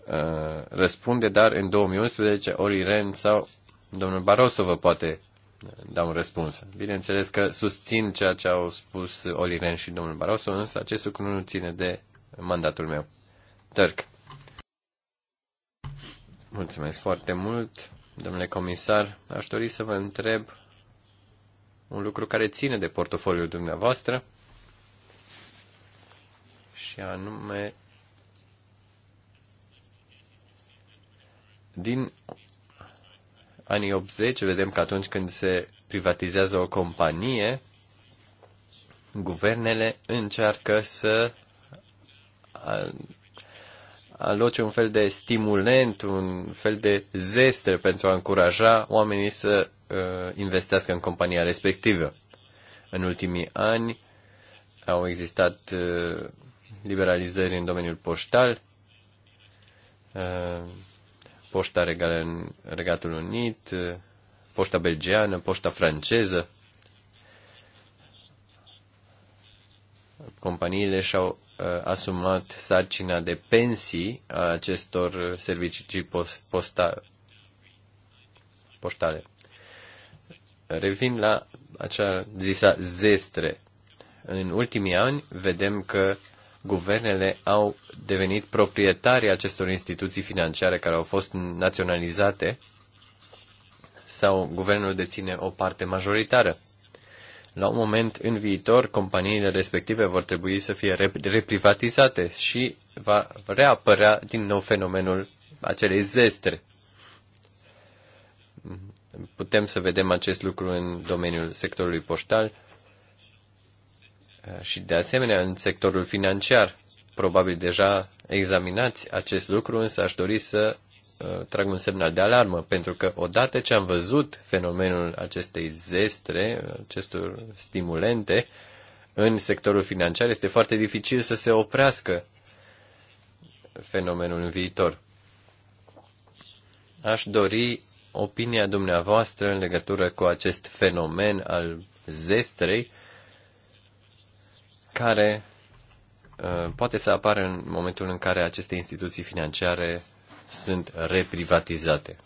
Speaker 2: uh, răspunde, dar în 2011 ori Ren sau domnul Barroso vă poate uh, da un răspuns. Bineînțeles că susțin ceea ce au spus Oli Ren și domnul Barroso, însă acest lucru nu ține de mandatul meu. Turk. Mulțumesc foarte mult, domnule comisar. Aș dori să vă întreb un lucru care ține de portofoliul dumneavoastră și anume din anii 80 vedem că atunci când se privatizează o companie, guvernele încearcă să aloce un fel de stimulent, un fel de zestre pentru a încuraja oamenii să Uh, investească în compania respectivă. În ultimii ani au existat uh, liberalizări în domeniul poștal, uh, poșta regală în Regatul Unit, poșta belgiană, poșta franceză. Companiile și-au asumat sarcina de pensii a acestor servicii postale. Revin la acea zisa zestre. În ultimii ani vedem că guvernele au devenit proprietari acestor instituții financiare care au fost naționalizate sau guvernul deține o parte majoritară. La un moment în viitor, companiile respective vor trebui să fie reprivatizate și va reapărea din nou fenomenul acelei zestre. Putem să vedem acest lucru în domeniul sectorului poștal uh, și de asemenea în sectorul financiar. Probabil deja examinați acest lucru, însă aș dori să uh, trag un semnal de alarmă, pentru că odată ce am văzut fenomenul acestei zestre, acestor stimulente, în sectorul financiar, este foarte dificil să se oprească fenomenul în viitor. Aș dori opinia dumneavoastră în legătură cu acest fenomen al zestrei care uh, poate să apară în momentul în care aceste instituții financiare sunt reprivatizate.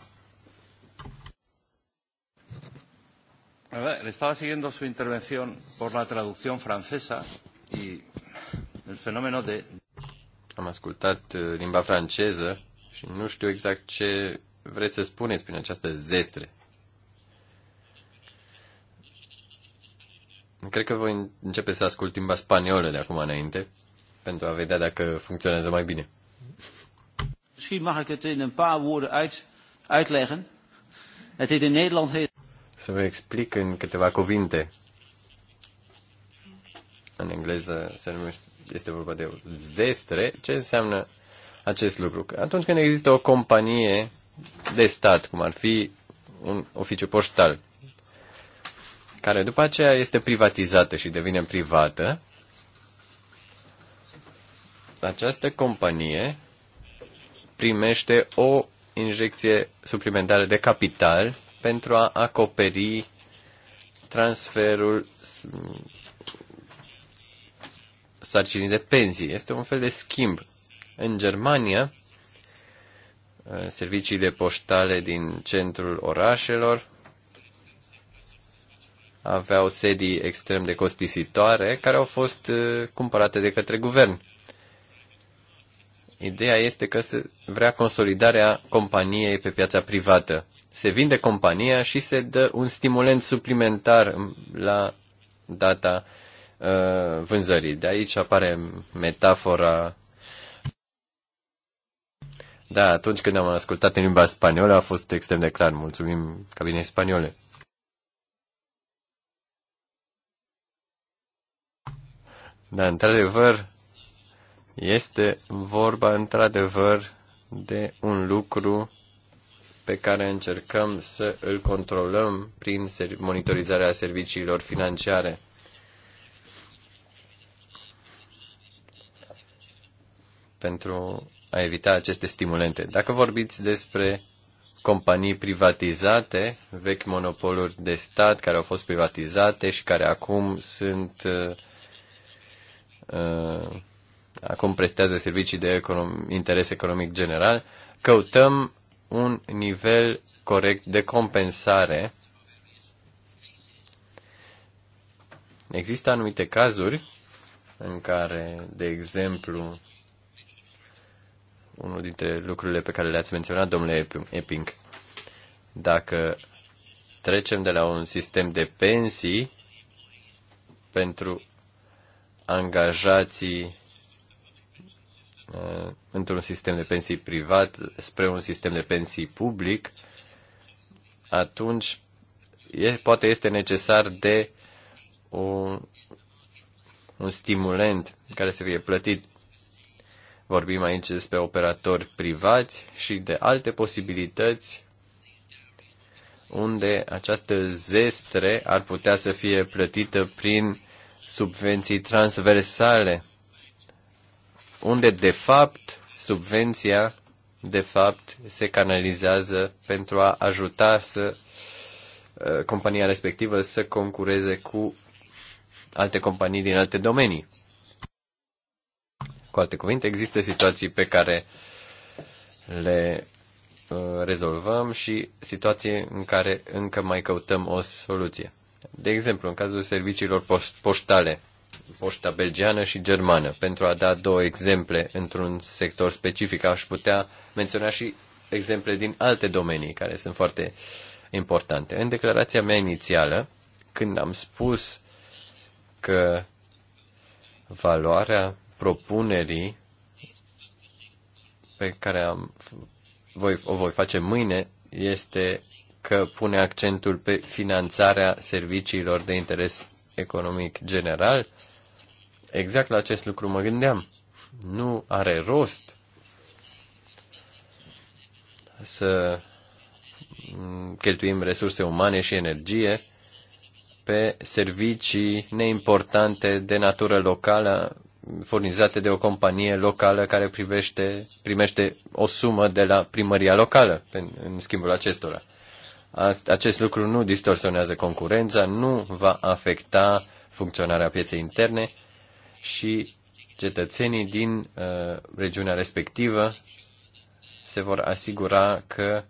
Speaker 1: Le estaba siguiendo su intervención por la traducción francesa y el fenómeno de...
Speaker 2: Am ascultat uh, limba franceză și nu știu exact ce vreți să spuneți prin această zestre? Cred că voi începe să ascult limba spaniolă de acum înainte, pentru a vedea dacă funcționează mai bine. Misschien mag ik het in een paar woorden uit, uitleggen. Het heet in Nederland... Să vă explic în câteva cuvinte. În engleză se numește, este vorba de zestre. Ce înseamnă acest lucru? Că atunci când există o companie de stat, cum ar fi un oficiu poștal, care după aceea este privatizată și devine privată, această companie primește o injecție suplimentară de capital pentru a acoperi transferul sarcinii de pensii. Este un fel de schimb. În Germania, Uh, serviciile poștale din centrul orașelor aveau sedii extrem de costisitoare care au fost uh, cumpărate de către guvern. Ideea este că se vrea consolidarea companiei pe piața privată. Se vinde compania și se dă un stimulent suplimentar la data uh, vânzării. De aici apare metafora da, atunci când am ascultat în limba spaniolă a fost extrem de clar. Mulțumim cabinei spaniole. Da, într-adevăr, este vorba într-adevăr de un lucru pe care încercăm să îl controlăm prin monitorizarea serviciilor financiare. Pentru a evita aceste stimulente. Dacă vorbiți despre companii privatizate, vechi monopoluri de stat care au fost privatizate și care acum sunt uh, uh acum prestează servicii de econom, interes economic general, căutăm un nivel corect de compensare. Există anumite cazuri în care, de exemplu, unul dintre lucrurile pe care le-ați menționat, domnule Epping. Dacă trecem de la un sistem de pensii pentru angajații uh, într-un sistem de pensii privat spre un sistem de pensii public, atunci e, poate este necesar de un, un stimulent care să fie plătit Vorbim aici despre operatori privați și de alte posibilități unde această zestre ar putea să fie plătită prin subvenții transversale, unde de fapt subvenția de fapt se canalizează pentru a ajuta să uh, compania respectivă să concureze cu alte companii din alte domenii. Cu alte cuvinte, există situații pe care le uh, rezolvăm și situații în care încă mai căutăm o soluție. De exemplu, în cazul serviciilor poștale, poșta belgeană și germană. Pentru a da două exemple într-un sector specific, aș putea menționa și exemple din alte domenii care sunt foarte importante. În declarația mea inițială, când am spus că valoarea propunerii pe care am, voi, o voi face mâine este că pune accentul pe finanțarea serviciilor de interes economic general. Exact la acest lucru mă gândeam. Nu are rost să cheltuim resurse umane și energie pe servicii neimportante de natură locală furnizate de o companie locală care privește, primește o sumă de la primăria locală în, în schimbul acestora. Acest lucru nu distorsionează concurența, nu va afecta funcționarea pieței interne și cetățenii din uh, regiunea respectivă se vor asigura că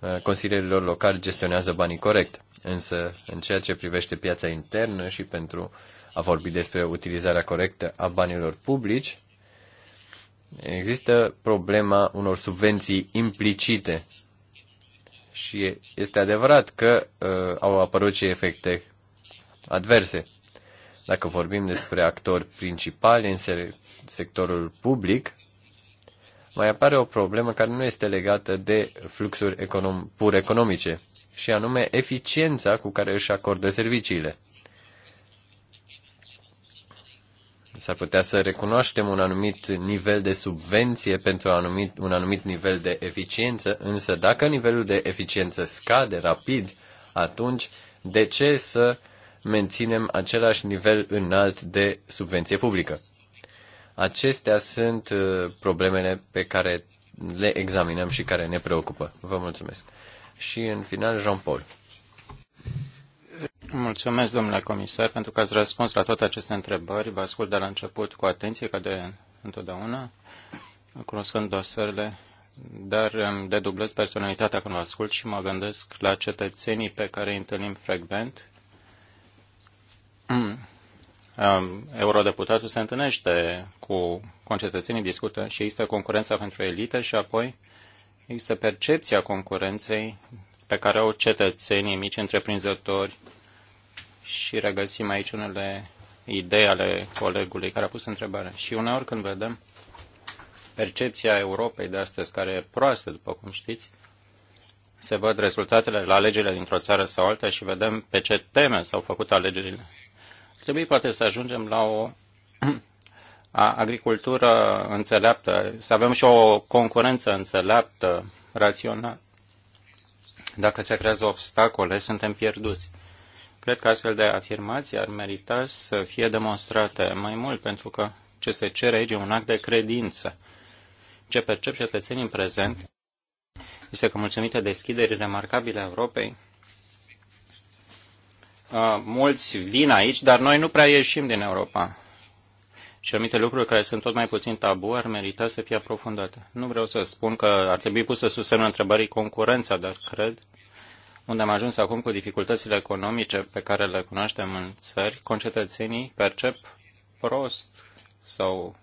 Speaker 2: uh, consilierilor locali gestionează banii corect. Însă, în ceea ce privește piața internă și pentru a vorbi despre utilizarea corectă a banilor publici, există problema unor subvenții implicite. Și este adevărat că uh, au apărut și efecte adverse. Dacă vorbim despre actori principali în sectorul public, mai apare o problemă care nu este legată de fluxuri econom- pur economice, și anume eficiența cu care își acordă serviciile. S-ar putea să recunoaștem un anumit nivel de subvenție pentru anumit, un anumit nivel de eficiență, însă dacă nivelul de eficiență scade rapid, atunci de ce să menținem același nivel înalt de subvenție publică? Acestea sunt uh, problemele pe care le examinăm și care ne preocupă. Vă mulțumesc și în final Jean-Paul.
Speaker 4: Mulțumesc, domnule comisar, pentru că ați răspuns la toate aceste întrebări. Vă ascult de la început cu atenție, ca de întotdeauna, cunoscând dosarele, dar îmi dedublez personalitatea când vă ascult și mă gândesc la cetățenii pe care îi întâlnim frecvent. Mm. Eurodeputatul se întâlnește cu concetățenii, discută și există concurența pentru elite și apoi Există percepția concurenței pe care au cetățenii mici întreprinzători și regăsim aici unele idei ale colegului care a pus întrebarea. Și uneori când vedem percepția Europei de astăzi, care e proastă, după cum știți, se văd rezultatele la alegerile dintr-o țară sau alta și vedem pe ce teme s-au făcut alegerile. Trebuie poate să ajungem la o agricultură înțeleaptă, să avem și o concurență înțeleaptă, rațională. Dacă se creează obstacole, suntem pierduți. Cred că astfel de afirmații ar merita să fie demonstrate mai mult, pentru că ce se cere aici e un act de credință. Ce percep cetățenii în prezent este că mulțumită deschiderii remarcabile a Europei, mulți vin aici, dar noi nu prea ieșim din Europa și anumite lucruri care sunt tot mai puțin tabu ar merita să fie aprofundate. Nu vreau să spun că ar trebui pusă sub semnul întrebării concurența, dar cred unde am ajuns acum cu dificultățile economice pe care le cunoaștem în țări, concetățenii percep prost sau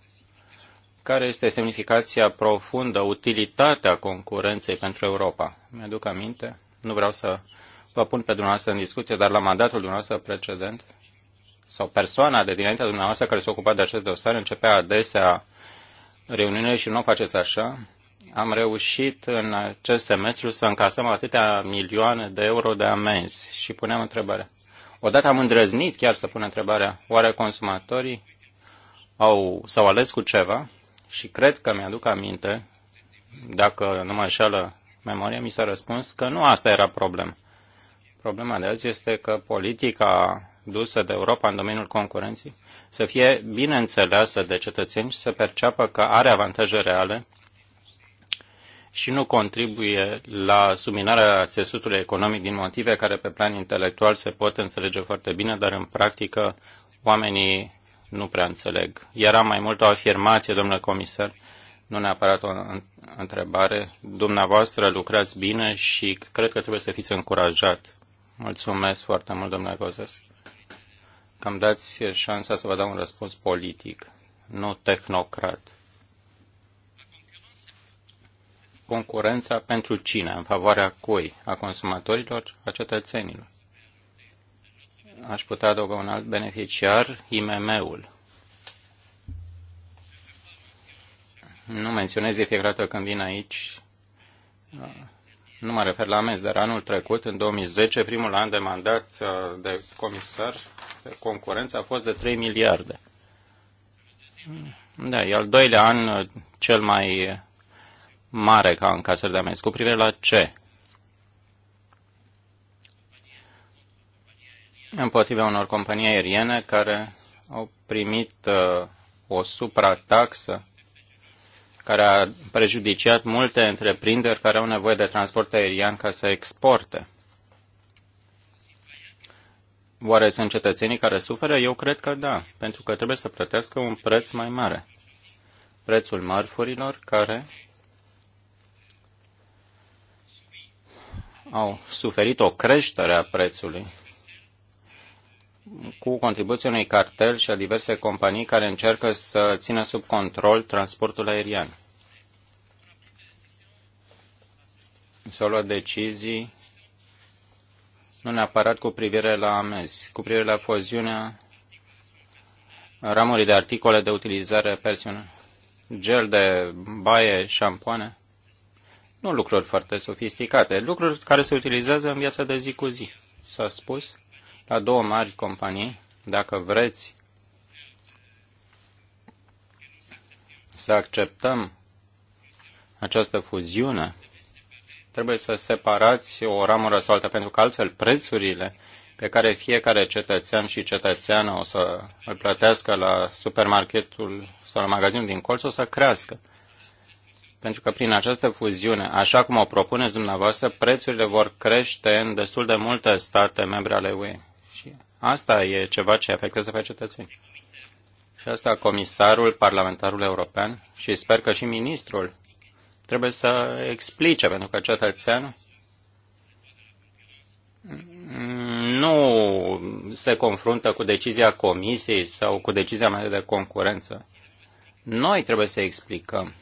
Speaker 4: care este semnificația profundă, utilitatea concurenței pentru Europa. Mi-aduc aminte, nu vreau să vă pun pe dumneavoastră în discuție, dar la mandatul dumneavoastră precedent sau persoana de dinaintea dumneavoastră care se ocupa de acest dosar începea adesea reuniunile și nu o faceți așa. Am reușit în acest semestru să încasăm atâtea milioane de euro de amenzi și punem întrebarea. Odată am îndrăznit chiar să pun întrebarea, oare consumatorii au, s-au ales cu ceva? Și cred că mi-aduc aminte, dacă nu mă înșală memoria, mi s-a răspuns că nu asta era problema. Problema de azi este că politica dusă de Europa în domeniul concurenții să fie bine înțeleasă de cetățeni și să perceapă că are avantaje reale și nu contribuie la subminarea țesutului economic din motive care pe plan intelectual se pot înțelege foarte bine, dar în practică oamenii nu prea înțeleg. Era mai mult o afirmație, domnule comisar, nu neapărat o întrebare. Dumneavoastră lucrați bine și cred că trebuie să fiți încurajat. Mulțumesc foarte mult, domnule Gozes că îmi dați șansa să vă dau un răspuns politic, nu tehnocrat. Concurența pentru cine? În favoarea cui? A consumatorilor? A cetățenilor? Aș putea adăuga un alt beneficiar, IMM-ul. Nu menționez de fiecare dată când vin aici nu mă refer la amenzi, dar anul trecut, în 2010, primul an de mandat uh, de comisar, de concurență a fost de 3 miliarde. Da, e al doilea an uh, cel mai mare ca în încasări de amenzi. Cu privire la ce? Împotriva unor companii aeriene care au primit uh, o suprataxă care a prejudiciat multe întreprinderi care au nevoie de transport aerian ca să exporte. Oare sunt cetățenii care suferă? Eu cred că da, pentru că trebuie să plătească un preț mai mare. Prețul mărfurilor care au suferit o creștere a prețului cu contribuția unui cartel și a diverse companii care încearcă să țină sub control transportul aerian. S-au luat decizii nu neapărat cu privire la amenzi, cu privire la foziunea ramurii de articole de utilizare personală, gel de baie, șampoane, nu lucruri foarte sofisticate, lucruri care se utilizează în viața de zi cu zi. S-a spus la două mari companii, dacă vreți să acceptăm această fuziune, trebuie să separați o ramură sau alta, pentru că altfel prețurile pe care fiecare cetățean și cetățeană o să îl plătească la supermarketul sau la magazinul din colț o să crească. Pentru că prin această fuziune, așa cum o propuneți dumneavoastră, prețurile vor crește în destul de multe state membre ale UE. Asta e ceva ce afectează pe cetățeni. Și asta comisarul, parlamentarul european și sper că și ministrul trebuie să explice, pentru că cetățeanul nu se confruntă cu decizia comisiei sau cu decizia mea de concurență. Noi trebuie să explicăm.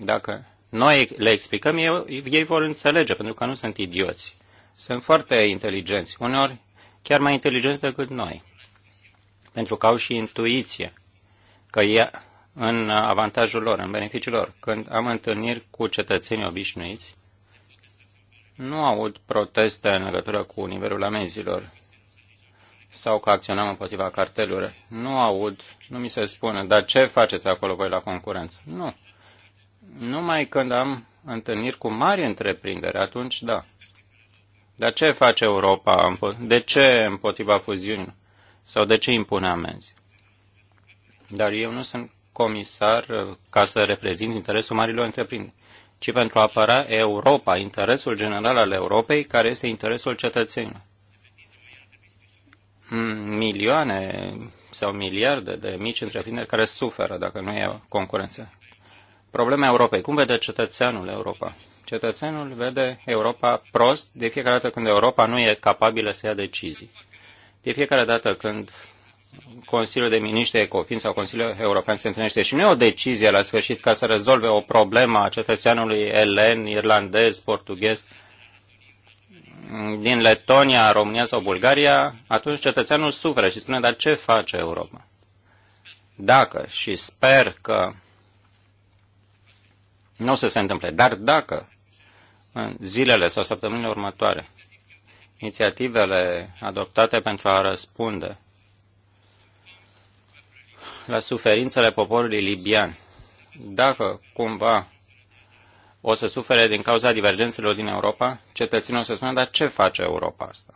Speaker 4: Dacă noi le explicăm, ei, ei vor înțelege, pentru că nu sunt idioți. Sunt foarte inteligenți. Uneori chiar mai inteligenți decât noi, pentru că au și intuiție că e în avantajul lor, în beneficiul lor. Când am întâlniri cu cetățenii obișnuiți, nu aud proteste în legătură cu nivelul amenzilor sau că acționăm împotriva cartelurilor. Nu aud, nu mi se spune, dar ce faceți acolo voi la concurență? Nu. Numai când am întâlniri cu mari întreprinderi, atunci da. Dar ce face Europa? De ce împotriva fuziunii? Sau de ce impune amenzi? Dar eu nu sunt comisar uh, ca să reprezint interesul marilor întreprinderi, ci pentru a apăra Europa, interesul general al Europei, care este interesul cetățenilor. Mm, milioane sau miliarde de mici întreprinderi care suferă dacă nu e concurență. Problema Europei. Cum vede cetățeanul Europa? Cetățenul vede Europa prost de fiecare dată când Europa nu e capabilă să ia decizii. De fiecare dată când Consiliul de Miniștri Ecofin sau Consiliul European se întâlnește și nu e o decizie la sfârșit ca să rezolve o problemă a cetățeanului elen, irlandez, portughez, din Letonia, România sau Bulgaria, atunci cetățeanul suferă și spune, dar ce face Europa? Dacă și sper că nu o să se întâmple, dar dacă în zilele sau săptămânile următoare. Inițiativele adoptate pentru a răspunde la suferințele poporului libian. Dacă cumva o să sufere din cauza divergențelor din Europa, cetățenii o să spună, dar ce face Europa asta?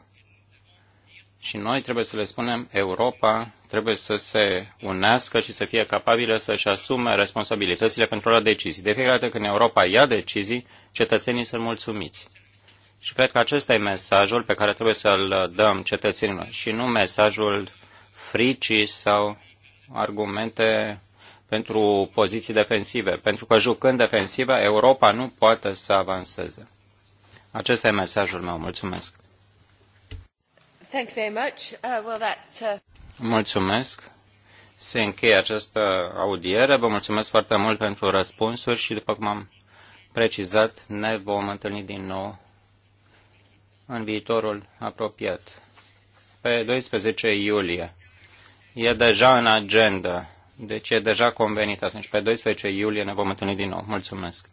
Speaker 4: Și noi trebuie să le spunem, Europa trebuie să se unească și să fie capabilă să-și asume responsabilitățile pentru la decizii. De fiecare dată când Europa ia decizii, cetățenii sunt mulțumiți. Și cred că acesta e mesajul pe care trebuie să-l dăm cetățenilor și nu mesajul fricii sau argumente pentru poziții defensive, pentru că jucând defensivă, Europa nu poate să avanseze. Acesta e mesajul meu. Mulțumesc.
Speaker 3: Thank you very
Speaker 1: much. Uh, well, that, uh...
Speaker 4: Mulțumesc. Se încheie această audiere. Vă mulțumesc foarte mult pentru răspunsuri și, după cum am precizat, ne vom întâlni din nou în viitorul apropiat, pe 12 iulie. E deja în agenda, deci e deja convenit atunci. Pe 12 iulie ne vom întâlni din nou. Mulțumesc!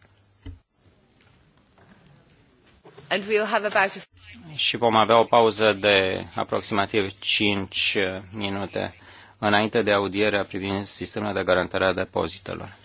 Speaker 1: And we'll have about a
Speaker 4: și vom avea o pauză de aproximativ 5 eh, minute înainte de audierea privind sistemul de garantare a depozitelor.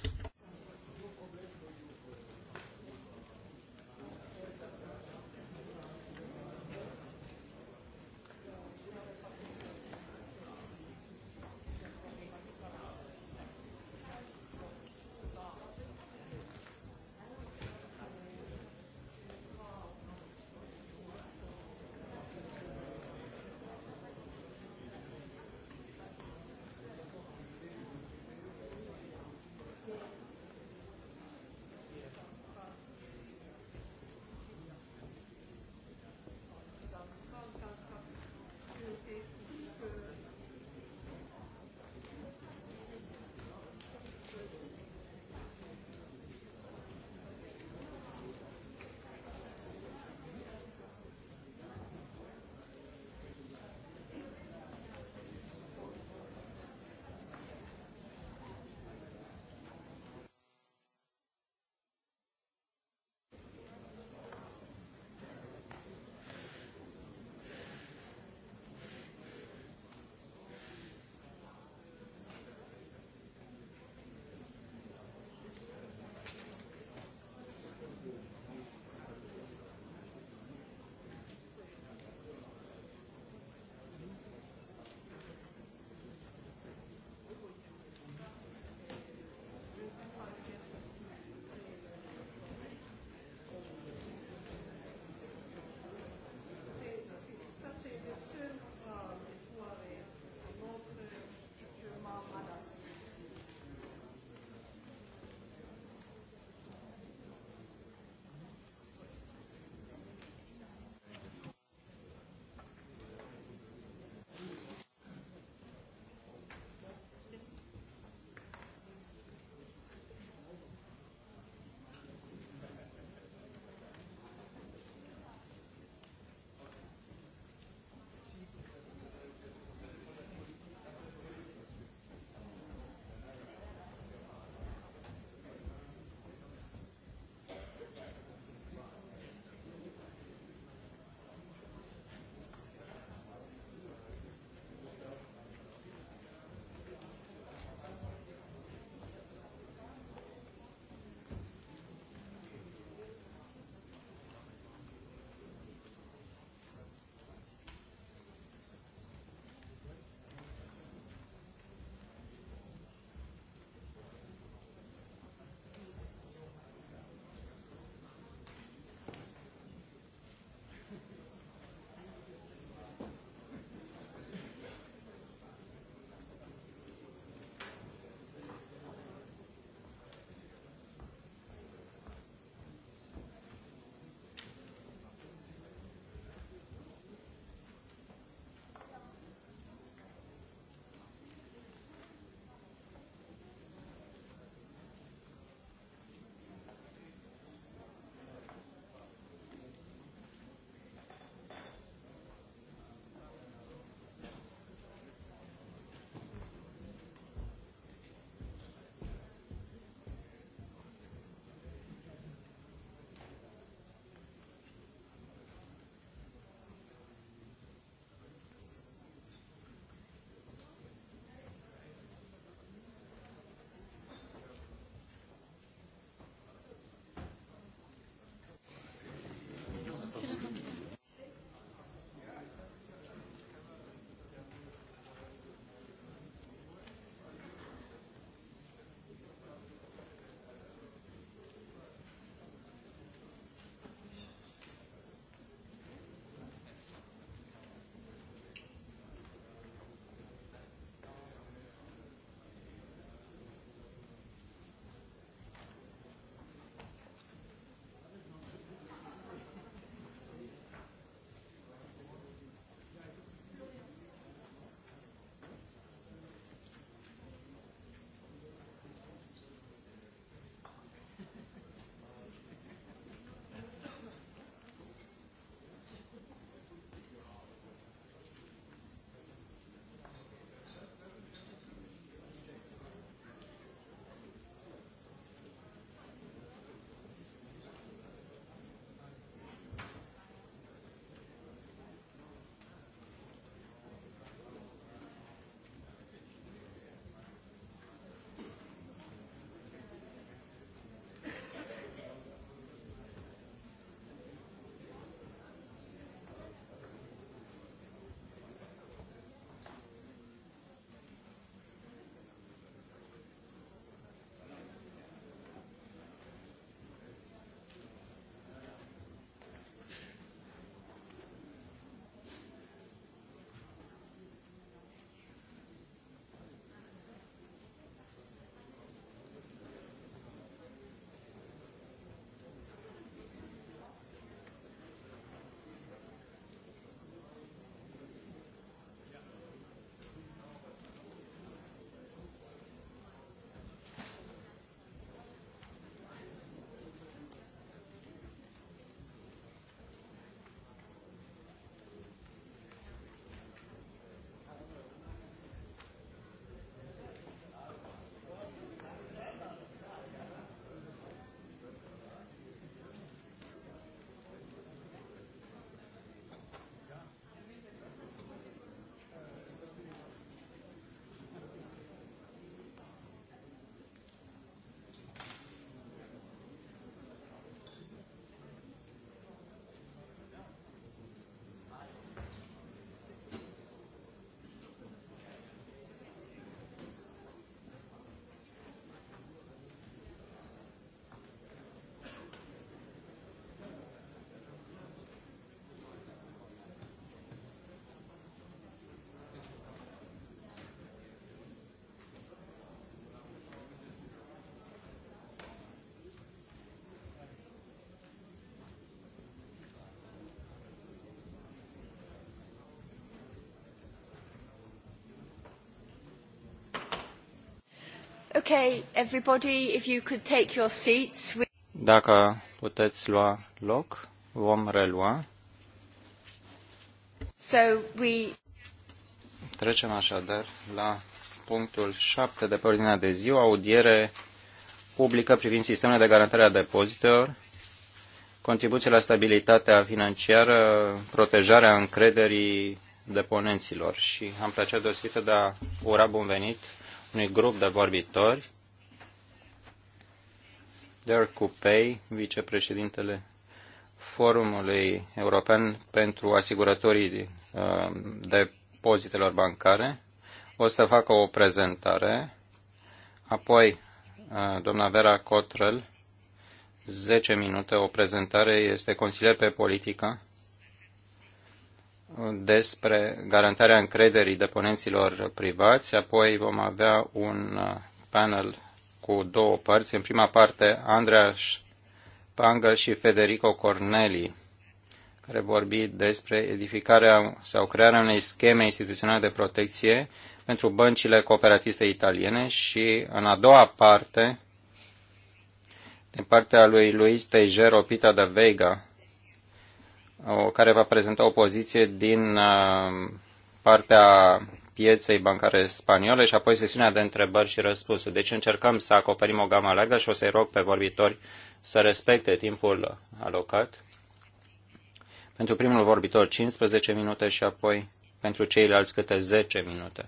Speaker 3: Okay,
Speaker 1: everybody, if you could take your seats. We...
Speaker 4: Dacă puteți lua loc, vom relua.
Speaker 1: So we...
Speaker 4: Trecem așadar la punctul 7 de pe ordinea de zi, audiere publică privind sistemele de garantare a depozitelor, contribuție la stabilitatea financiară, protejarea încrederii deponenților. Și am plăcea deosebită de a ura bun venit unui grup de vorbitori. Dirk Coupei, vicepreședintele Forumului European pentru Asigurătorii uh, Depozitelor Bancare, o să facă o prezentare. Apoi, uh, doamna Vera Cotrel, 10 minute, o prezentare, este consilier pe politică despre garantarea încrederii deponenților privați, apoi vom avea un uh, panel cu două părți. În prima parte, Andreea Pangă și Federico Corneli, care vorbi despre edificarea sau crearea unei scheme instituționale de protecție pentru băncile cooperatiste italiene și în a doua parte, din partea lui Luis Tejero Pita de da Vega, care va prezenta o poziție din uh, partea pieței bancare spaniole și apoi sesiunea de întrebări și răspunsuri. Deci încercăm să acoperim o gamă largă și o să-i rog pe vorbitori să respecte timpul alocat. Pentru primul vorbitor 15 minute și apoi pentru ceilalți câte 10 minute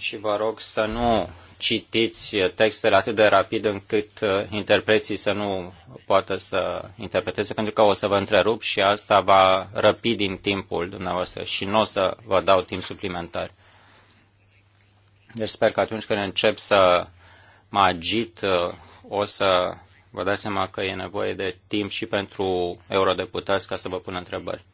Speaker 4: și vă rog să nu citiți textele atât de rapid încât uh, interpreții să nu poată să interpreteze, pentru că o să vă întrerup și asta va răpi din timpul dumneavoastră și nu o să vă dau timp suplimentar. Deci sper că atunci când încep să mă agit, uh, o să vă dați seama că e nevoie de timp și pentru eurodeputați ca să vă pun întrebări.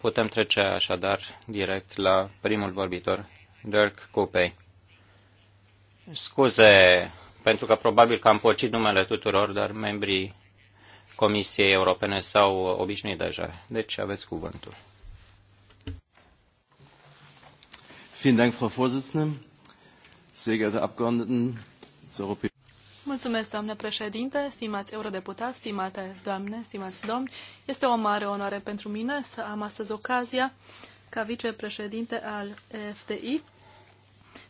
Speaker 4: Putem trece așadar direct la primul vorbitor, Dirk Cupei. Scuze pentru că probabil că am pocit numele tuturor, dar membrii Comisiei Europene s-au obișnuit deja. Deci aveți cuvântul.
Speaker 1: Vielen Dank, Frau Vorsitzende. Sehr geehrte Abgeordneten des Europäischen
Speaker 3: Mulțumesc, doamnă președinte, stimați eurodeputați, stimate doamne, stimați domni. Este o mare onoare pentru mine să am astăzi ocazia ca vicepreședinte al FTI,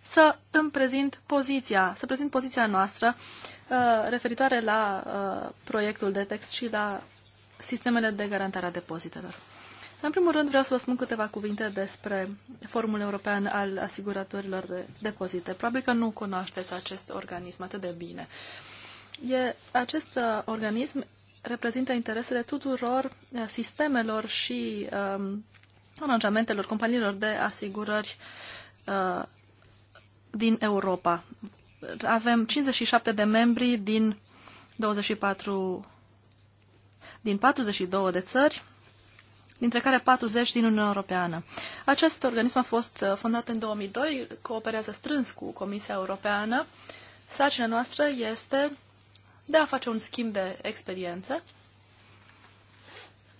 Speaker 3: să îmi prezint poziția, să prezint poziția noastră uh, referitoare la uh, proiectul de text și la sistemele de garantare a depozitelor. În primul rând vreau să vă spun câteva cuvinte despre Forumul European al asigurătorilor de Depozite. Probabil că nu cunoașteți acest organism atât de bine. E, acest uh, organism reprezintă interesele tuturor uh, sistemelor și uh, aranjamentelor companiilor de asigurări uh, din Europa. Avem 57 de membri din 24 din 42 de țări, dintre care 40 din Uniunea Europeană. Acest organism a fost uh, fondat în 2002, cooperează strâns cu Comisia Europeană. Sarcina noastră este de a face un schimb de experiență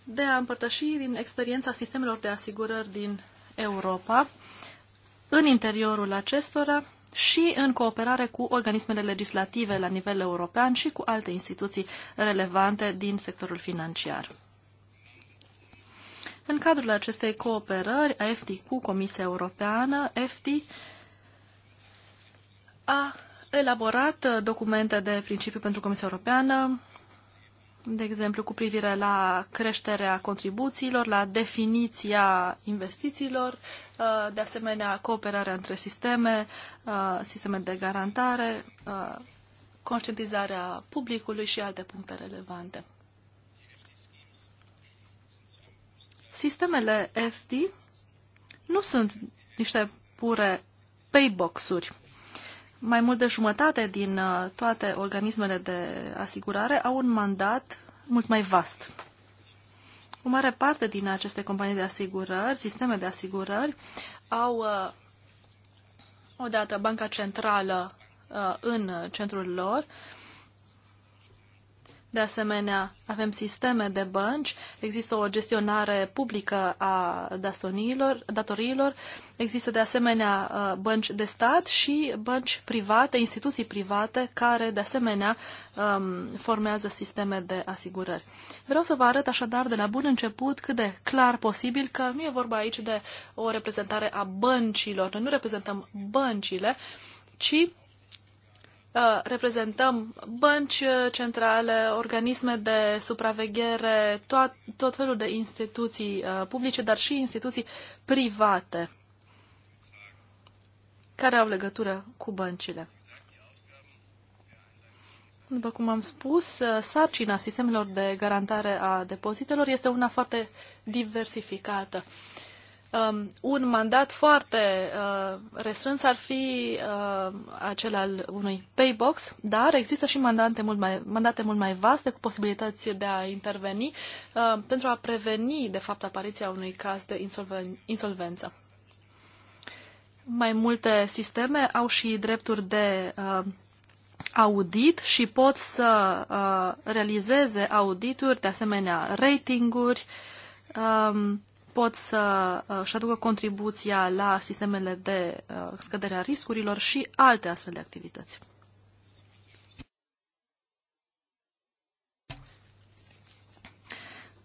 Speaker 3: de a împărtăși din experiența sistemelor de asigurări din Europa, în interiorul acestora și în cooperare cu organismele legislative la nivel european și cu alte instituții relevante din sectorul financiar. În cadrul acestei cooperări a EFTI cu Comisia Europeană, EFTI a elaborat documente de principiu pentru Comisia Europeană, de exemplu, cu privire la creșterea contribuțiilor, la definiția investițiilor, uh, de asemenea cooperarea între sisteme, uh, sisteme de garantare, uh, conștientizarea publicului și alte puncte relevante. Sistemele FD nu sunt niște pure paybox-uri. Mai mult de jumătate din uh, toate organismele de asigurare au un mandat mult mai vast. O mare parte din aceste companii de asigurări, sisteme de asigurări, au uh, odată Banca Centrală uh, în centrul lor, de asemenea, avem sisteme de bănci, există o gestionare publică a datoriilor, există de asemenea uh, bănci de stat și bănci private, instituții private, care de asemenea um, formează sisteme de asigurări. Vreau să vă arăt așadar de la bun început cât de clar posibil că nu e vorba aici de o reprezentare a băncilor. Noi nu reprezentăm băncile, ci Uh, reprezentăm bănci uh, centrale, organisme de supraveghere, tot, tot felul de instituții uh, publice, dar și instituții private care au legătură cu băncile. După cum am spus, sarcina sistemelor de garantare a depozitelor este una foarte diversificată. Uh, um, un mandat foarte uh, restrâns ar fi uh, al unui paybox, dar există și mandate mult mai, mandate mult mai vaste cu posibilități de a interveni uh, pentru a preveni, de fapt, apariția unui caz de insolven- insolvență. Mai multe sisteme au și drepturi de uh, audit și pot să uh, realizeze audituri, de asemenea ratinguri, um, pot să uh, își aducă contribuția la sistemele de uh, scădere a riscurilor și alte astfel de activități.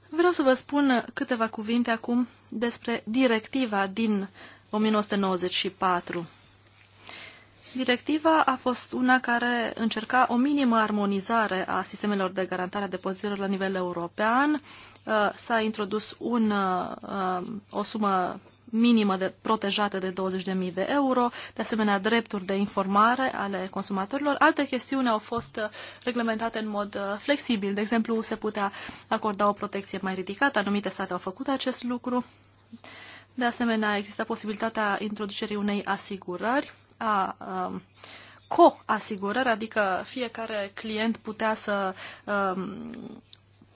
Speaker 3: Vreau să vă spun câteva cuvinte acum despre directiva din 1994. Directiva a fost una care încerca o minimă armonizare a sistemelor de garantare a depozitelor la nivel european. Uh, s-a introdus un, uh, um, o sumă minimă de protejată de 20.000 de euro, de asemenea drepturi de informare ale consumatorilor. Alte chestiuni au fost uh, reglementate în mod flexibil. De exemplu, se putea acorda o protecție mai ridicată. Anumite state au făcut acest lucru. De asemenea, există posibilitatea introducerii unei asigurări a um, co-asigurări, adică fiecare client putea să um,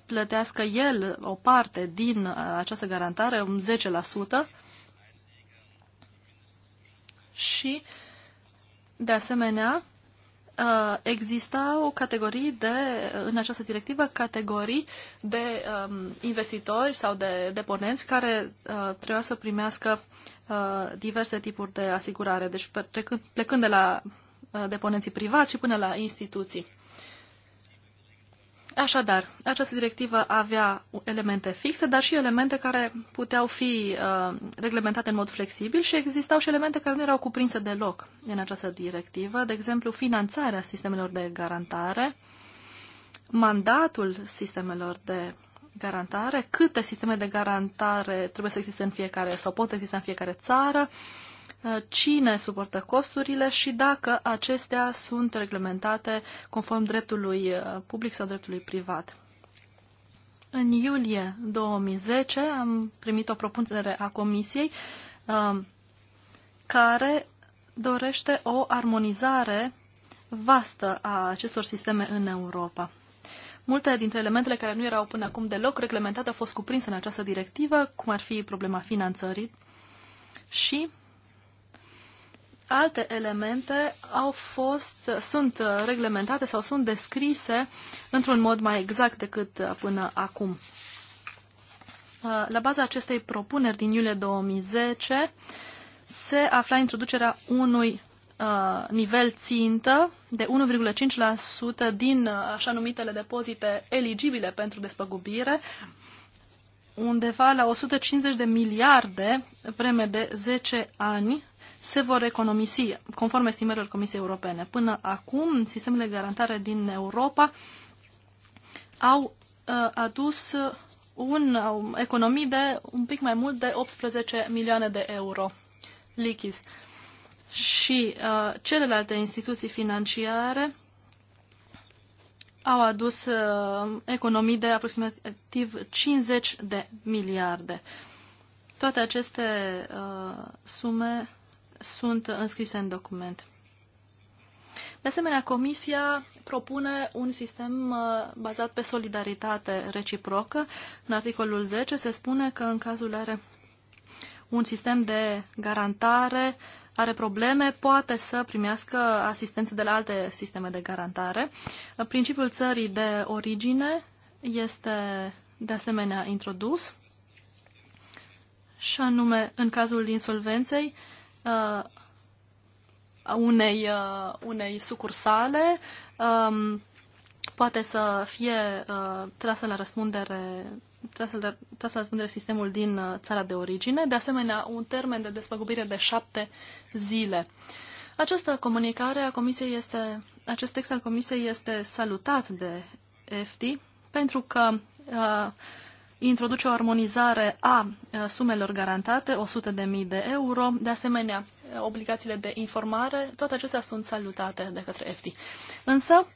Speaker 3: plătească el o parte din uh, această garantare, un 10%, și, de asemenea, uh, existau categorii de, în această directivă, categorii de um, investitori sau de deponenți care uh, trebuia să primească Uh, diverse tipuri de asigurare, deci plecând, de la uh, deponenții privați și până la instituții. Așadar, această directivă avea elemente fixe, dar și elemente care puteau fi uh, reglementate în mod flexibil și existau și elemente care nu erau cuprinse deloc în această directivă, de exemplu finanțarea sistemelor de garantare, mandatul sistemelor de garantare, câte sisteme de garantare trebuie să existe în fiecare sau pot exista în fiecare țară, uh, cine suportă costurile și dacă acestea sunt reglementate conform dreptului uh, public sau dreptului privat. În iulie 2010 am primit o propunere a Comisiei uh, care dorește o armonizare vastă a acestor sisteme în Europa. Multe dintre elementele care nu erau până acum deloc reglementate au fost cuprinse în această directivă, cum ar fi problema finanțării și alte elemente au fost, sunt reglementate sau sunt descrise într-un mod mai exact decât până acum. La baza acestei propuneri din iulie 2010 se afla introducerea unui Uh, nivel țintă de 1,5% din uh, așa numitele depozite eligibile pentru despăgubire, undeva la 150 de miliarde vreme de 10 ani se vor economisi, conform estimărilor Comisiei Europene. Până acum, sistemele de garantare din Europa au uh, adus un, um, economii de un pic mai mult de 18 milioane de euro lichizi și uh, celelalte instituții financiare au adus uh, economii de aproximativ 50 de miliarde. Toate aceste uh, sume sunt înscrise în document. De asemenea, Comisia propune un sistem uh, bazat pe solidaritate reciprocă. În articolul 10 se spune că în cazul are un sistem de garantare uh, are probleme, poate să primească asistență de la alte sisteme de garantare. Principiul țării de origine este de asemenea introdus și anume în cazul insolvenței uh, unei, uh, unei sucursale um, poate să fie uh, trasă la răspundere trebuie să răspundere sistemul din uh, țara de origine, de asemenea un termen de despăgubire de șapte zile. Această comunicare a comisiei este, acest text al comisiei este salutat de EFTI pentru că uh, introduce o armonizare a uh, sumelor garantate, 100.000 de euro, de asemenea uh, obligațiile de informare, toate acestea sunt salutate de către EFTI. Însă,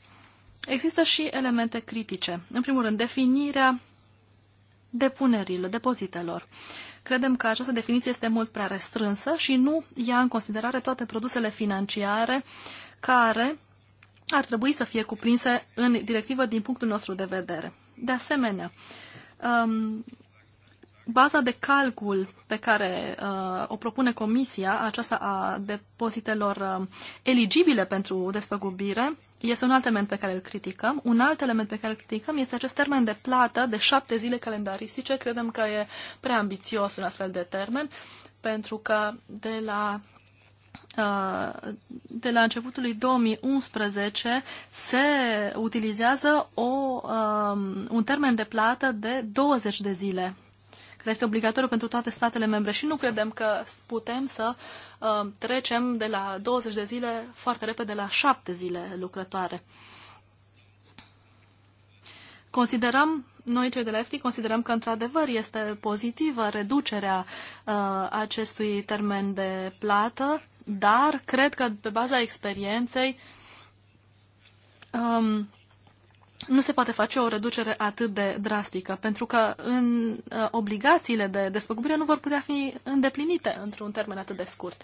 Speaker 3: există și elemente critice. În primul rând, definirea depunerile, depozitelor. Credem că această definiție este mult prea restrânsă și nu ia în considerare toate produsele financiare care ar trebui să fie cuprinse în directivă din punctul nostru de vedere. De asemenea, um, baza de calcul pe care uh, o propune Comisia, aceasta a depozitelor uh, eligibile pentru despăgubire, este un alt element pe care îl criticăm. Un alt element pe care îl criticăm este acest termen de plată de șapte zile calendaristice. Credem că e prea ambițios un astfel de termen, pentru că de la uh, de la începutul lui 2011 se utilizează o, um, un termen de plată de 20 de zile care este obligatoriu pentru toate statele membre și nu credem că putem să uh, trecem de la 20 de zile foarte repede la 7 zile lucrătoare. Considerăm, noi cei de la FT, considerăm că într-adevăr este pozitivă reducerea uh, acestui termen de plată, dar cred că pe baza experienței um, nu se poate face o reducere atât de drastică, pentru că în uh, obligațiile de despăgubire nu vor putea fi îndeplinite într-un termen atât de scurt.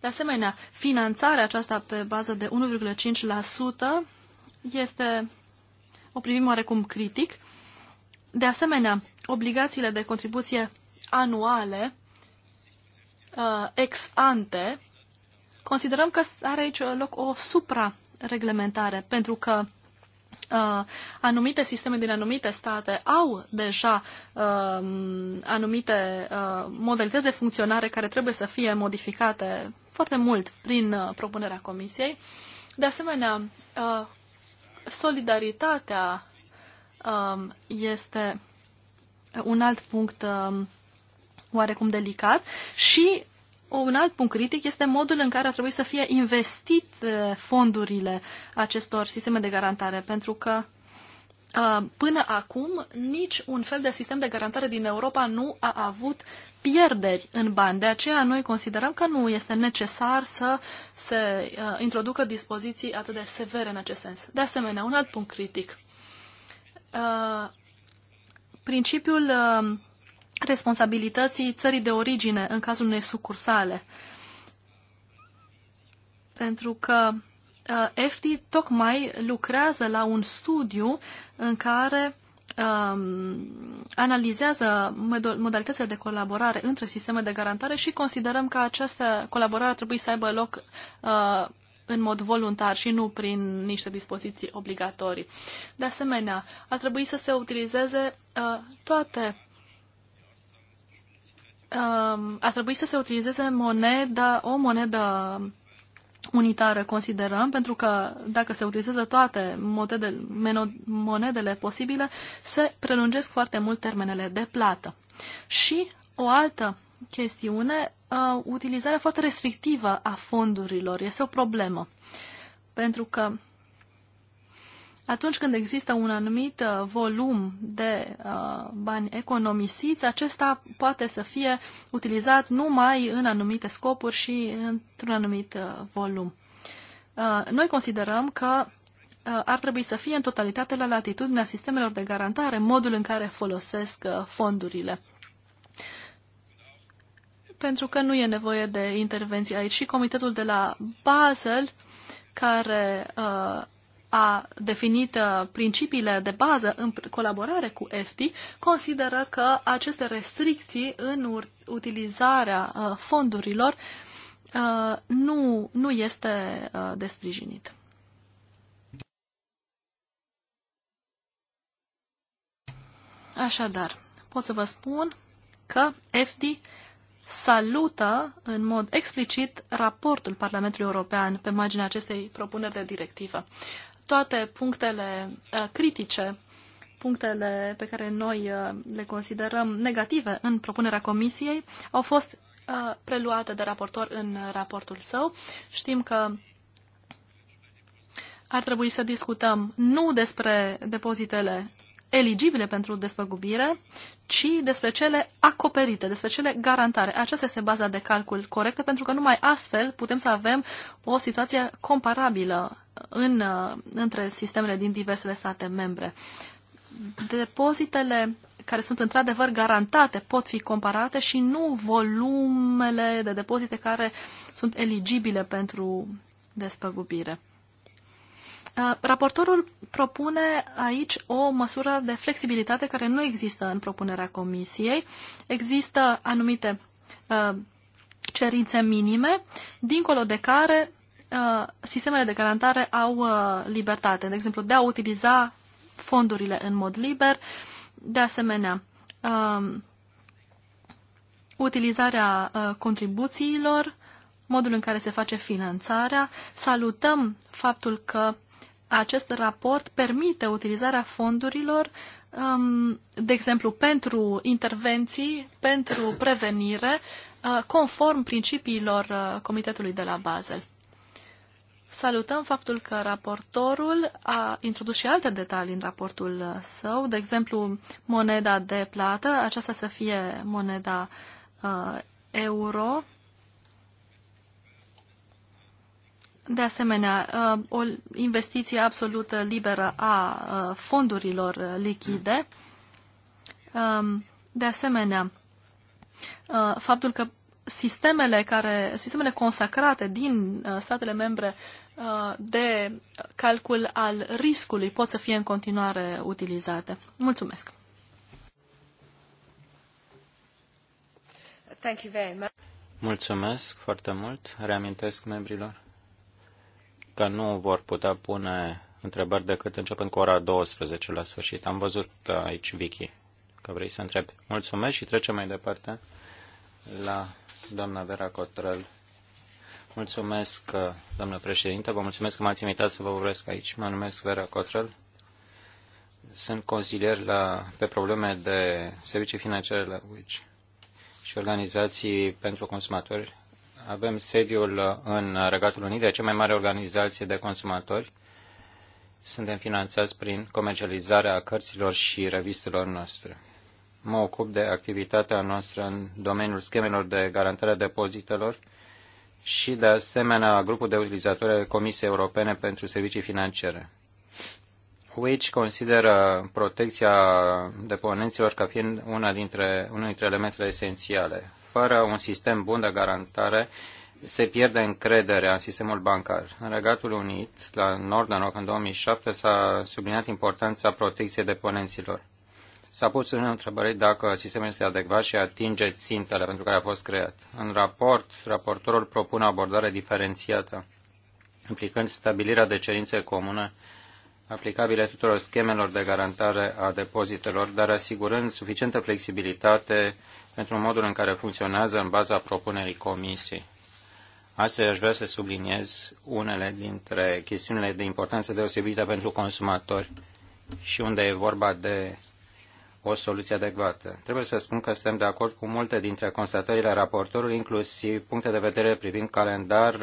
Speaker 3: De asemenea, finanțarea aceasta pe bază de 1,5% este, o privim oarecum critic. De asemenea, obligațiile de contribuție anuale, uh, ex ante, considerăm că are aici loc o supra-reglementare, pentru că Uh, anumite sisteme din anumite state au deja uh, anumite uh, modalități de funcționare care trebuie să fie modificate foarte mult prin uh, propunerea Comisiei. De asemenea, uh, solidaritatea uh, este un alt punct uh, oarecum delicat și un alt punct critic este modul în care ar trebui să fie investit eh, fondurile acestor sisteme de garantare, pentru că eh, până acum nici un fel de sistem de garantare din Europa nu a avut pierderi în bani. De aceea noi considerăm că nu este necesar să se eh, introducă dispoziții atât de severe în acest sens. De asemenea, un alt punct critic. Principiul responsabilității țării de origine în cazul unei sucursale. Pentru că uh, FD tocmai lucrează la un studiu în care um, analizează modalitățile de colaborare între sisteme de garantare și considerăm că această colaborare trebuie să aibă loc uh, în mod voluntar și nu prin niște dispoziții obligatorii. De asemenea, ar trebui să se utilizeze uh, toate Um, ar trebui să se utilizeze moneda, o monedă unitară, considerăm, pentru că dacă se utilizează toate modele, monedele posibile, se prelungesc foarte mult termenele de plată. Și o altă chestiune, uh, utilizarea foarte restrictivă a fondurilor este o problemă, pentru că atunci când există un anumit uh, volum de uh, bani economisiți, acesta poate să fie utilizat numai în anumite scopuri și într-un anumit uh, volum. noi considerăm că ar trebui să fie în totalitate la latitudinea sistemelor de garantare, modul în care folosesc fondurile. Pentru că nu e nevoie de intervenție aici. Și comitetul de la Basel, care a definit uh, principiile de bază în colaborare cu EFTI, consideră că aceste restricții în utilizarea uh, fondurilor uh, nu, nu este de sprijinit. Așadar, pot să vă spun că EFTI salută în mod explicit raportul Parlamentului European pe marginea acestei propuneri de directivă toate punctele uh, critice, punctele pe care noi uh, le considerăm negative în propunerea comisiei, au fost uh, preluate de raportor în raportul său. Știm că ar trebui să discutăm nu despre depozitele eligibile pentru despăgubire, ci despre cele acoperite, despre cele garantare. Aceasta este baza de calcul corectă, pentru că numai astfel putem să avem o situație comparabilă în, uh, între sistemele din diversele state membre. Depozitele care sunt într-adevăr garantate pot fi comparate și nu volumele de depozite care sunt eligibile pentru despăgubire. Uh, raportorul propune aici o măsură de flexibilitate care nu există în propunerea comisiei. Există anumite uh, cerințe minime, dincolo de care Uh, sistemele de garantare au uh, libertate, de exemplu, de a utiliza fondurile în mod liber, de asemenea, um, utilizarea uh, contribuțiilor, modul în care se face finanțarea. Salutăm faptul că acest raport permite utilizarea fondurilor, um, de exemplu, pentru intervenții, pentru prevenire, conform principiilor Comitetului de la Basel. Salutăm faptul că raportorul a introdus și alte detalii în raportul uh, său, de exemplu, moneda de plată, aceasta să fie moneda uh, euro. De asemenea, uh, o investiție absolută liberă a uh, fondurilor uh, lichide. Uh, de asemenea, uh, faptul că sistemele, care, sistemele consacrate din uh, statele membre uh, de calcul al riscului pot să fie în continuare utilizate. Mulțumesc! Thank you very much.
Speaker 4: Mulțumesc foarte mult. Reamintesc membrilor că nu vor putea pune întrebări decât începând cu ora 12 la sfârșit. Am văzut uh, aici, Vicky, că vrei să întrebi. Mulțumesc și trecem mai departe la doamna Vera Cotrăl. Mulțumesc, doamnă președinte, vă mulțumesc că m-ați invitat să vă vorbesc aici. Mă numesc Vera Cotrăl. Sunt consilier la, pe probleme de servicii financiare la UIC și organizații pentru consumatori. Avem sediul în Regatul Unit, de cea mai mare organizație de consumatori. Suntem finanțați prin comercializarea cărților și revistelor noastre mă ocup de activitatea noastră în domeniul schemelor de garantare a depozitelor și, de asemenea, a grupul de utilizatori al Comisiei Europene pentru Servicii Financiare. Which consideră protecția deponenților ca fiind una dintre, unul dintre elementele esențiale. Fără un sistem bun de garantare, se pierde încrederea în sistemul bancar. În Regatul Unit, la Northern Rock, în 2007, s-a subliniat importanța protecției deponenților. S-a pus în întrebare dacă sistemul este adecvat și atinge țintele pentru care a fost creat. În raport, raportorul propune o abordare diferențiată, implicând stabilirea de cerințe comune aplicabile tuturor schemelor de garantare a depozitelor, dar asigurând suficientă flexibilitate pentru modul în care funcționează în baza propunerii comisiei. Astăzi aș vrea să subliniez unele dintre chestiunile de importanță deosebită pentru consumatori și unde e vorba de o soluție adecvată. Trebuie să spun că suntem de acord cu multe dintre constatările raportorului, inclusiv puncte de vedere privind calendar,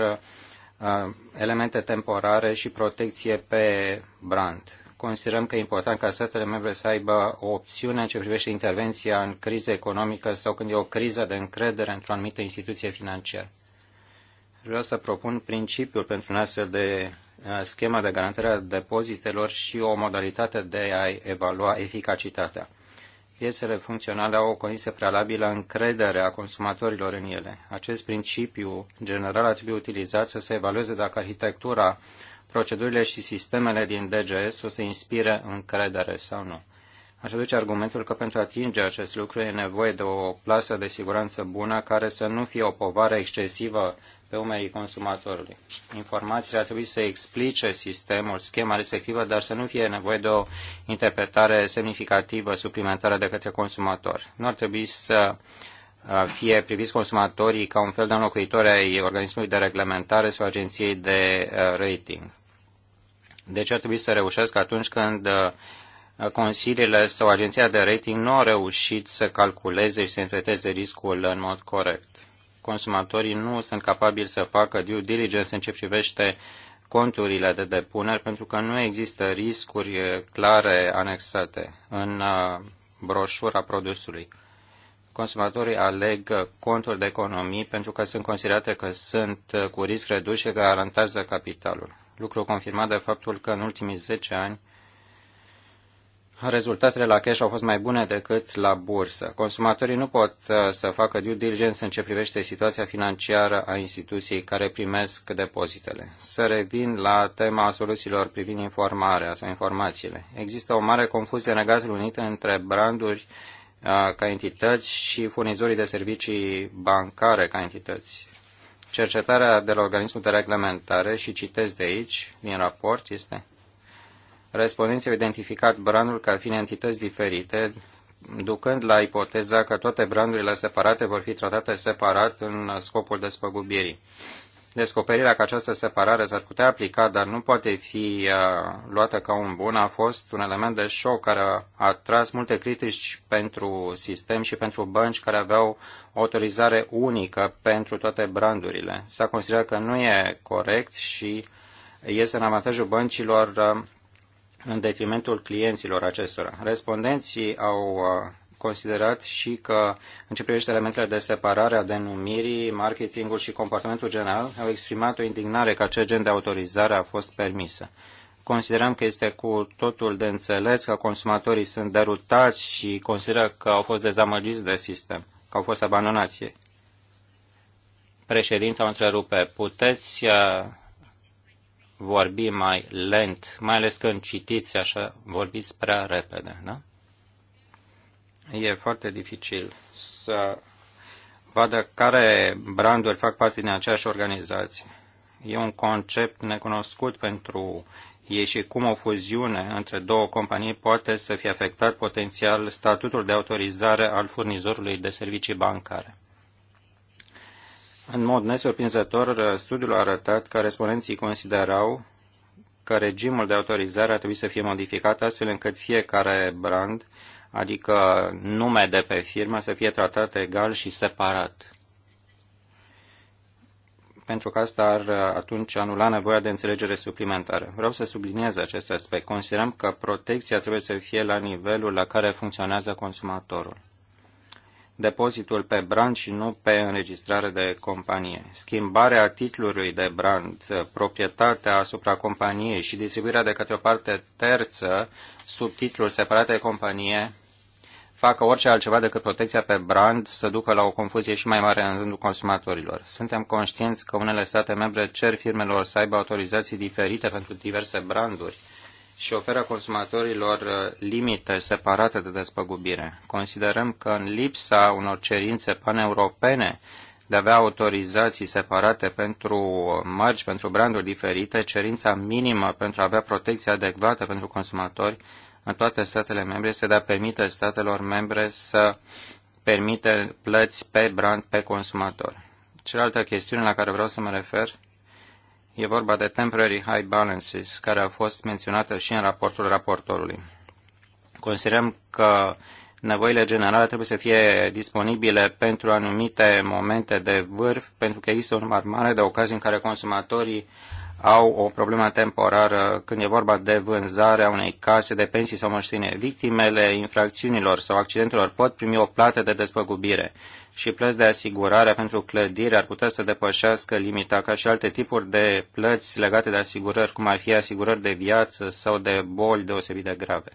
Speaker 4: uh, elemente temporare și protecție pe brand. Considerăm că e important ca statele membre să aibă o opțiune în ce privește intervenția în criză economică sau când e o criză de încredere într-o anumită instituție financiară. Vreau să propun principiul pentru un astfel de uh, schema de garantare a depozitelor și o modalitate de a evalua eficacitatea piețele funcționale au o condiție prealabilă încrederea consumatorilor în ele. Acest principiu general ar trebui utilizat să se evalueze dacă arhitectura, procedurile și sistemele din DGS o să inspire încredere sau nu. Aș aduce argumentul că pentru a atinge acest lucru e nevoie de o plasă de siguranță bună care să nu fie o povară excesivă pe umerii consumatorului. Informațiile ar trebui să explice sistemul, schema respectivă, dar să nu fie nevoie de o interpretare semnificativă suplimentară de către consumator. Nu ar trebui să fie priviți consumatorii ca un fel de înlocuitori ai organismului de reglementare sau agenției de rating. Deci ar trebui să reușesc atunci când consiliile sau agenția de rating nu au reușit să calculeze și să interpreteze riscul în mod corect consumatorii nu sunt capabili să facă due diligence în ce privește conturile de depuneri pentru că nu există riscuri clare anexate în broșura produsului. Consumatorii aleg conturi de economii pentru că sunt considerate că sunt cu risc redus și garantează capitalul. Lucru confirmat de faptul că în ultimii 10 ani rezultatele la cash au fost mai bune decât la bursă. Consumatorii nu pot uh, să facă due diligence în ce privește situația financiară a instituției care primesc depozitele. Să revin la tema soluțiilor privind informarea sau informațiile. Există o mare confuzie în Regatul Unit între branduri uh, ca entități și furnizorii de servicii bancare ca entități. Cercetarea de la organismul de reglementare și citesc de aici, din raport, este Respondenții au identificat brandul ca fiind entități diferite, ducând la ipoteza că toate brandurile separate vor fi tratate separat în scopul despăgubirii. Descoperirea că această separare s-ar putea aplica, dar nu poate fi uh, luată ca un bun, a fost un element de șoc care a atras multe critici pentru sistem și pentru bănci care aveau autorizare unică pentru toate brandurile. S-a considerat că nu e corect și este în avantajul băncilor uh, în detrimentul clienților acestora. Respondenții au uh, considerat și că, în ce privește elementele de separare a denumirii, marketingul și comportamentul general, au exprimat o indignare că acest gen de autorizare a fost permisă. Considerăm că este cu totul de înțeles că consumatorii sunt derutați și consideră că au fost dezamăgiți de sistem, că au fost abandonați. Președinte, o întrerupe. Puteți uh, vorbi mai lent, mai ales când citiți așa, vorbiți prea repede, da? E foarte dificil să vadă care branduri fac parte din aceeași organizație. E un concept necunoscut pentru ei și cum o fuziune între două companii poate să fie afectat potențial statutul de autorizare al furnizorului de servicii bancare. În mod nesurprinzător, studiul a arătat că respondenții considerau că regimul de autorizare ar trebui să fie modificat astfel încât fiecare brand, adică nume de pe firmă, să fie tratat egal și separat. Pentru că asta ar atunci anula nevoia de înțelegere suplimentară. Vreau să subliniez acest aspect. Considerăm că protecția trebuie să fie la nivelul la care funcționează consumatorul depozitul pe brand și nu pe înregistrare de companie. Schimbarea titlului de brand, proprietatea asupra companiei și distribuirea de către o parte terță sub titluri separat de companie facă orice altceva decât protecția pe brand să ducă la o confuzie și mai mare în rândul consumatorilor. Suntem conștienți că unele state membre cer firmelor să aibă autorizații diferite pentru diverse branduri și oferă consumatorilor uh, limite separate de despăgubire. Considerăm că în lipsa unor cerințe paneuropene de a avea autorizații separate pentru marci, pentru branduri diferite, cerința minimă pentru a avea protecție adecvată pentru consumatori în toate statele membre este de a permite statelor membre să permite plăți pe brand, pe consumator. Cealaltă chestiune la care vreau să mă refer E vorba de temporary high balances, care a fost menționată și în raportul raportorului. Considerăm că nevoile generale trebuie să fie disponibile pentru anumite momente de vârf, pentru că există un număr mare de ocazii în care consumatorii au o problemă temporară când e vorba de vânzarea unei case de pensii sau măștine. Victimele infracțiunilor sau accidentelor pot primi o plată de despăgubire și plăți de asigurare pentru clădire ar putea să depășească limita ca și alte tipuri de plăți legate de asigurări, cum ar fi asigurări de viață sau de boli deosebit de grave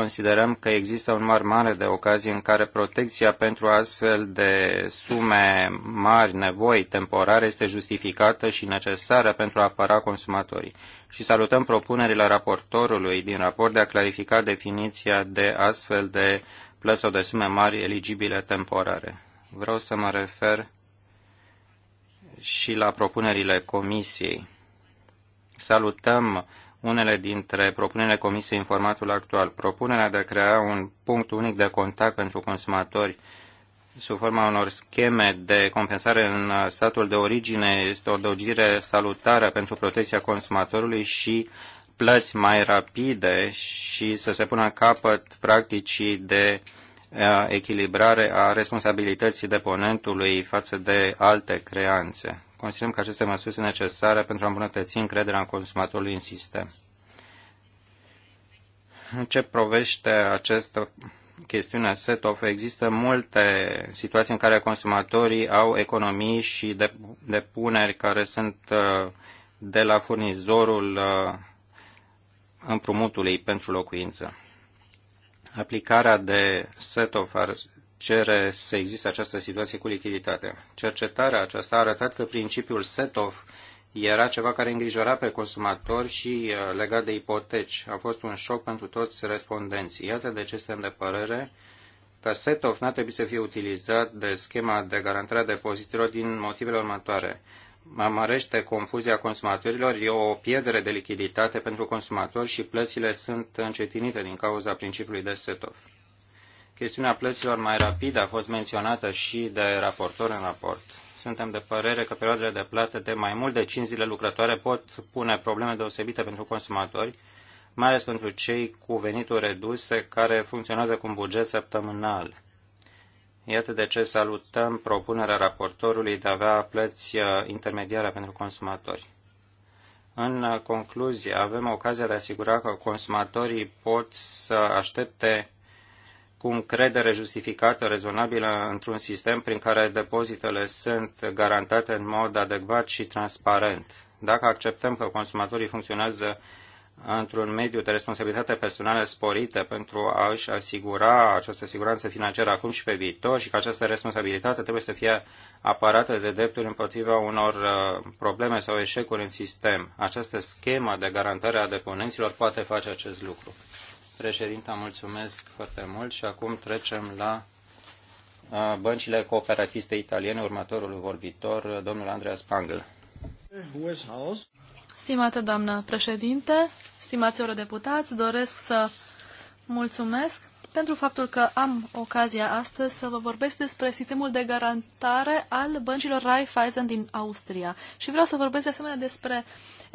Speaker 4: considerăm că există un număr mare de ocazii în care protecția pentru astfel de sume mari, nevoi temporare este justificată și necesară pentru a apăra consumatorii. Și salutăm propunerile raportorului din raport de a clarifica definiția de astfel de plăți sau de sume mari eligibile temporare. Vreau să mă refer și la propunerile comisiei. Salutăm unele dintre propunerile Comisiei în formatul actual. Propunerea de a crea un punct unic de contact pentru consumatori sub forma unor scheme de compensare în statul de origine este o dăugire salutară pentru protecția consumatorului și plăți mai rapide și să se pună capăt practicii de echilibrare a responsabilității deponentului față de alte creanțe. Considerăm că aceste măsuri sunt necesare pentru a îmbunătăți încrederea în consumatorului în sistem. În ce provește această chestiune set-off, există multe situații în care consumatorii au economii și depuneri care sunt uh, de la furnizorul uh, împrumutului pentru locuință. Aplicarea de set-off ar cere să existe această situație cu lichiditatea. Cercetarea aceasta a arătat că principiul set-off era ceva care îngrijora pe consumatori și uh, legat de ipoteci. A fost un șoc pentru toți respondenții. Iată de ce suntem de părere că set-off n a trebuit să fie utilizat de schema de garantare a depozitelor din motivele următoare. Mărește confuzia consumatorilor, e o pierdere de lichiditate pentru consumatori și plățile sunt încetinite din cauza principiului de set-off. Chestiunea plăților mai rapide a fost menționată și de raportor în raport. Suntem de părere că perioadele de plată de mai mult de 5 zile lucrătoare pot pune probleme deosebite pentru consumatori, mai ales pentru cei cu venituri reduse care funcționează cu un buget săptămânal. Iată de ce salutăm propunerea raportorului de a avea plăți uh, intermediare pentru consumatori. În concluzie, avem ocazia de a asigura că consumatorii pot să aștepte cu încredere justificată, rezonabilă într-un sistem prin care depozitele sunt garantate în mod adecvat și transparent. Dacă acceptăm că consumatorii funcționează într-un mediu de responsabilitate personală sporită pentru a-și asigura această siguranță financiară acum și pe viitor și că această responsabilitate trebuie să fie apărată de drepturi împotriva unor uh, probleme sau eșecuri în sistem. Această schemă de garantare a deponenților poate face acest lucru. Președinta, mulțumesc foarte mult și acum trecem la uh, băncile cooperatiste italiene, următorul vorbitor, uh, domnul Andreas Pangl.
Speaker 3: Stimată doamnă președinte, stimați eurodeputați, doresc să mulțumesc pentru faptul că am ocazia astăzi să vă vorbesc despre sistemul de garantare al băncilor Raiffeisen din Austria. Și vreau să vorbesc de asemenea despre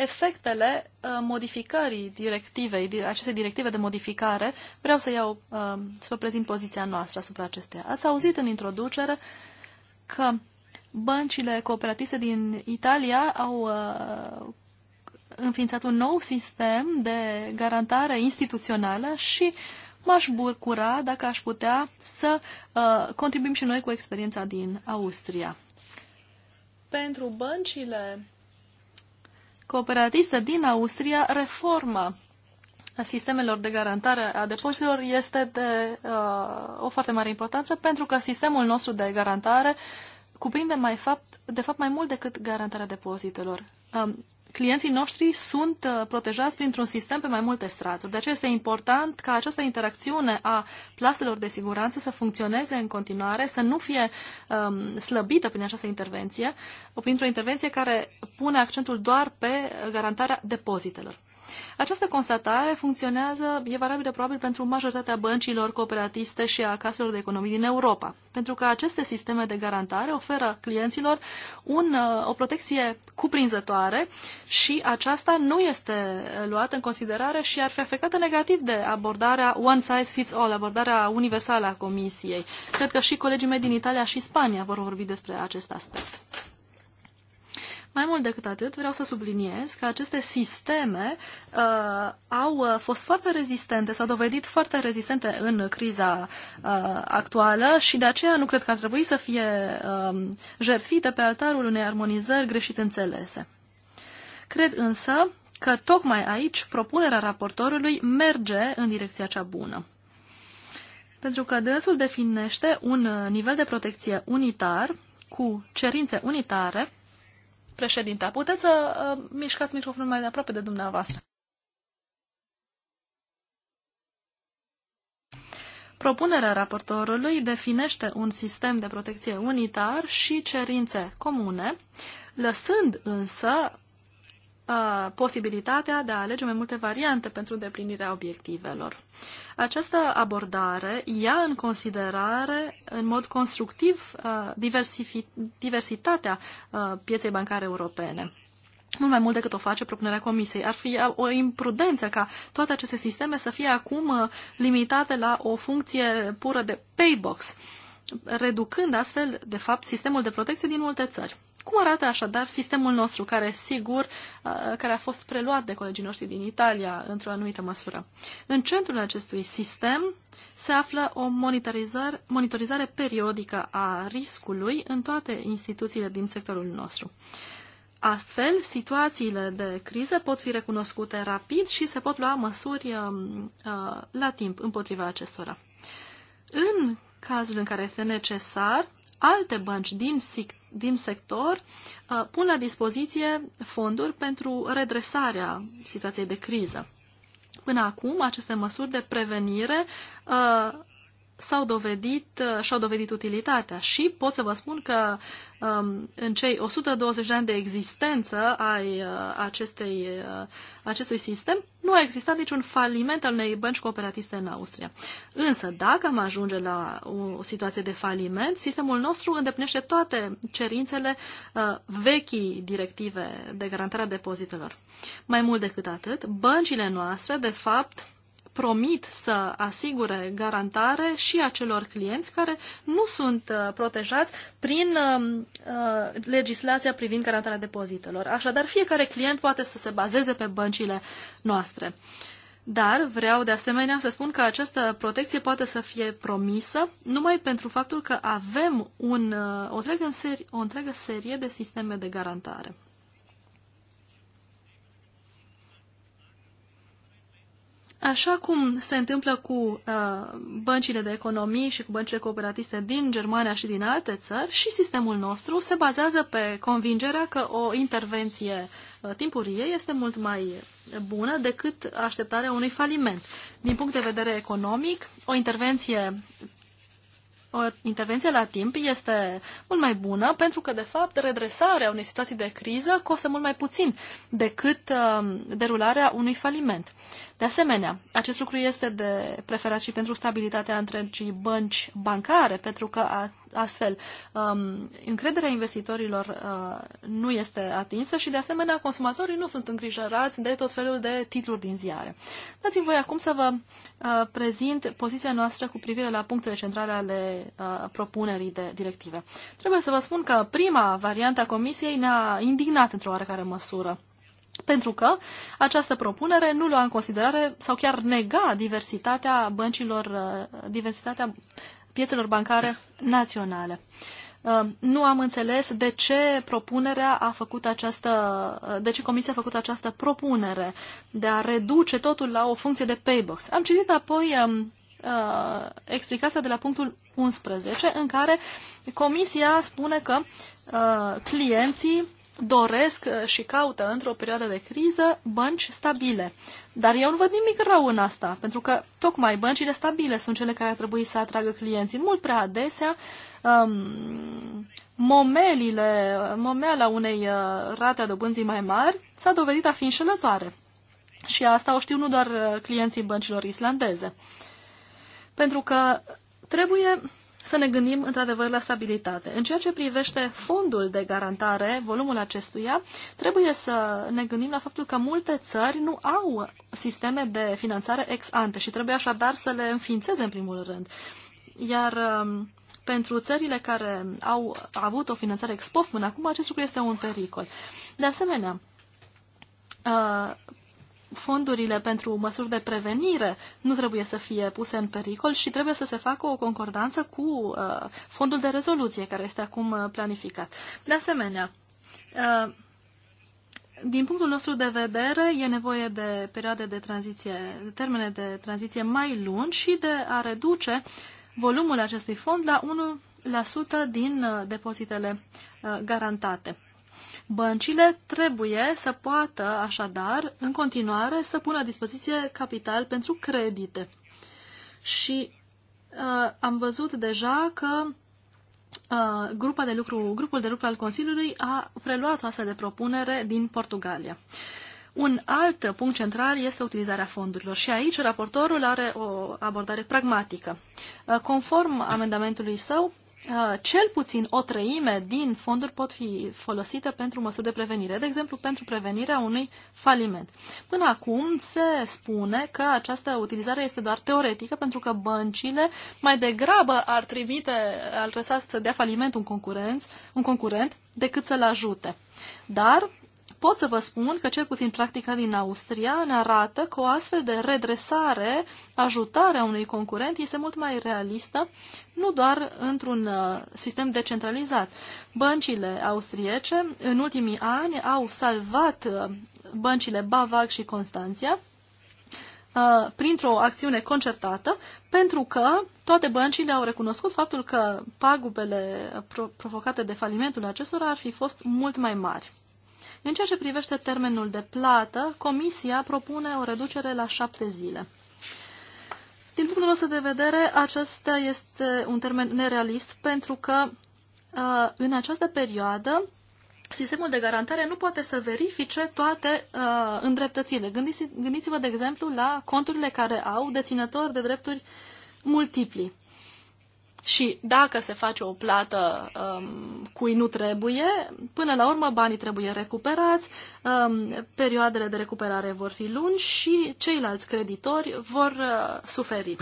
Speaker 3: efectele uh, modificării directivei, acestei directive de modificare. Vreau să iau, uh, să vă prezint poziția noastră asupra acesteia. Ați auzit în introducere că băncile cooperatiste din Italia au uh, înființat un nou sistem de garantare instituțională și m-aș bucura dacă aș putea să uh, contribuim și noi cu experiența din Austria. Pentru băncile cooperatistă din Austria, reforma sistemelor de garantare a depozitelor este de uh, o foarte mare importanță pentru că sistemul nostru de garantare cuprinde mai fapt, de fapt mai mult decât garantarea depozitelor. Um, clienții noștri sunt uh, protejați printr-un sistem pe mai multe straturi. De aceea este important ca această interacțiune a plaselor de siguranță să funcționeze în continuare, să nu fie um, slăbită prin această intervenție, printr-o intervenție care pune accentul doar pe garantarea depozitelor. Această constatare funcționează, e valabilă probabil pentru majoritatea băncilor cooperatiste și a caselor de economii din Europa, pentru că aceste sisteme de garantare oferă clienților un, uh, o protecție cuprinzătoare și aceasta nu este luată în considerare și ar fi afectată negativ de abordarea one size fits all, abordarea universală a Comisiei. Cred că și colegii mei din Italia și Spania vor vorbi despre acest aspect. Mai mult decât atât, vreau să subliniez că aceste sisteme uh, au uh, fost foarte rezistente, s-au dovedit foarte rezistente în criza uh, actuală și de aceea nu cred că ar trebui să fie uh, jertfite pe altarul unei armonizări greșit înțelese. Cred însă că tocmai aici propunerea raportorului merge în direcția cea bună. Pentru că dânsul definește un uh, nivel de protecție unitar cu cerințe unitare Președinta, puteți să uh, mișcați microfonul mai de aproape de dumneavoastră. Propunerea raportorului definește un sistem de protecție unitar și cerințe comune, lăsând însă Uh, posibilitatea de a alege mai multe variante pentru îndeplinirea obiectivelor. Această abordare ia în considerare în mod constructiv uh, diversitatea uh, pieței bancare europene mult mai mult decât o face propunerea Comisiei. Ar fi o imprudență ca toate aceste sisteme să fie acum limitate la o funcție pură de paybox, reducând astfel, de fapt, sistemul de protecție din multe țări. Cum arată așadar sistemul nostru, care sigur, care a fost preluat de colegii noștri din Italia într-o anumită măsură? În centrul acestui sistem se află o monitorizare, monitorizare periodică a riscului în toate instituțiile din sectorul nostru. Astfel, situațiile de criză pot fi recunoscute rapid și se pot lua măsuri la timp împotriva acestora. În cazul în care este necesar, alte bănci din din sector uh, pun la dispoziție fonduri pentru redresarea situației de criză. Până acum, aceste măsuri de prevenire uh, s-au dovedit, uh, și-au dovedit utilitatea și pot să vă spun că um, în cei 120 de ani de existență ai uh, acestei, uh, acestui sistem nu a existat niciun faliment al unei bănci cooperatiste în Austria. Însă, dacă am ajunge la o situație de faliment, sistemul nostru îndeplinește toate cerințele vechii directive de garantare a depozitelor. Mai mult decât atât, băncile noastre, de fapt, promit să asigure garantare și acelor clienți care nu sunt uh, protejați prin uh, uh, legislația privind garantarea depozitelor. Așadar, fiecare client poate să se bazeze pe băncile noastre. Dar vreau de asemenea să spun că această protecție poate să fie promisă numai pentru faptul că avem un, o, întreagă serie, o întreagă serie de sisteme de garantare. Așa cum se întâmplă cu uh, băncile de economii și cu băncile cooperatiste din Germania și din alte țări, și sistemul nostru se bazează pe convingerea că o intervenție uh, timpurie este mult mai bună decât așteptarea unui faliment. Din punct de vedere economic, o intervenție o intervenție la timp este mult mai bună pentru că, de fapt, redresarea unei situații de criză costă mult mai puțin decât uh, derularea unui faliment. De asemenea, acest lucru este de preferat și pentru stabilitatea întregii bănci bancare, pentru că astfel um, încrederea investitorilor uh, nu este atinsă și, de asemenea, consumatorii nu sunt îngrijorați de tot felul de titluri din ziare. Dați-mi voi acum să vă uh, prezint poziția noastră cu privire la punctele centrale ale uh, propunerii de directive. Trebuie să vă spun că prima variantă a Comisiei ne-a indignat într-o oarecare măsură pentru că această propunere nu lua în considerare sau chiar nega diversitatea băncilor, uh, diversitatea piețelor bancare naționale. Uh, nu am înțeles de ce propunerea a făcut această, uh, de ce comisia a făcut această propunere de a reduce totul la o funcție de paybox. Am citit apoi um, uh, explicația de la punctul 11 în care comisia spune că uh, clienții doresc uh, și caută într-o perioadă de criză bănci stabile. Dar eu nu văd nimic rău în asta, pentru că tocmai băncile stabile sunt cele care ar trebui să atragă clienții. Mult prea adesea um, momelile, momeala unei uh, rate a dobânzii mai mari s-a dovedit a fi înșelătoare. Și asta o știu nu doar uh, clienții băncilor islandeze. Pentru că trebuie să ne gândim într-adevăr la stabilitate. În ceea ce privește fondul de garantare, volumul acestuia, trebuie să ne gândim la faptul că multe țări nu au sisteme de finanțare ex ante și trebuie așadar să le înființeze în primul rând. Iar um, pentru țările care au avut o finanțare ex post până acum, acest lucru este un pericol. De asemenea, uh, fondurile pentru măsuri de prevenire nu trebuie să fie puse în pericol și trebuie să se facă o concordanță cu uh, fondul de rezoluție care este acum uh, planificat. De asemenea, uh, din punctul nostru de vedere, e nevoie de perioade de tranziție, de termene de tranziție mai lungi și de a reduce volumul acestui fond la 1% din depozitele garantate. Băncile trebuie să poată, așadar, în continuare, să pună la dispoziție capital pentru credite. Și uh, am văzut deja că uh, grupa de lucru, grupul de lucru al Consiliului a preluat o astfel de propunere din Portugalia. Un alt punct central este utilizarea fondurilor și aici raportorul are o abordare pragmatică. Uh, conform amendamentului său, Uh, cel puțin o treime din fonduri pot fi folosite pentru măsuri de prevenire, de exemplu pentru prevenirea unui faliment. Până acum se spune că această utilizare este doar teoretică pentru că băncile mai degrabă ar trimite, ar să dea faliment un un concurent decât să-l ajute. Dar pot să vă spun că cel puțin practica din Austria ne arată că o astfel de redresare, ajutarea unui concurent este mult mai realistă, nu doar într-un uh, sistem decentralizat. Băncile austriece în ultimii ani au salvat uh, băncile Bavac și Constanția, uh, printr-o acțiune concertată, pentru că toate băncile au recunoscut faptul că pagubele provocate de falimentul acestora ar fi fost mult mai mari. În ceea ce privește termenul de plată, Comisia propune o reducere la șapte zile. Din punctul nostru de vedere, acesta este un termen nerealist pentru că uh, în această perioadă sistemul de garantare nu poate să verifice toate uh, îndreptățile. Gândiți, gândiți-vă, de exemplu, la conturile care au deținători de drepturi multipli. Și dacă se face o plată um, cui nu trebuie, până la urmă banii trebuie recuperați, um, perioadele de recuperare vor fi lungi și ceilalți creditori vor uh, suferi.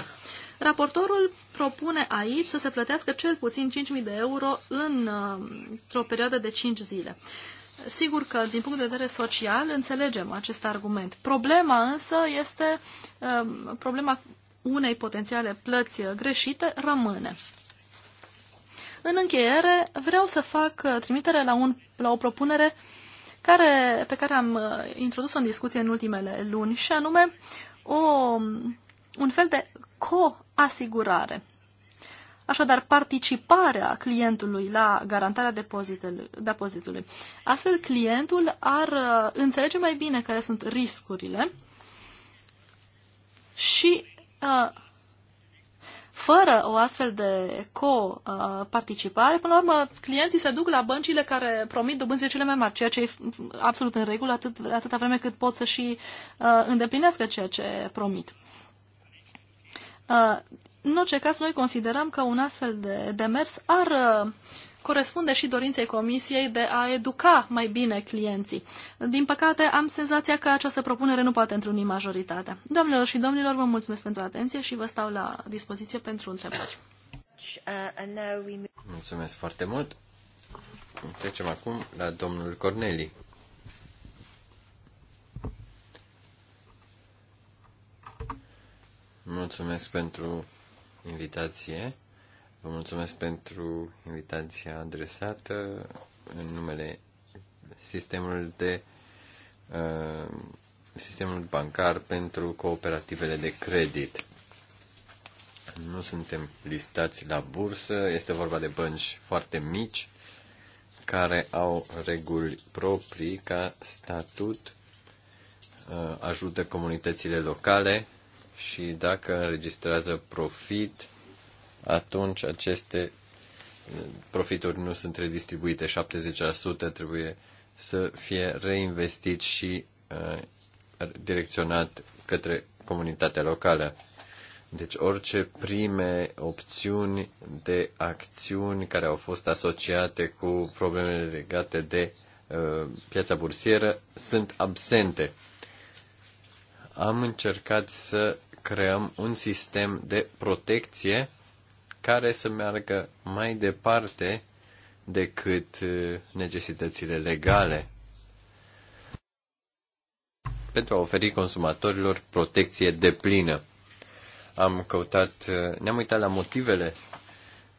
Speaker 3: Raportorul propune aici să se plătească cel puțin 5.000 de euro în, um, într-o perioadă de 5 zile. Sigur că, din punct de vedere social, înțelegem acest argument. Problema însă este um, problema unei potențiale plăți greșite rămâne. În încheiere, vreau să fac trimitere la, un, la o propunere care, pe care am uh, introdus-o în discuție în ultimele luni, și anume o, un fel de coasigurare. Așadar, participarea clientului la garantarea depozitului. Astfel, clientul ar uh, înțelege mai bine care sunt riscurile și fără o astfel de co-participare, până la urmă, clienții se duc la băncile care promit dobânzile cele mai mari, ceea ce e absolut în regulă, atât, atâta vreme cât pot să și uh, îndeplinească ceea ce promit. Uh, în orice caz, noi considerăm că un astfel de demers ar uh, corespunde și dorinței Comisiei de a educa mai bine clienții. Din păcate, am senzația că această propunere nu poate întruni majoritatea. Doamnelor și domnilor, vă mulțumesc pentru atenție și vă stau la dispoziție pentru întrebări.
Speaker 2: Mulțumesc foarte mult. Trecem acum la domnul Corneli. Mulțumesc pentru invitație. Vă mulțumesc pentru invitația adresată în numele sistemului de uh, sistemul bancar pentru cooperativele de credit. Nu suntem listați la bursă, este vorba de bănci foarte mici care au reguli proprii ca statut, uh, ajută comunitățile locale și dacă înregistrează profit, atunci aceste eh, profituri nu sunt redistribuite. 70% trebuie să fie reinvestit și uh, direcționat către comunitatea locală. Deci orice prime opțiuni de acțiuni care au fost asociate cu problemele legate de uh, piața bursieră sunt absente. Am încercat să creăm un sistem de protecție care să meargă mai departe decât uh, necesitățile legale pentru a oferi consumatorilor protecție deplină. Am căutat, uh, ne-am uitat la motivele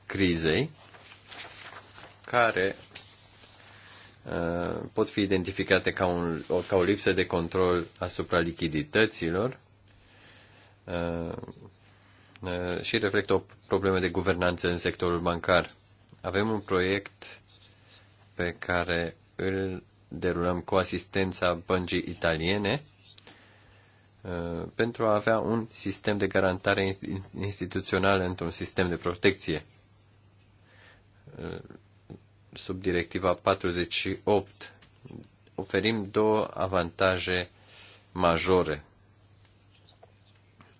Speaker 2: crizei care uh, pot fi identificate ca, un, ca o lipsă de control asupra lichidităților, și reflectă o problemă de guvernanță în sectorul bancar. Avem un proiect pe care îl derulăm cu asistența băncii italiene pentru a avea un sistem de garantare instituțională într-un sistem de protecție sub directiva 48 oferim două avantaje majore.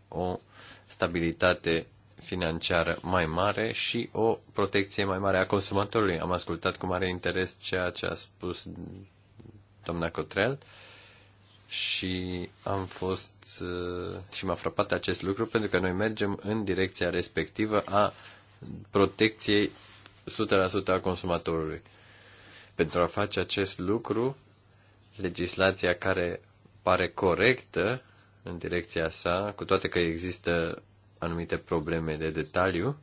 Speaker 2: O stabilitate financiară mai mare și o protecție mai mare a consumatorului. Am ascultat cu mare interes ceea ce a spus doamna Cotrel și am fost uh, și m-a frapat acest lucru pentru că noi mergem în direcția respectivă a protecției 100% a consumatorului. Pentru a face acest lucru, legislația care pare corectă în direcția sa, cu toate că există anumite probleme de detaliu,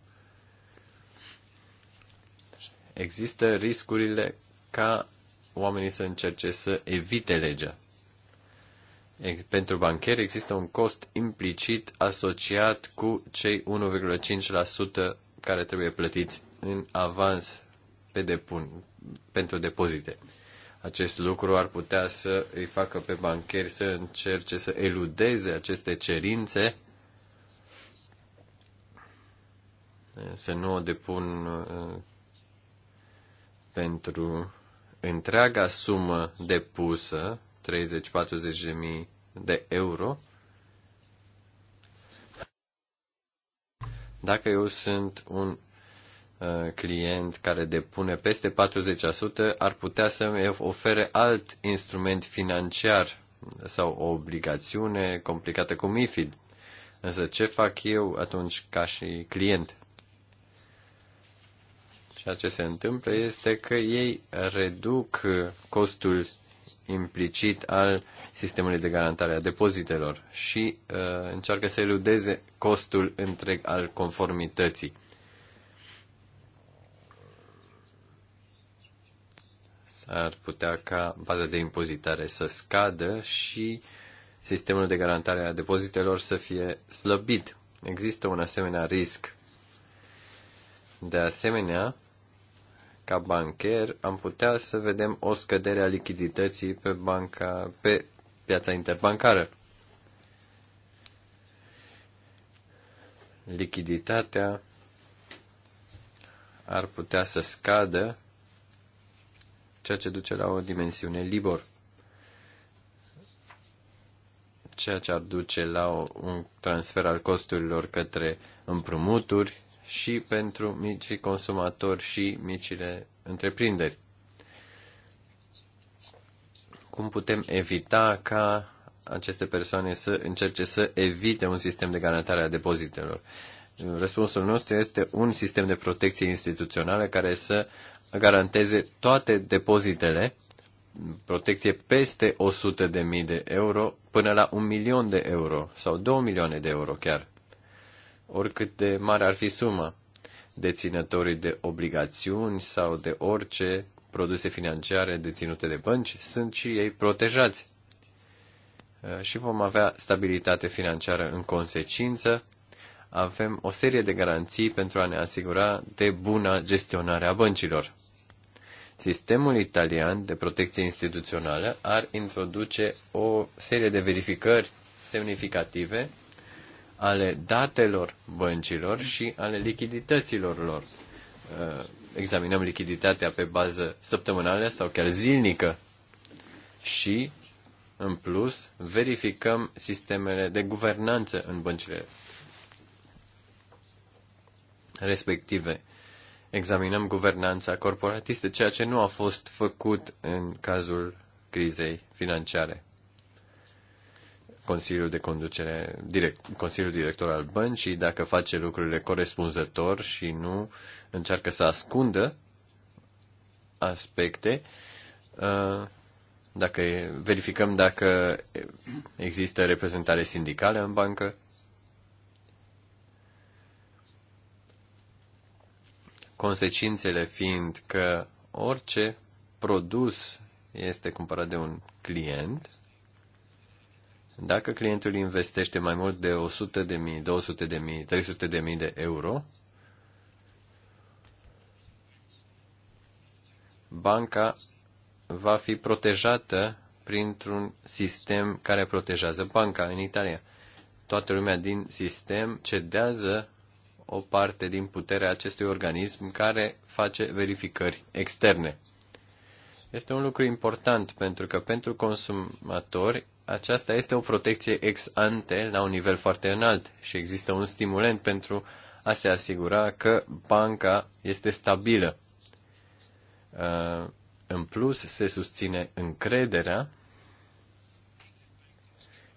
Speaker 2: există riscurile ca oamenii să încerce să evite legea. Pentru bancheri există un cost implicit asociat cu cei 1,5% care trebuie plătiți în avans pe depun, pentru depozite. Acest lucru ar putea să îi facă pe bancheri să încerce să eludeze aceste cerințe să nu o depun uh, pentru întreaga sumă depusă, 30-40 de mii de euro, dacă eu sunt un uh, client care depune peste 40%, ar putea să-mi ofere alt instrument financiar sau o obligațiune complicată cu MIFID. Însă ce fac eu atunci ca și client? Ceea ce se întâmplă este că ei reduc costul implicit al sistemului de garantare a depozitelor și uh, încearcă să eludeze costul întreg al conformității. ar putea ca baza de impozitare să scadă și sistemul de garantare a depozitelor să fie slăbit. Există un asemenea risc. De asemenea, ca bancher, am putea să vedem o scădere a lichidității pe, banca, pe piața interbancară. Lichiditatea ar putea să scadă, ceea ce duce la o dimensiune libor, ceea ce ar duce la un transfer al costurilor către împrumuturi, și pentru micii consumatori și micile întreprinderi. Cum putem evita ca aceste persoane să încerce să evite un sistem de garantare a depozitelor? Răspunsul nostru este un sistem de protecție instituțională care să garanteze toate depozitele, protecție peste 100.000 de mii de euro până la un milion de euro sau 2 milioane de euro chiar oricât de mare ar fi suma. Deținătorii de obligațiuni sau de orice produse financiare deținute de bănci sunt și ei protejați. Uh, și vom avea stabilitate financiară în consecință. Avem o serie de garanții pentru a ne asigura de buna gestionare a băncilor. Sistemul italian de protecție instituțională ar introduce o serie de verificări semnificative ale datelor băncilor și ale lichidităților lor. Uh, examinăm lichiditatea pe bază săptămânală sau chiar zilnică și, în plus, verificăm sistemele de guvernanță în băncile respective. Examinăm guvernanța corporatistă, ceea ce nu a fost făcut în cazul crizei financiare. Consiliul de Conducere, direct, Consiliul Director al Băncii, dacă face lucrurile corespunzător și nu încearcă să ascundă aspecte, uh, dacă verificăm dacă există reprezentare sindicală în bancă, consecințele fiind că orice produs este cumpărat de un client dacă clientul investește mai mult de 100 de mii, 200 de mii, 300 de mii de euro, banca va fi protejată printr-un sistem care protejează banca în Italia. Toată lumea din sistem cedează o parte din puterea acestui organism care face verificări externe. Este un lucru important pentru că pentru consumatori aceasta este o protecție ex ante la un nivel foarte înalt și există un stimulent pentru a se asigura că banca este stabilă. Uh, în plus, se susține încrederea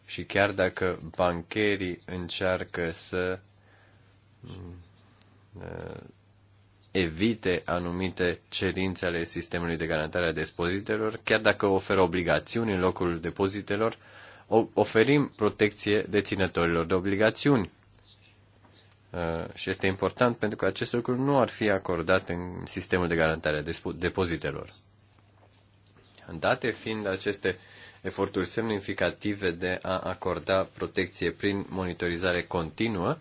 Speaker 2: și chiar dacă bancherii încearcă să uh, evite anumite cerințe ale sistemului de garantare a depozitelor, chiar dacă oferă obligațiuni în locul depozitelor, oferim protecție deținătorilor de obligațiuni. Uh, și este important pentru că acest lucru nu ar fi acordat în sistemul de garantare a depozitelor. Date fiind aceste eforturi semnificative de a acorda protecție prin monitorizare continuă,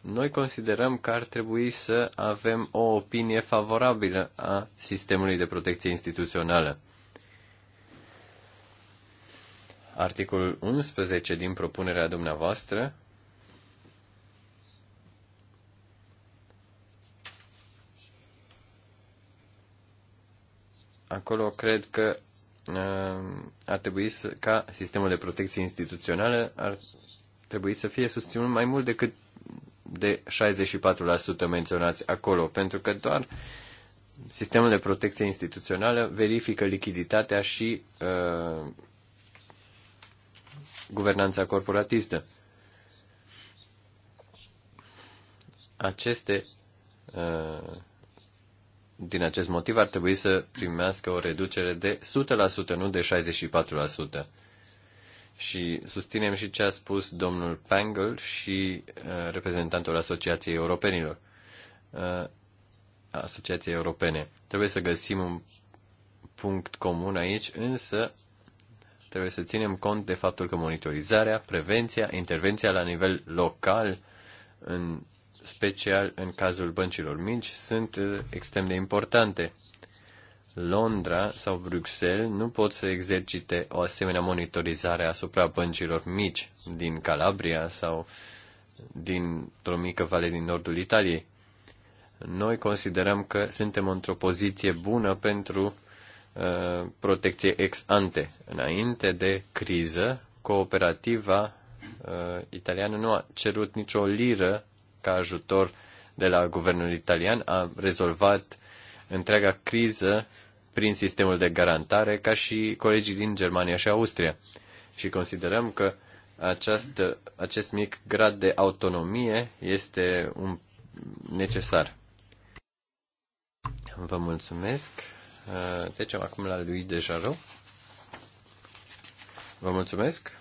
Speaker 2: noi considerăm că ar trebui să avem o opinie favorabilă a sistemului de protecție instituțională. Articolul 11 din propunerea dumneavoastră acolo cred că uh, ar trebui să, ca sistemul de protecție instituțională ar trebui să fie susținut mai mult decât de 64% menționați acolo, pentru că doar sistemul de protecție instituțională verifică lichiditatea și uh, guvernanța corporatistă. Aceste, uh, din acest motiv, ar trebui să primească o reducere de 100%, nu de 64% și susținem și ce a spus domnul Pangle și uh, reprezentantul Asociației Europenilor. Uh, Asociației Europene. Trebuie să găsim un punct comun aici, însă trebuie să ținem cont de faptul că monitorizarea, prevenția, intervenția la nivel local, în special în cazul băncilor mici, sunt uh, extrem de importante Londra sau Bruxelles nu pot să exercite o asemenea monitorizare asupra băncilor mici din Calabria sau din o mică vale din nordul Italiei. Noi considerăm că suntem într-o poziție bună pentru uh, protecție ex ante. Înainte de criză, cooperativa uh, italiană nu a cerut nicio liră ca ajutor de la guvernul italian, a rezolvat întreaga criză prin sistemul de garantare, ca și colegii din Germania și Austria. Și considerăm că această, acest mic grad de autonomie este un necesar. Vă mulțumesc. Uh, trecem acum la lui Dejaro. Vă mulțumesc.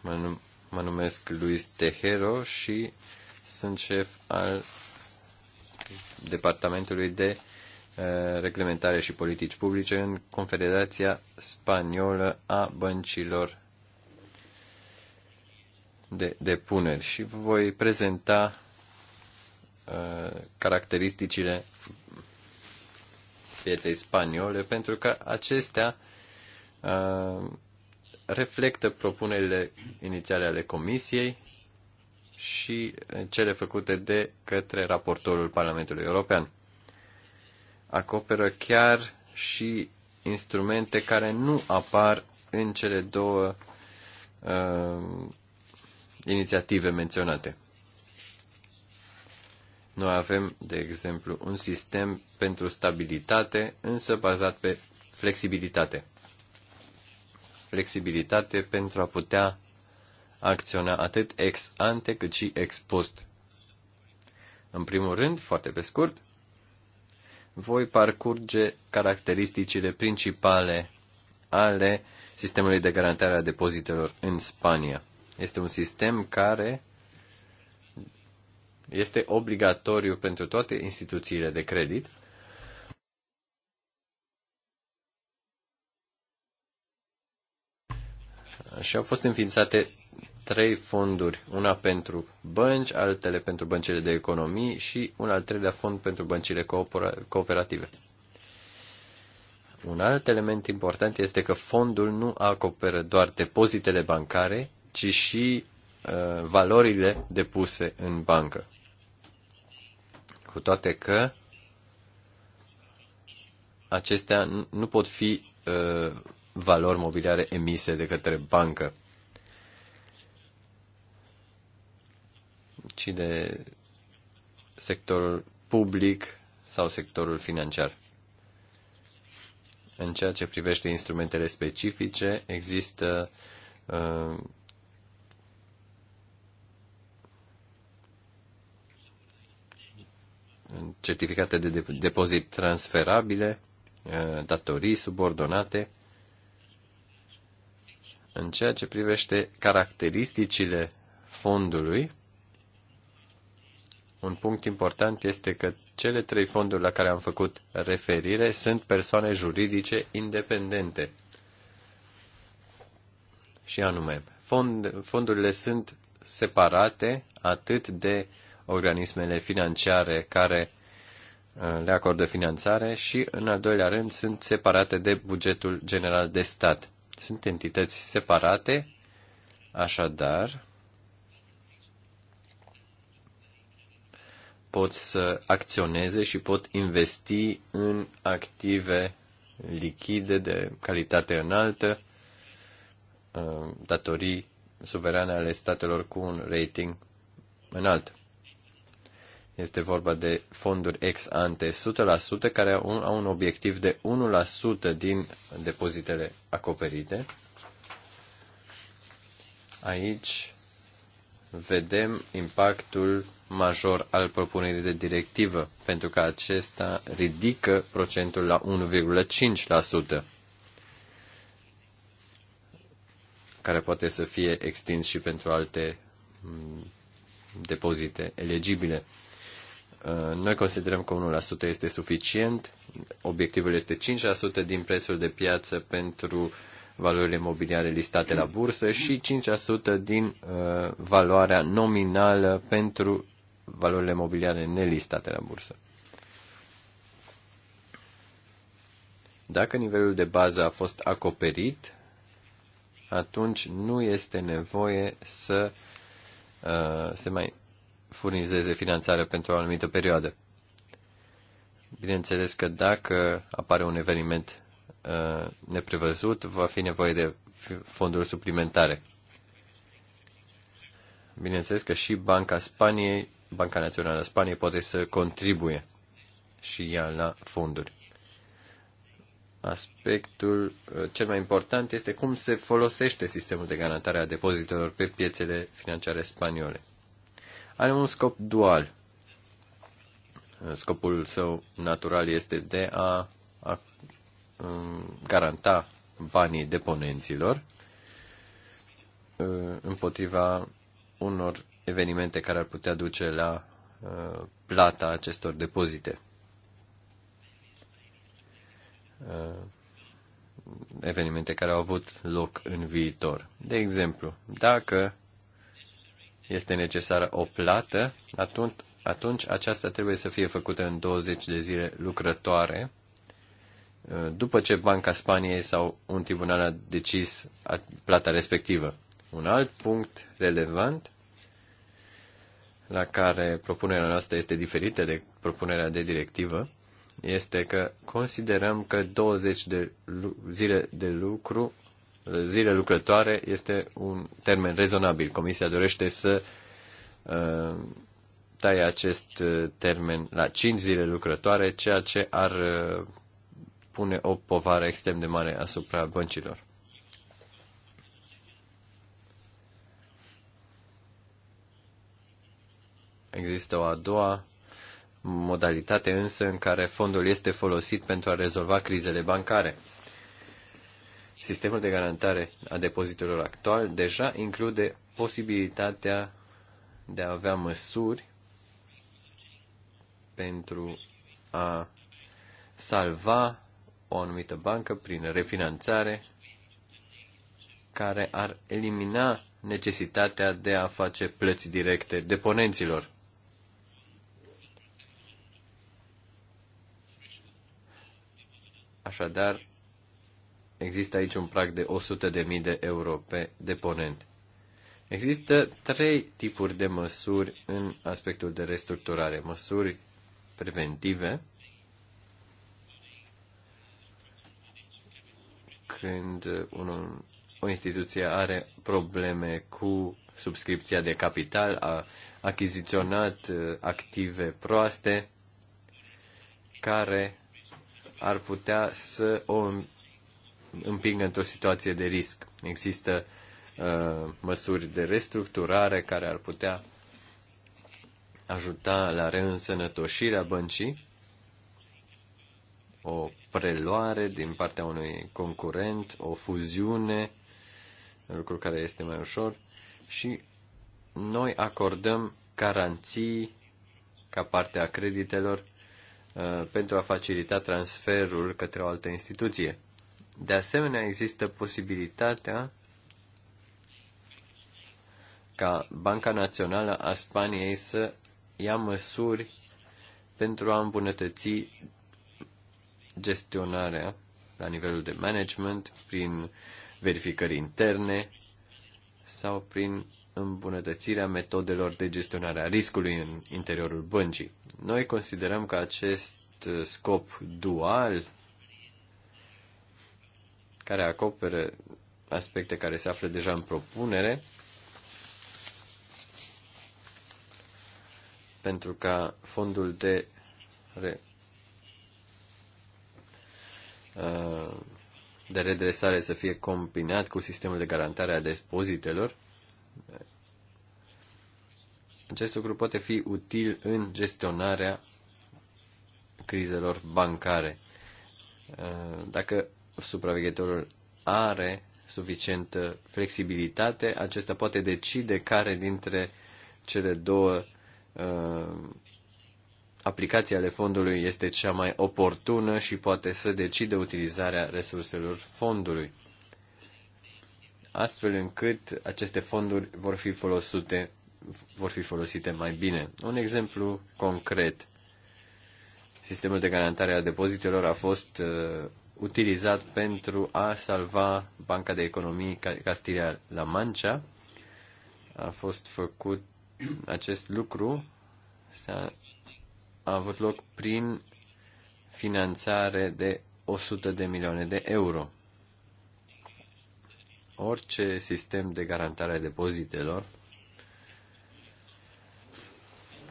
Speaker 2: Mă num- Mă numesc Luis Tejero și sunt șef al Departamentului de uh, Reglementare și Politici Publice în Confederația Spaniolă a Băncilor de Depuneri și vă voi prezenta uh, caracteristicile pieței spaniole pentru că acestea uh, reflectă propunerile inițiale ale Comisiei și cele făcute de către raportorul Parlamentului European. Acoperă chiar și instrumente care nu apar în cele două uh, inițiative menționate. Noi avem, de exemplu, un sistem pentru stabilitate, însă bazat pe flexibilitate flexibilitate pentru a putea acționa atât ex ante cât și ex post. În primul rând, foarte pe scurt, voi parcurge caracteristicile principale ale sistemului de garantare a depozitelor în Spania. Este un sistem care este obligatoriu pentru toate instituțiile de credit și au fost înființate trei fonduri, una pentru bănci, altele pentru băncile de economii și un al treilea fond pentru băncile cooperative. Un alt element important este că fondul nu acoperă doar depozitele bancare, ci și uh, valorile depuse în bancă. Cu toate că acestea nu pot fi uh, valori mobiliare emise de către bancă, ci de sectorul public sau sectorul financiar. În ceea ce privește instrumentele specifice, există uh, certificate de depozit transferabile, uh, datorii subordonate în ceea ce privește caracteristicile fondului, un punct important este că cele trei fonduri la care am făcut referire sunt persoane juridice independente. Și anume, fond, fondurile sunt separate atât de organismele financiare care uh, le acordă finanțare și, în al doilea rând, sunt separate de bugetul general de stat. Sunt entități separate, așadar pot să acționeze și pot investi în active lichide de calitate înaltă, uh, datorii suverane ale statelor cu un rating înalt. Este vorba de fonduri ex ante 100% care au un, au un obiectiv de 1% din depozitele acoperite. Aici vedem impactul major al propunerii de directivă, pentru că acesta ridică procentul la 1,5%, care poate să fie extins și pentru alte mm, depozite elegibile. Uh, noi considerăm că 1% este suficient, obiectivul este 5% din prețul de piață pentru valorile imobiliare listate la bursă și 5% din uh, valoarea nominală pentru valorile imobiliare nelistate la bursă. Dacă nivelul de bază a fost acoperit, atunci nu este nevoie să uh, se mai furnizeze finanțare pentru o anumită perioadă. Bineînțeles că dacă apare un eveniment uh, neprevăzut, va fi nevoie de fonduri suplimentare. Bineînțeles că și Banca Spaniei, Banca Națională a Spaniei poate să contribuie și ea la fonduri. Aspectul uh, cel mai important este cum se folosește sistemul de garantare a depozitelor pe piețele financiare spaniole are un scop dual. Scopul său natural este de a, a um, garanta banii deponenților uh, împotriva unor evenimente care ar putea duce la uh, plata acestor depozite. Uh, evenimente care au avut loc în viitor. De exemplu, dacă este necesară o plată, atunci, atunci aceasta trebuie să fie făcută în 20 de zile lucrătoare, după ce Banca Spaniei sau un tribunal a decis plata respectivă. Un alt punct relevant la care propunerea noastră este diferită de propunerea de directivă este că considerăm că 20 de zile de lucru zile lucrătoare este un termen rezonabil. Comisia dorește să uh, taie acest uh, termen la 5 zile lucrătoare, ceea ce ar uh, pune o povară extrem de mare asupra băncilor. Există o a doua modalitate însă în care fondul este folosit pentru a rezolva crizele bancare. Sistemul de garantare a depozitelor actual deja include posibilitatea de a avea măsuri pentru a salva o anumită bancă prin refinanțare care ar elimina necesitatea de a face plăți directe deponenților. Așadar, Există aici un prag de 100.000 de euro pe deponent. Există trei tipuri de măsuri în aspectul de restructurare. Măsuri preventive, când un, o instituție are probleme cu subscripția de capital, a achiziționat uh, active proaste care ar putea să o împingă într-o situație de risc. Există uh, măsuri de restructurare care ar putea ajuta la reînsănătoșirea băncii, o preluare din partea unui concurent, o fuziune, lucru care este mai ușor, și noi acordăm garanții ca parte a creditelor uh, pentru a facilita transferul către o altă instituție. De asemenea, există posibilitatea ca Banca Națională a Spaniei să ia măsuri pentru a îmbunătăți gestionarea la nivelul de management prin verificări interne sau prin îmbunătățirea metodelor de gestionare a riscului în interiorul băncii. Noi considerăm că acest scop dual care acopere aspecte care se află deja în propunere, pentru ca fondul de re, uh, de redresare să fie combinat cu sistemul de garantare a depozitelor. Acest lucru poate fi util în gestionarea crizelor bancare. Uh, dacă supraveghetorul are suficientă flexibilitate, acesta poate decide care dintre cele două uh, aplicații ale fondului este cea mai oportună și poate să decide utilizarea resurselor fondului, astfel încât aceste fonduri vor fi folosite, vor fi folosite mai bine. Un exemplu concret. Sistemul de garantare a depozitelor a fost uh, utilizat pentru a salva Banca de economie Castilea la Mancha. A fost făcut acest lucru, s-a, a avut loc prin finanțare de 100 de milioane de euro. Orice sistem de garantare a depozitelor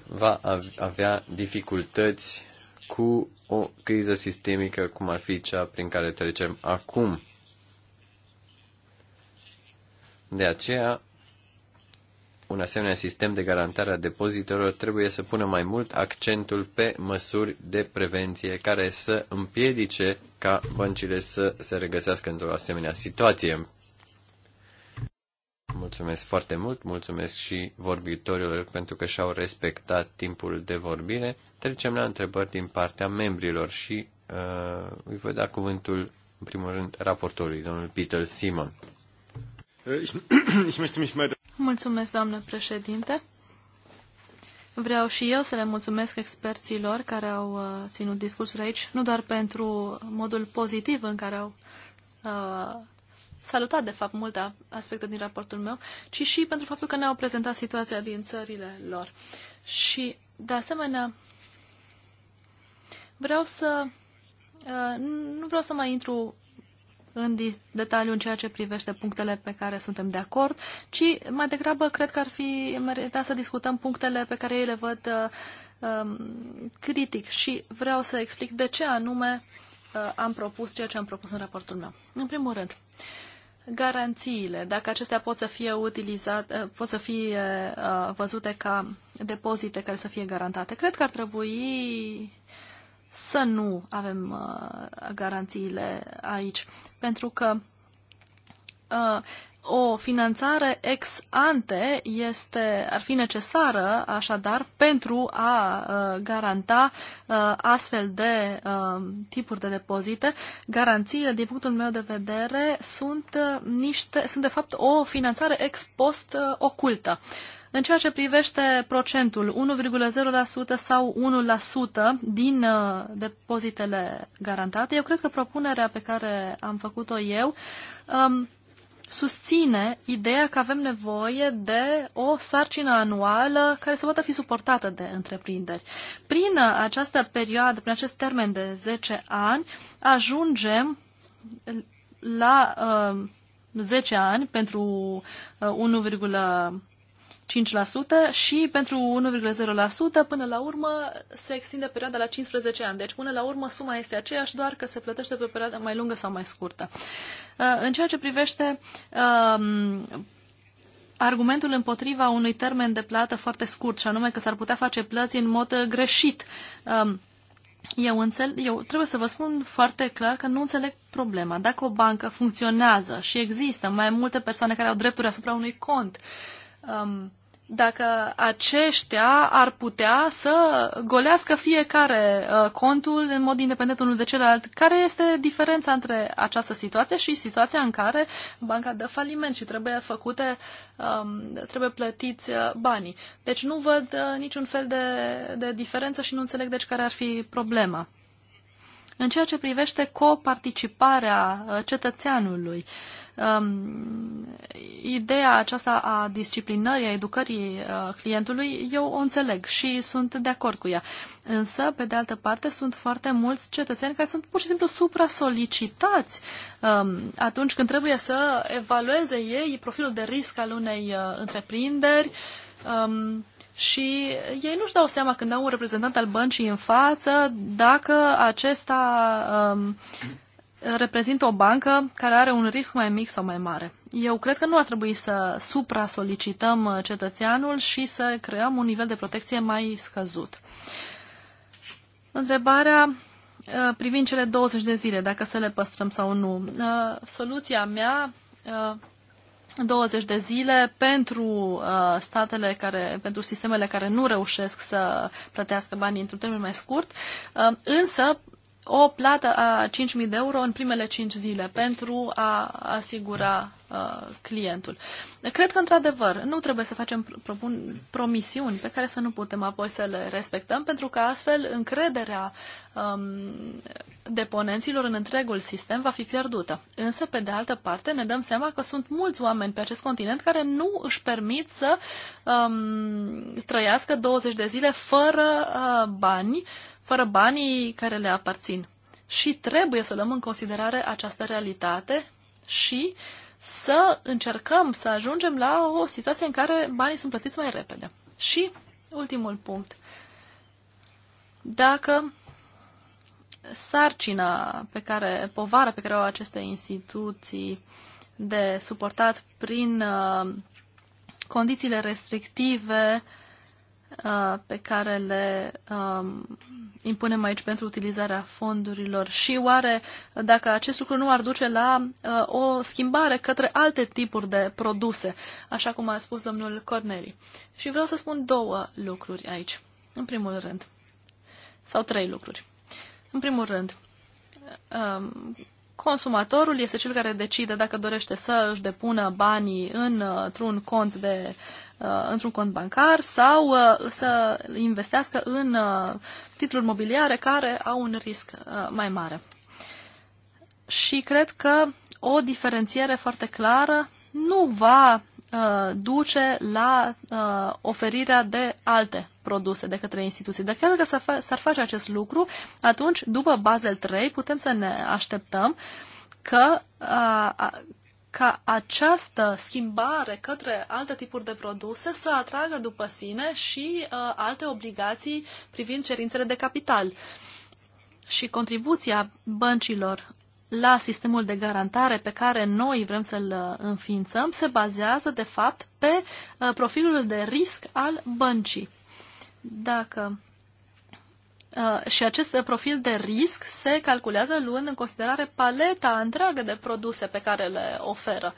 Speaker 2: va avea dificultăți cu o criză sistemică cum ar fi cea prin care trecem acum. De aceea, un asemenea sistem de garantare a depozitelor trebuie să pună mai mult accentul pe măsuri de prevenție care să împiedice ca băncile să se regăsească într-o asemenea situație. Mulțumesc foarte mult, mulțumesc și vorbitorilor pentru că și-au respectat timpul de vorbire. Trecem la întrebări din partea membrilor și uh, îi voi da cuvântul, în primul rând, raportorului, domnul Peter Simon. Äh,
Speaker 3: mulțumesc, doamnă președinte. Vreau și eu să le mulțumesc experților care au uh, ținut discursul aici, nu doar pentru modul pozitiv în care au uh, salutat, de fapt, multe aspecte din raportul meu, ci și pentru faptul că ne-au prezentat situația din țările lor. Și, de asemenea, vreau să. Uh, nu vreau să mai intru în detaliu în ceea ce privește punctele pe care suntem de acord, ci mai degrabă cred că ar fi meritat să discutăm punctele pe care ei le văd uh, um, critic și vreau să explic de ce anume uh, am propus ceea ce am propus în raportul meu. În primul rând, garanțiile, dacă acestea pot să fie utilizate, eh, pot să fie eh, văzute ca depozite care să fie garantate. Cred că ar trebui să nu avem eh, garanțiile aici, pentru că uh, o finanțare ex ante este, ar fi necesară, așadar, pentru a uh, garanta uh, astfel de uh, tipuri de depozite. Garanțiile, din punctul meu de vedere, sunt, uh, niște, sunt de fapt o finanțare ex post uh, ocultă. În ceea ce privește procentul 1,0% sau 1% din uh, depozitele garantate, eu cred că propunerea pe care am făcut-o eu um, susține ideea că avem nevoie de o sarcină anuală care să poată fi suportată de întreprinderi. Prin această perioadă, prin acest termen de 10 ani, ajungem la uh, 10 ani pentru uh, 5% și pentru 1,0% până la urmă se extinde perioada la 15 ani. Deci până la urmă suma este aceeași, doar că se plătește pe perioada mai lungă sau mai scurtă. Uh, în ceea ce privește um, argumentul împotriva unui termen de plată foarte scurt, și anume că s-ar putea face plăți în mod uh, greșit, um, eu, înțel, eu trebuie să vă spun foarte clar că nu înțeleg problema. Dacă o bancă funcționează și există mai multe persoane care au drepturi asupra unui cont, um, dacă aceștia ar putea să golească fiecare uh, contul în mod independent unul de celălalt. Care este diferența între această situație și situația în care banca dă faliment și trebuie făcute, um, trebuie plătiți uh, banii? Deci nu văd uh, niciun fel de, de diferență și nu înțeleg deci care ar fi problema. În ceea ce privește coparticiparea uh, cetățeanului, uh, um, ideea aceasta a disciplinării, a educării uh, clientului, eu o înțeleg și sunt de acord cu ea. Însă, pe de altă parte, sunt foarte mulți cetățeni care sunt pur și simplu supra-solicitați um, atunci când trebuie să evalueze ei profilul de risc al unei uh, întreprinderi. Um, și ei nu-și dau seama când au un reprezentant al băncii în față dacă acesta um, reprezintă o bancă care are un risc mai mic sau mai mare. Eu cred că nu ar trebui să supra-solicităm uh, cetățeanul și să creăm un nivel de protecție mai scăzut. Întrebarea uh, privind cele 20 de zile, dacă să le păstrăm sau nu. Uh, soluția mea 20 de zile pentru statele care, pentru sistemele care nu reușesc să plătească banii într-un termen mai scurt, însă o plată a 5.000 de euro în primele 5 zile pentru a asigura uh, clientul. Cred că, într-adevăr, nu trebuie să facem propun, promisiuni pe care să nu putem apoi să le respectăm, pentru că astfel încrederea um, deponenților în întregul sistem va fi pierdută. Însă, pe de altă parte, ne dăm seama că sunt mulți oameni pe acest continent care nu își permit să um, trăiască 20 de zile fără uh, bani, fără banii care le aparțin. Și trebuie să luăm în considerare această realitate și să încercăm să ajungem la o situație în care banii sunt plătiți mai repede. Și ultimul punct. Dacă sarcina pe care, povara pe care au aceste instituții de suportat prin uh, condițiile restrictive uh, Uh, pe care le um, impunem aici pentru utilizarea fondurilor și oare dacă acest lucru nu ar duce la uh, o schimbare către alte tipuri de produse, așa cum a spus domnul Corneli. Și vreau să spun două lucruri aici. În primul rând, sau trei lucruri. În primul rând, um, consumatorul este cel care decide dacă dorește să își depună banii uh, într-un cont de uh, Uh, într-un cont bancar sau uh, să investească în uh, titluri mobiliare care au un risc mai mare. Și cred că o diferențiere foarte clară nu va duce la oferirea de alte produse de către instituții. Dacă că s-ar face acest lucru, atunci, după Basel 3, putem să ne așteptăm că ca această schimbare către alte tipuri de produse să atragă după sine și uh, alte obligații privind cerințele de capital. Și contribuția băncilor la sistemul de garantare pe care noi vrem să-l uh, înființăm se bazează, de fapt, pe uh, profilul de risc al băncii. Dacă Uh, și acest profil de risc se calculează luând în considerare paleta întreagă de produse pe care le oferă.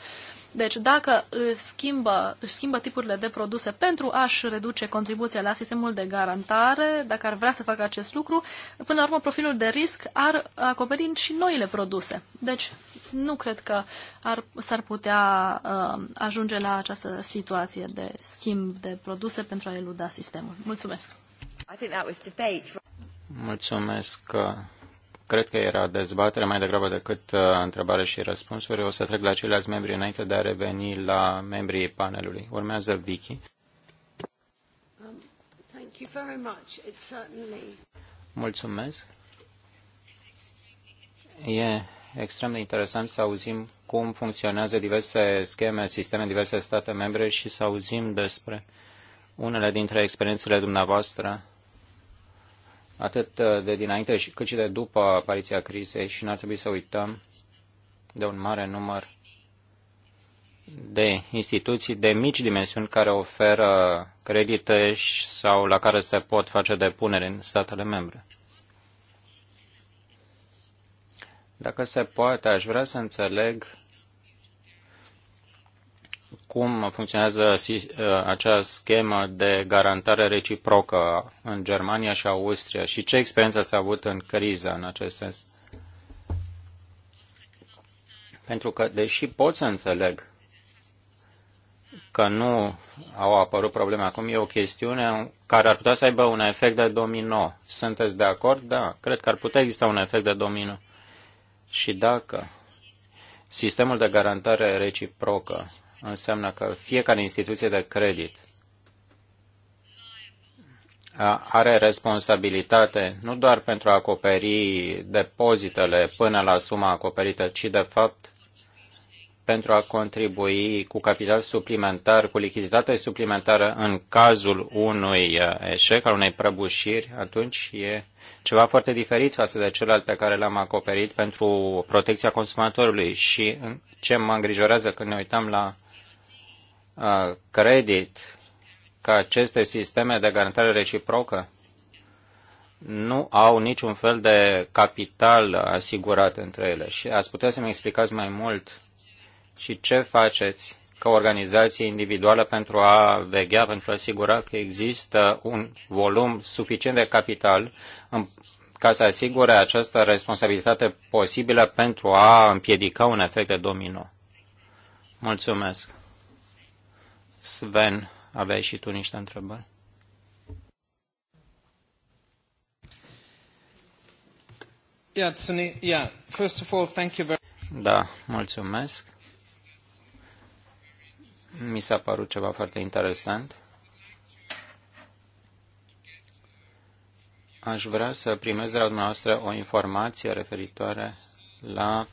Speaker 3: Deci dacă își schimbă, își schimbă tipurile de produse pentru a-și reduce contribuția la sistemul de garantare, dacă ar vrea să facă acest lucru, până la urmă profilul de risc ar acoperi și noile produse. Deci nu cred că ar, s-ar putea uh, ajunge la această situație de schimb de produse pentru a eluda sistemul. Mulțumesc!
Speaker 4: Mulțumesc. Cred că era dezbatere mai degrabă decât uh, întrebare și răspunsuri. O să trec la ceilalți membri înainte de a reveni la membrii panelului. Urmează Vicky. Mulțumesc. E extrem de interesant să auzim cum funcționează diverse scheme, sisteme diverse state membre și să auzim despre unele dintre experiențele dumneavoastră atât uh, de dinainte cât și de după apariția crizei și n-ar trebui să uităm de un mare număr de instituții de mici dimensiuni care oferă credite sau la care se pot face depunere în statele membre. Dacă se poate, aș vrea să înțeleg cum funcționează ă, acea schemă de garantare reciprocă în Germania și Austria și ce experiență s-a avut în criză în acest sens. Pentru că, deși pot să înțeleg că nu au apărut probleme acum, e o chestiune care ar putea să aibă un efect de domino. Sunteți de acord? Da. Cred că ar putea exista un efect de domino. Și dacă sistemul de garantare reciprocă înseamnă că fiecare instituție de credit are responsabilitate nu doar pentru a acoperi depozitele până la suma acoperită, ci de fapt pentru a contribui cu capital suplimentar, cu lichiditate suplimentară în cazul unui uh, eșec, al unei prăbușiri, atunci e ceva foarte diferit față de celălalt pe care l-am acoperit pentru protecția consumatorului. Și ce mă îngrijorează când ne uităm la uh, credit, că aceste sisteme de garantare reciprocă nu au niciun fel de capital asigurat între ele. Și ați putea să-mi explicați mai mult și ce faceți ca organizație individuală pentru a veghea, pentru a asigura că există un volum suficient de capital în, ca să asigure această responsabilitate posibilă pentru a împiedica un efect de domino. Mulțumesc. Sven, aveai și tu niște întrebări? Da, mulțumesc. Mi s-a părut ceva foarte interesant. Aș vrea să primez de la dumneavoastră o informație referitoare la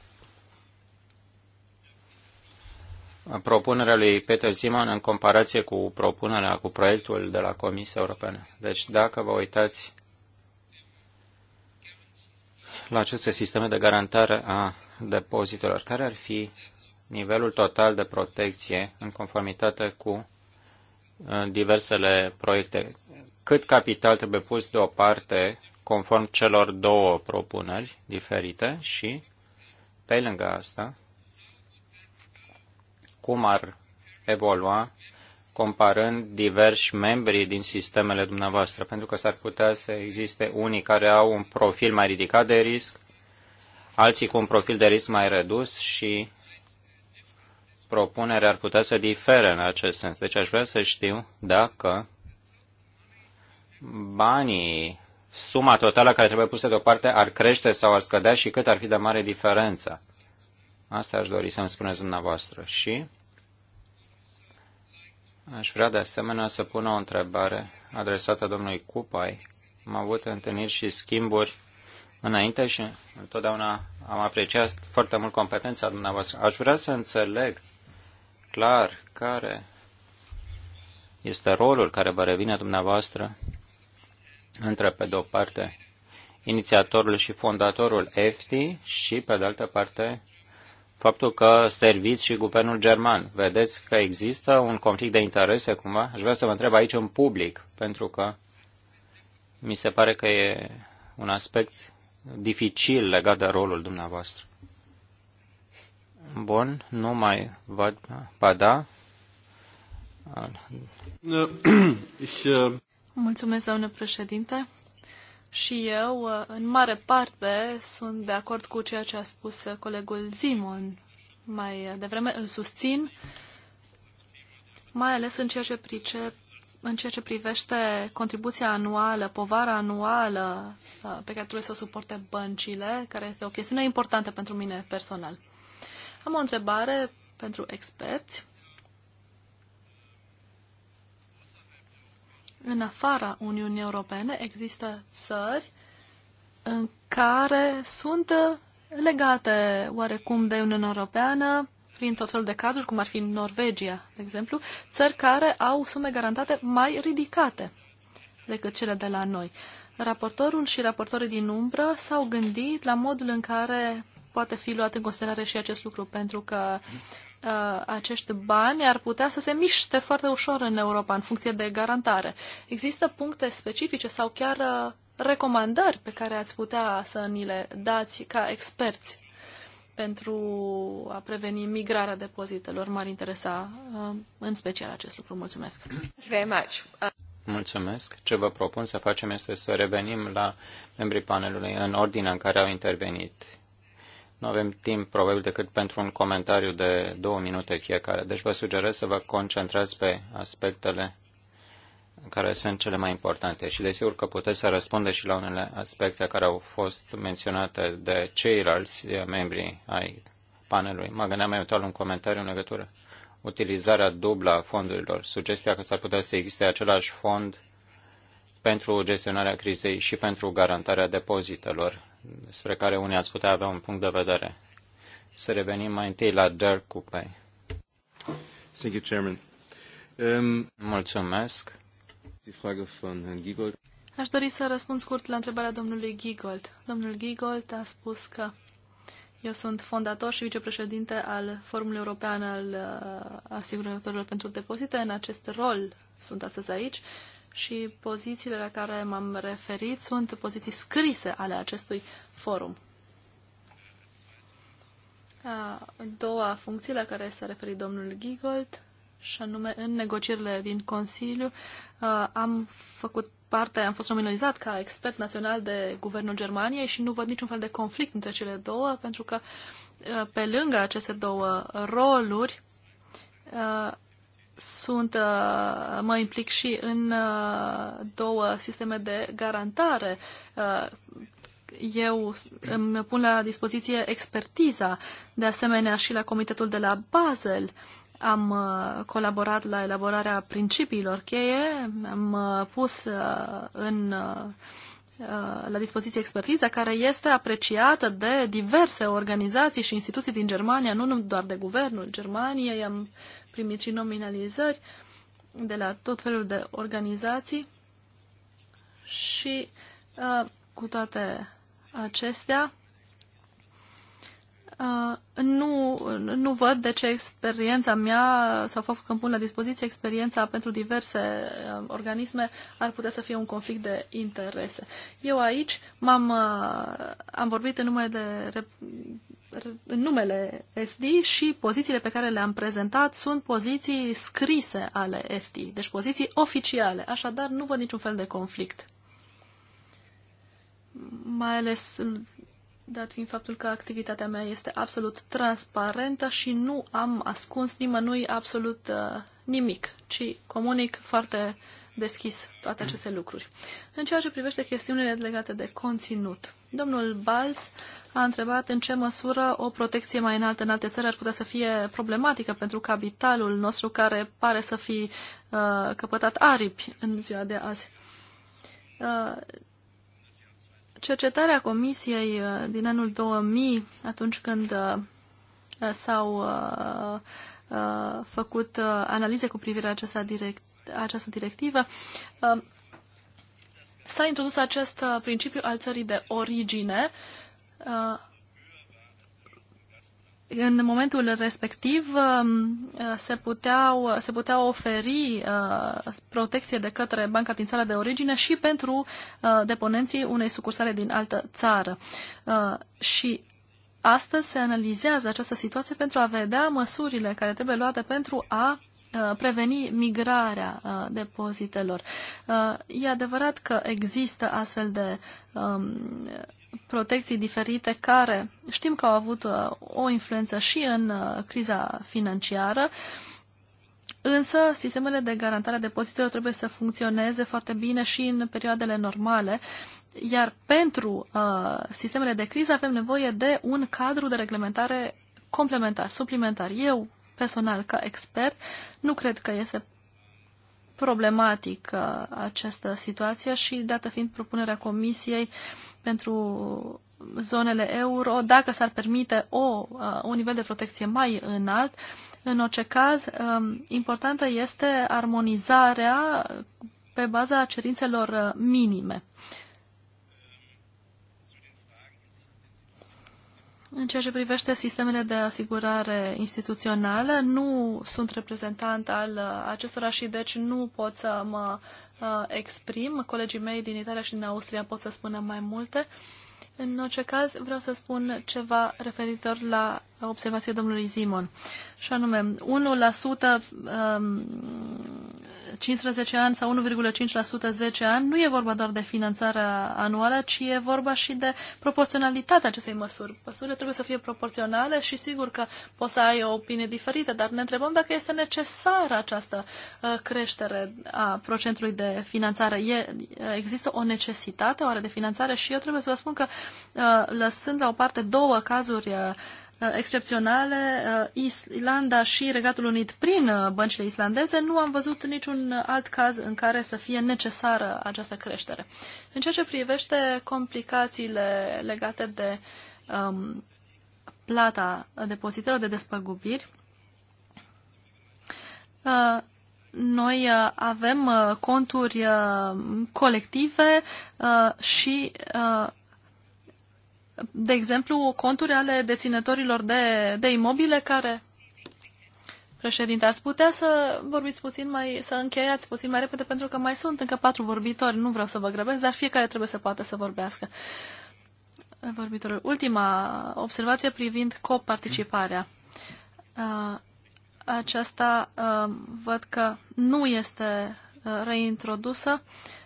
Speaker 4: propunerea lui Peter Simon în comparație cu propunerea, cu proiectul de la Comisia Europeană. Deci dacă vă uitați la aceste sisteme de garantare a depozitelor, care ar fi nivelul total de protecție în conformitate cu uh, diversele proiecte. Cât capital trebuie pus deoparte conform celor două propuneri diferite și, pe lângă asta, cum ar evolua comparând diversi membri din sistemele dumneavoastră, pentru că s-ar putea să existe unii care au un profil mai ridicat de risc, alții cu un profil de risc mai redus și propunere ar putea să difere în acest sens. Deci aș vrea să știu dacă banii, suma totală care trebuie pusă deoparte ar crește sau ar scădea și cât ar fi de mare diferența. Asta aș dori să-mi spuneți dumneavoastră. Și aș vrea de asemenea să pun o întrebare adresată domnului Cupai. Am avut întâlniri și schimburi înainte și întotdeauna am apreciat foarte mult competența dumneavoastră. Aș vrea să înțeleg clar care este rolul care vă revine dumneavoastră între, pe de o parte, inițiatorul și fondatorul EFTI și, pe de altă parte, faptul că serviți și guvernul german. Vedeți că există un conflict de interese cumva? Aș vrea să vă întreb aici în public, pentru că mi se pare că e un aspect dificil legat de rolul dumneavoastră. Bun, nu mai văd. pada. Uh,
Speaker 3: Mulțumesc, doamnă președinte. Și eu, uh, în mare parte, sunt de acord cu ceea ce a spus uh, colegul Zimon mai devreme. Îl susțin, mai ales în ceea ce, pricep, în ceea ce privește contribuția anuală, povara anuală pe care trebuie să o suporte băncile, care este o chestiune importantă pentru mine personal. Am o întrebare pentru experți. În afara Uniunii Europene există țări în care sunt legate oarecum de Uniunea Europeană prin tot felul de cazuri, cum ar fi Norvegia, de exemplu, țări care au sume garantate mai ridicate decât cele de la noi. Raportorul și raportorii din umbră s-au gândit la modul în care poate fi luat în considerare și acest lucru, pentru că uh, acești bani ar putea să se miște foarte ușor în Europa, în funcție de garantare. Există puncte specifice sau chiar uh, recomandări pe care ați putea să ni le dați ca experți pentru a preveni migrarea depozitelor. M-ar interesa uh, în special acest lucru. Mulțumesc! Very much. Uh,
Speaker 4: Mulțumesc. Ce vă propun să facem este să revenim la membrii panelului în ordinea în care au intervenit. Nu avem timp probabil decât pentru un comentariu de două minute fiecare, deci vă sugerez să vă concentrați pe aspectele care sunt cele mai importante și desigur că puteți să răspundeți și la unele aspecte care au fost menționate de ceilalți membri ai panelului. Mă gândeam mai un comentariu în legătură utilizarea dublă a fondurilor, sugestia că s-ar putea să existe același fond pentru gestionarea crizei și pentru garantarea depozitelor despre care unii ați putea avea un punct de vedere. Să revenim mai întâi la Dirk Cupei. Thank you, Chairman. Um, Mulțumesc.
Speaker 3: Aș dori să răspund scurt la întrebarea domnului Gigold. Domnul Gigold a spus că eu sunt fondator și vicepreședinte al Forumului European al uh, Asigurătorilor pentru Depozite. În acest rol sunt astăzi aici și pozițiile la care m-am referit sunt poziții scrise ale acestui forum. A doua funcție la care s-a referit domnul Gigold, și anume în negocierile din Consiliu, am făcut parte, am fost nominalizat ca expert național de Guvernul Germaniei și nu văd niciun fel de conflict între cele două, pentru că pe lângă aceste două roluri, sunt, uh, mă implic și în uh, două sisteme de garantare. Uh, eu îmi pun la dispoziție expertiza, de asemenea și la comitetul de la Basel. Am colaborat la elaborarea principiilor cheie, am pus în la dispoziție expertiza care este apreciată de diverse organizații și instituții din Germania, nu doar de guvernul Germaniei. Am primit și nominalizări de la tot felul de organizații și uh, cu toate acestea uh, nu, nu văd de ce experiența mea sau faptul că îmi pun la dispoziție experiența pentru diverse uh, organisme ar putea să fie un conflict de interese. Eu aici m-am, uh, am vorbit în numele de în numele FD și pozițiile pe care le-am prezentat sunt poziții scrise ale FD, deci poziții oficiale. Așadar, nu văd niciun fel de conflict. Mai ales dat fiind faptul că activitatea mea este absolut transparentă și nu am ascuns nimănui absolut uh, nimic, ci comunic foarte deschis toate aceste lucruri. În ceea ce privește chestiunile legate de conținut, domnul Balz a întrebat în ce măsură o protecție mai înaltă în alte țări ar putea să fie problematică pentru capitalul nostru care pare să fi uh, căpătat aripi în ziua de azi. Uh, cercetarea comisiei uh, din anul 2000, atunci când uh, s-au uh, uh, făcut uh, analize cu privire la această direct, această directivă, um, s-a introdus acest uh, principiu al țării de origine. Uh, în momentul respectiv um, uh, se, puteau, se putea oferi protecție de către banca din țara de origine și pentru deponenții unei sucursale din altă țară. Și astăzi se analizează această situație pentru a vedea măsurile care trebuie luate pentru a Uh, preveni migrarea uh, depozitelor. Uh, e adevărat că există astfel de um, protecții diferite care știm că au avut o influență și în criza financiară, însă sistemele de garantare a depozitelor trebuie să funcționeze foarte bine și în perioadele normale, iar pentru uh, sistemele de criză avem nevoie de un cadru de reglementare complementar, suplimentar. Eu personal ca expert, nu cred că este problematică această situație și dată fiind propunerea Comisiei pentru zonele euro, dacă s-ar permite o, uh, un nivel de protecție mai înalt, în orice caz, um, importantă este armonizarea pe baza cerințelor uh, minime. În ceea ce privește sistemele de asigurare instituțională, nu sunt reprezentant al acestora și deci nu pot să mă uh, exprim. Colegii mei din Italia și din Austria pot să spună mai multe. În orice caz, vreau să spun ceva referitor la observația domnului Zimon. Și anume, 1% 15 ani sau 1,5% 10 ani, nu e vorba doar de finanțarea anuală, ci e vorba și de proporționalitatea acestei măsuri. Măsurile trebuie să fie proporționale și sigur că poți să ai o opinie diferită, dar ne întrebăm dacă este necesară această uh, creștere a procentului de finanțare. E, există o necesitate oare de finanțare? Și eu trebuie să vă spun că uh, lăsând la o parte două cazuri uh, Uh, excepționale, uh, Islanda și Regatul Unit prin uh, băncile islandeze, nu am văzut niciun alt caz în care să fie necesară această creștere. În ceea ce privește complicațiile legate de um, plata depozitelor de despăgubiri, noi avem conturi colective și de exemplu, conturi ale deținătorilor de, de imobile care... Președinte, ați putea să vorbiți puțin mai, să încheiați puțin mai repede, pentru că mai sunt încă patru vorbitori, nu vreau să vă grăbesc, dar fiecare trebuie să poată să vorbească. Vorbitorul, ultima observație privind coparticiparea. Uh, aceasta uh, văd că nu este uh, reintrodusă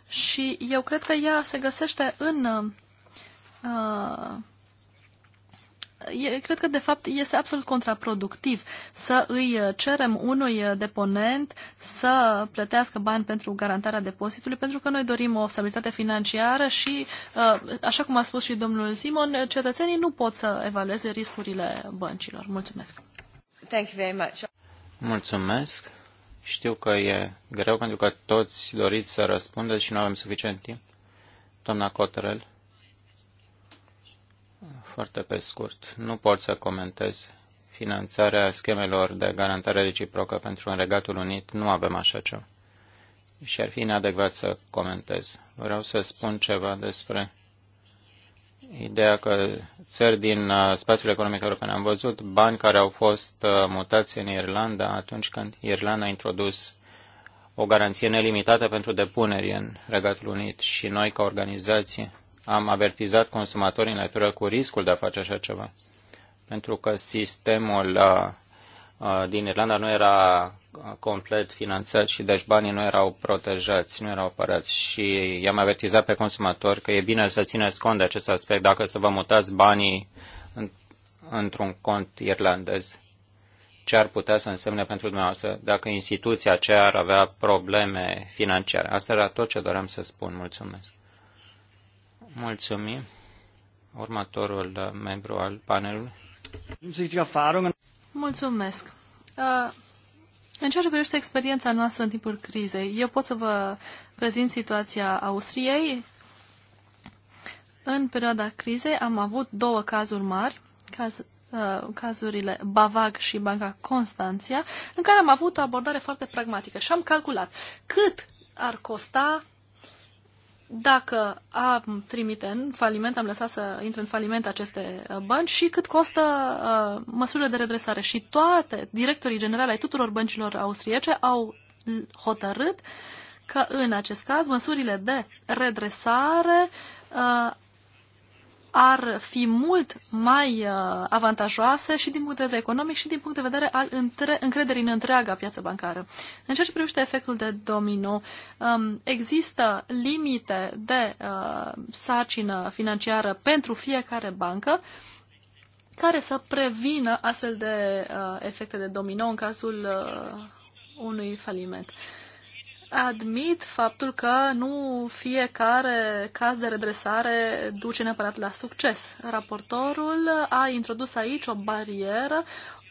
Speaker 3: și eu cred că ea se găsește în uh, cred că, de fapt, este absolut contraproductiv să îi uh, cerem unui uh, deponent să plătească bani pentru garantarea depozitului, pentru că noi dorim o stabilitate financiară și, uh, așa cum a spus și domnul Simon, cetățenii nu pot să evalueze riscurile băncilor. Mulțumesc! Thank you very much.
Speaker 4: Mulțumesc! Știu că e greu pentru că toți doriți să răspundeți și nu avem suficient timp. Doamna Cotrel. Foarte pe scurt, nu pot să comentez finanțarea schemelor de garantare reciprocă pentru un regatul unit. Nu avem așa ceva. Și ar fi inadecvat să comentez. Vreau să spun ceva despre ideea că țări din uh, spațiul economic european am văzut bani care au fost uh, mutați în Irlanda atunci când Irlanda a introdus o garanție nelimitată pentru depuneri în Regatul Unit și noi ca organizație am avertizat consumatorii în legătură cu riscul de a face așa ceva. Pentru că sistemul uh, uh, din Irlanda nu era uh, complet finanțat și deci banii nu erau protejați, nu erau apărați și i-am avertizat pe consumatori că e bine să țineți cont de acest aspect dacă să vă mutați banii într-un cont irlandez. Ce ar putea să însemne pentru dumneavoastră dacă instituția aceea ar avea probleme financiare? Asta era tot ce doream să spun. Mulțumesc. Mulțumim. Următorul uh, membru al panelului.
Speaker 3: Mulțumesc. Uh, în ceea ce privește experiența noastră în timpul crizei, eu pot să vă prezint situația Austriei. În perioada crizei am avut două cazuri mari, caz, uh, cazurile Bavag și Banca Constanția, în care am avut o abordare foarte pragmatică și am calculat cât ar costa dacă am trimite în faliment, am lăsat să intre în faliment aceste uh, bănci și cât costă uh, măsurile de redresare. Și toate directorii generali ai tuturor băncilor austriece au hotărât că în acest caz măsurile de redresare uh, ar fi mult mai uh, avantajoase și din punct de vedere economic și din punct de vedere al între, încrederii în întreaga piață bancară. În ceea ce privește efectul de domino, um, există limite de uh, sarcină financiară pentru fiecare bancă care să prevină astfel de uh, efecte de domino în cazul unui faliment. Uh, admit faptul că nu fiecare caz de redresare duce neapărat la succes. Raportorul a introdus aici o barieră,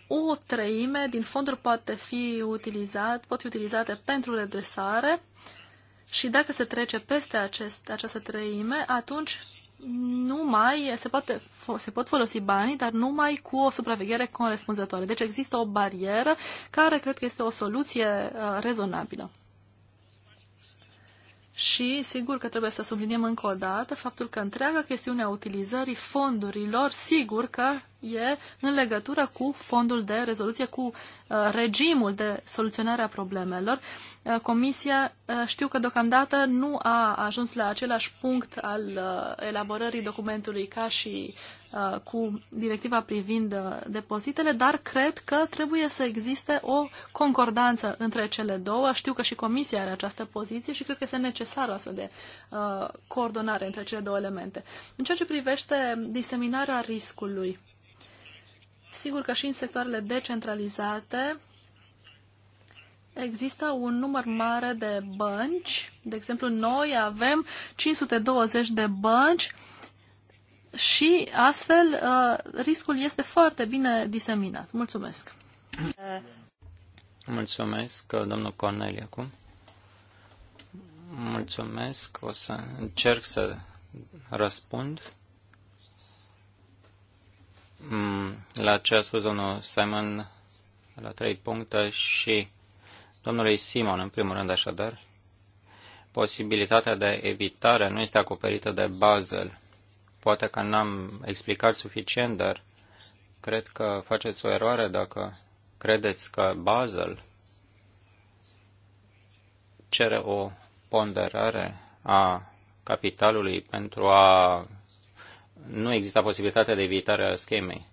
Speaker 3: o treime din fonduri poate fi utilizat, pot fi utilizate pentru redresare și dacă se trece peste acest, această treime, atunci nu mai se, poate, se pot folosi banii, dar numai cu o supraveghere corespunzătoare. Deci există o barieră care cred că este o soluție uh, rezonabilă. Și sigur că trebuie să subliniem încă o dată faptul că întreaga chestiune a utilizării fondurilor, sigur că e în legătură cu fondul de rezoluție, cu uh, regimul de soluționare a problemelor. Uh, comisia uh, știu că deocamdată nu a ajuns la același punct al elaborării documentului ca și cu directiva privind depozitele, dar cred că trebuie să existe o concordanță între cele două. Știu că și Comisia are această poziție și cred că este necesară astfel de coordonare între cele două elemente. În ceea ce privește diseminarea riscului, Sigur că și în sectoarele decentralizate există un număr mare de bănci. De exemplu, noi avem 520 de bănci și astfel uh, riscul este foarte bine diseminat. Mulțumesc!
Speaker 4: Mulțumesc, domnul Cornelie, acum. Mulțumesc, o să încerc să răspund. Mm, la ce a spus domnul Simon la trei puncte și domnului Simon, în primul rând așadar, posibilitatea de evitare nu este acoperită de Basel. Poate că n-am explicat suficient, dar cred că faceți o eroare dacă credeți că Basel cere o ponderare a capitalului pentru a nu exista posibilitatea de evitare a schemei.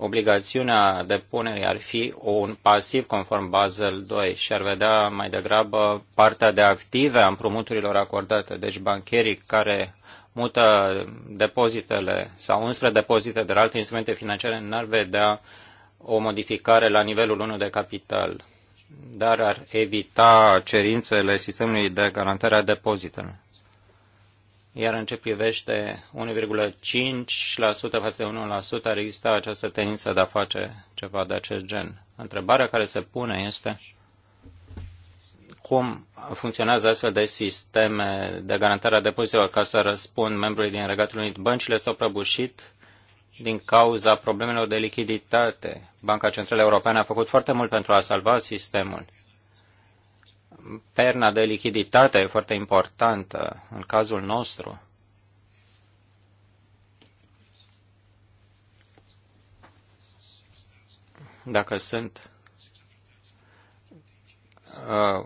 Speaker 4: Obligațiunea depunerii ar fi un pasiv conform Basel II și ar vedea mai degrabă partea de active a împrumuturilor acordate. Deci bancherii care mută depozitele sau înspre depozite de alte instrumente financiare n-ar vedea o modificare la nivelul 1 de capital, dar ar evita cerințele sistemului de garantare a depozitelor iar în ce privește 1,5% față de 1%, ar exista această tendință de a face ceva de acest gen. Întrebarea care se pune este cum funcționează astfel de sisteme de garantare a depozitelor, ca să răspund membrii din Regatul Unit. Băncile s-au prăbușit din cauza problemelor de lichiditate. Banca Centrală Europeană a făcut foarte mult pentru a salva sistemul perna de lichiditate foarte importantă în cazul nostru. Dacă sunt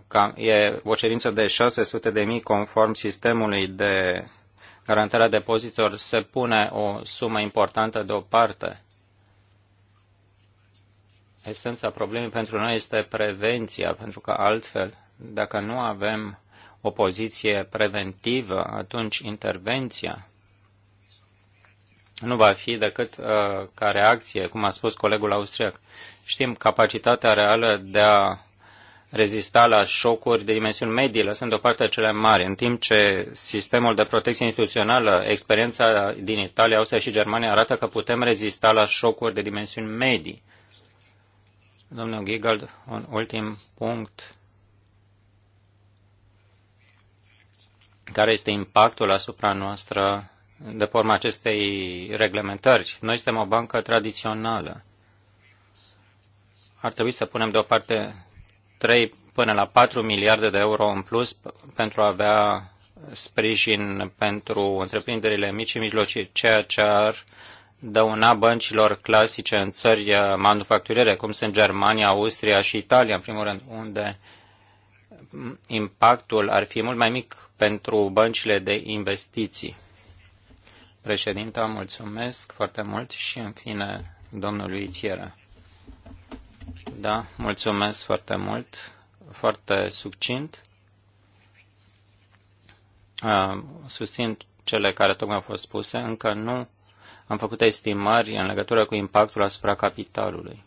Speaker 4: uh, e o cerință de 600 de mii conform sistemului de garantare a depozitor, se pune o sumă importantă deoparte. Esența problemei pentru noi este prevenția, pentru că altfel dacă nu avem o poziție preventivă, atunci intervenția nu va fi decât uh, ca reacție, cum a spus colegul austriac. Știm, capacitatea reală de a rezista la șocuri de dimensiuni medii, lăsând parte cele mari, în timp ce sistemul de protecție instituțională, experiența din Italia, Austria și Germania arată că putem rezista la șocuri de dimensiuni medii. Domnul Gigald, un ultim punct care este impactul asupra noastră de pe urma acestei reglementări. Noi suntem o bancă tradițională. Ar trebui să punem deoparte 3 până la 4 miliarde de euro în plus pentru a avea sprijin pentru întreprinderile mici și mijlocii, ceea ce ar dăuna băncilor clasice în țări eh, manufacturiere, cum sunt Germania, Austria și Italia, în primul rând, unde impactul ar fi mult mai mic pentru băncile de investiții. Președinta, mulțumesc foarte mult și, în fine, domnului Itiera. Da, mulțumesc foarte mult, foarte succint. Susțin cele care tocmai au fost spuse, încă nu am făcut estimări în legătură cu impactul asupra capitalului.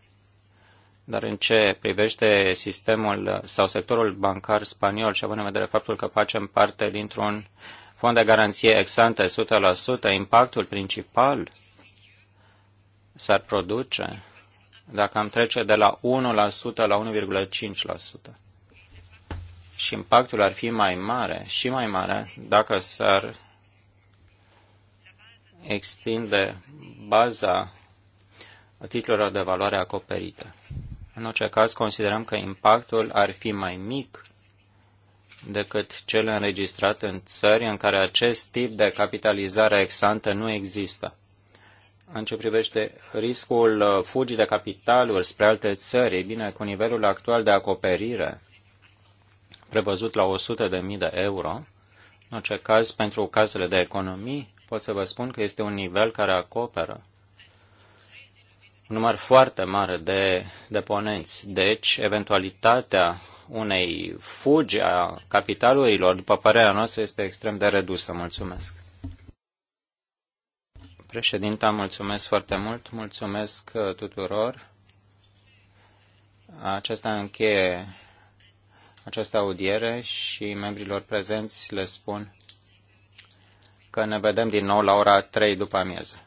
Speaker 4: Dar în ce privește sistemul sau sectorul bancar spaniol și având în vedere faptul că facem parte dintr-un fond de garanție exantă 100%, impactul principal s-ar produce dacă am trece de la 1% la 1,5%. Și impactul ar fi mai mare și mai mare dacă s-ar extinde baza titlurilor de valoare acoperite. În orice caz, considerăm că impactul ar fi mai mic decât cel înregistrat în țări în care acest tip de capitalizare exantă nu există. În ce privește riscul uh, fugii de capitaluri spre alte țări, bine, cu nivelul actual de acoperire prevăzut la 100.000 de euro, în orice caz, pentru cazele de economii, pot să vă spun că este un nivel care acoperă un număr foarte mare de deponenți. Deci, eventualitatea unei fugi a capitalurilor, după părerea noastră, este extrem de redusă. Mulțumesc. Președinta, mulțumesc foarte mult. Mulțumesc uh, tuturor. Aceasta încheie această audiere și membrilor prezenți le spun că ne vedem din nou la ora 3 după amiază.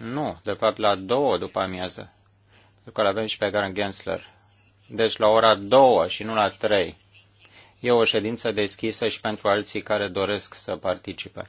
Speaker 4: Nu, de fapt la două după amiază. Pentru că avem și pe Garen Gensler. Deci la ora două și nu la trei. E o ședință deschisă și pentru alții care doresc să participe.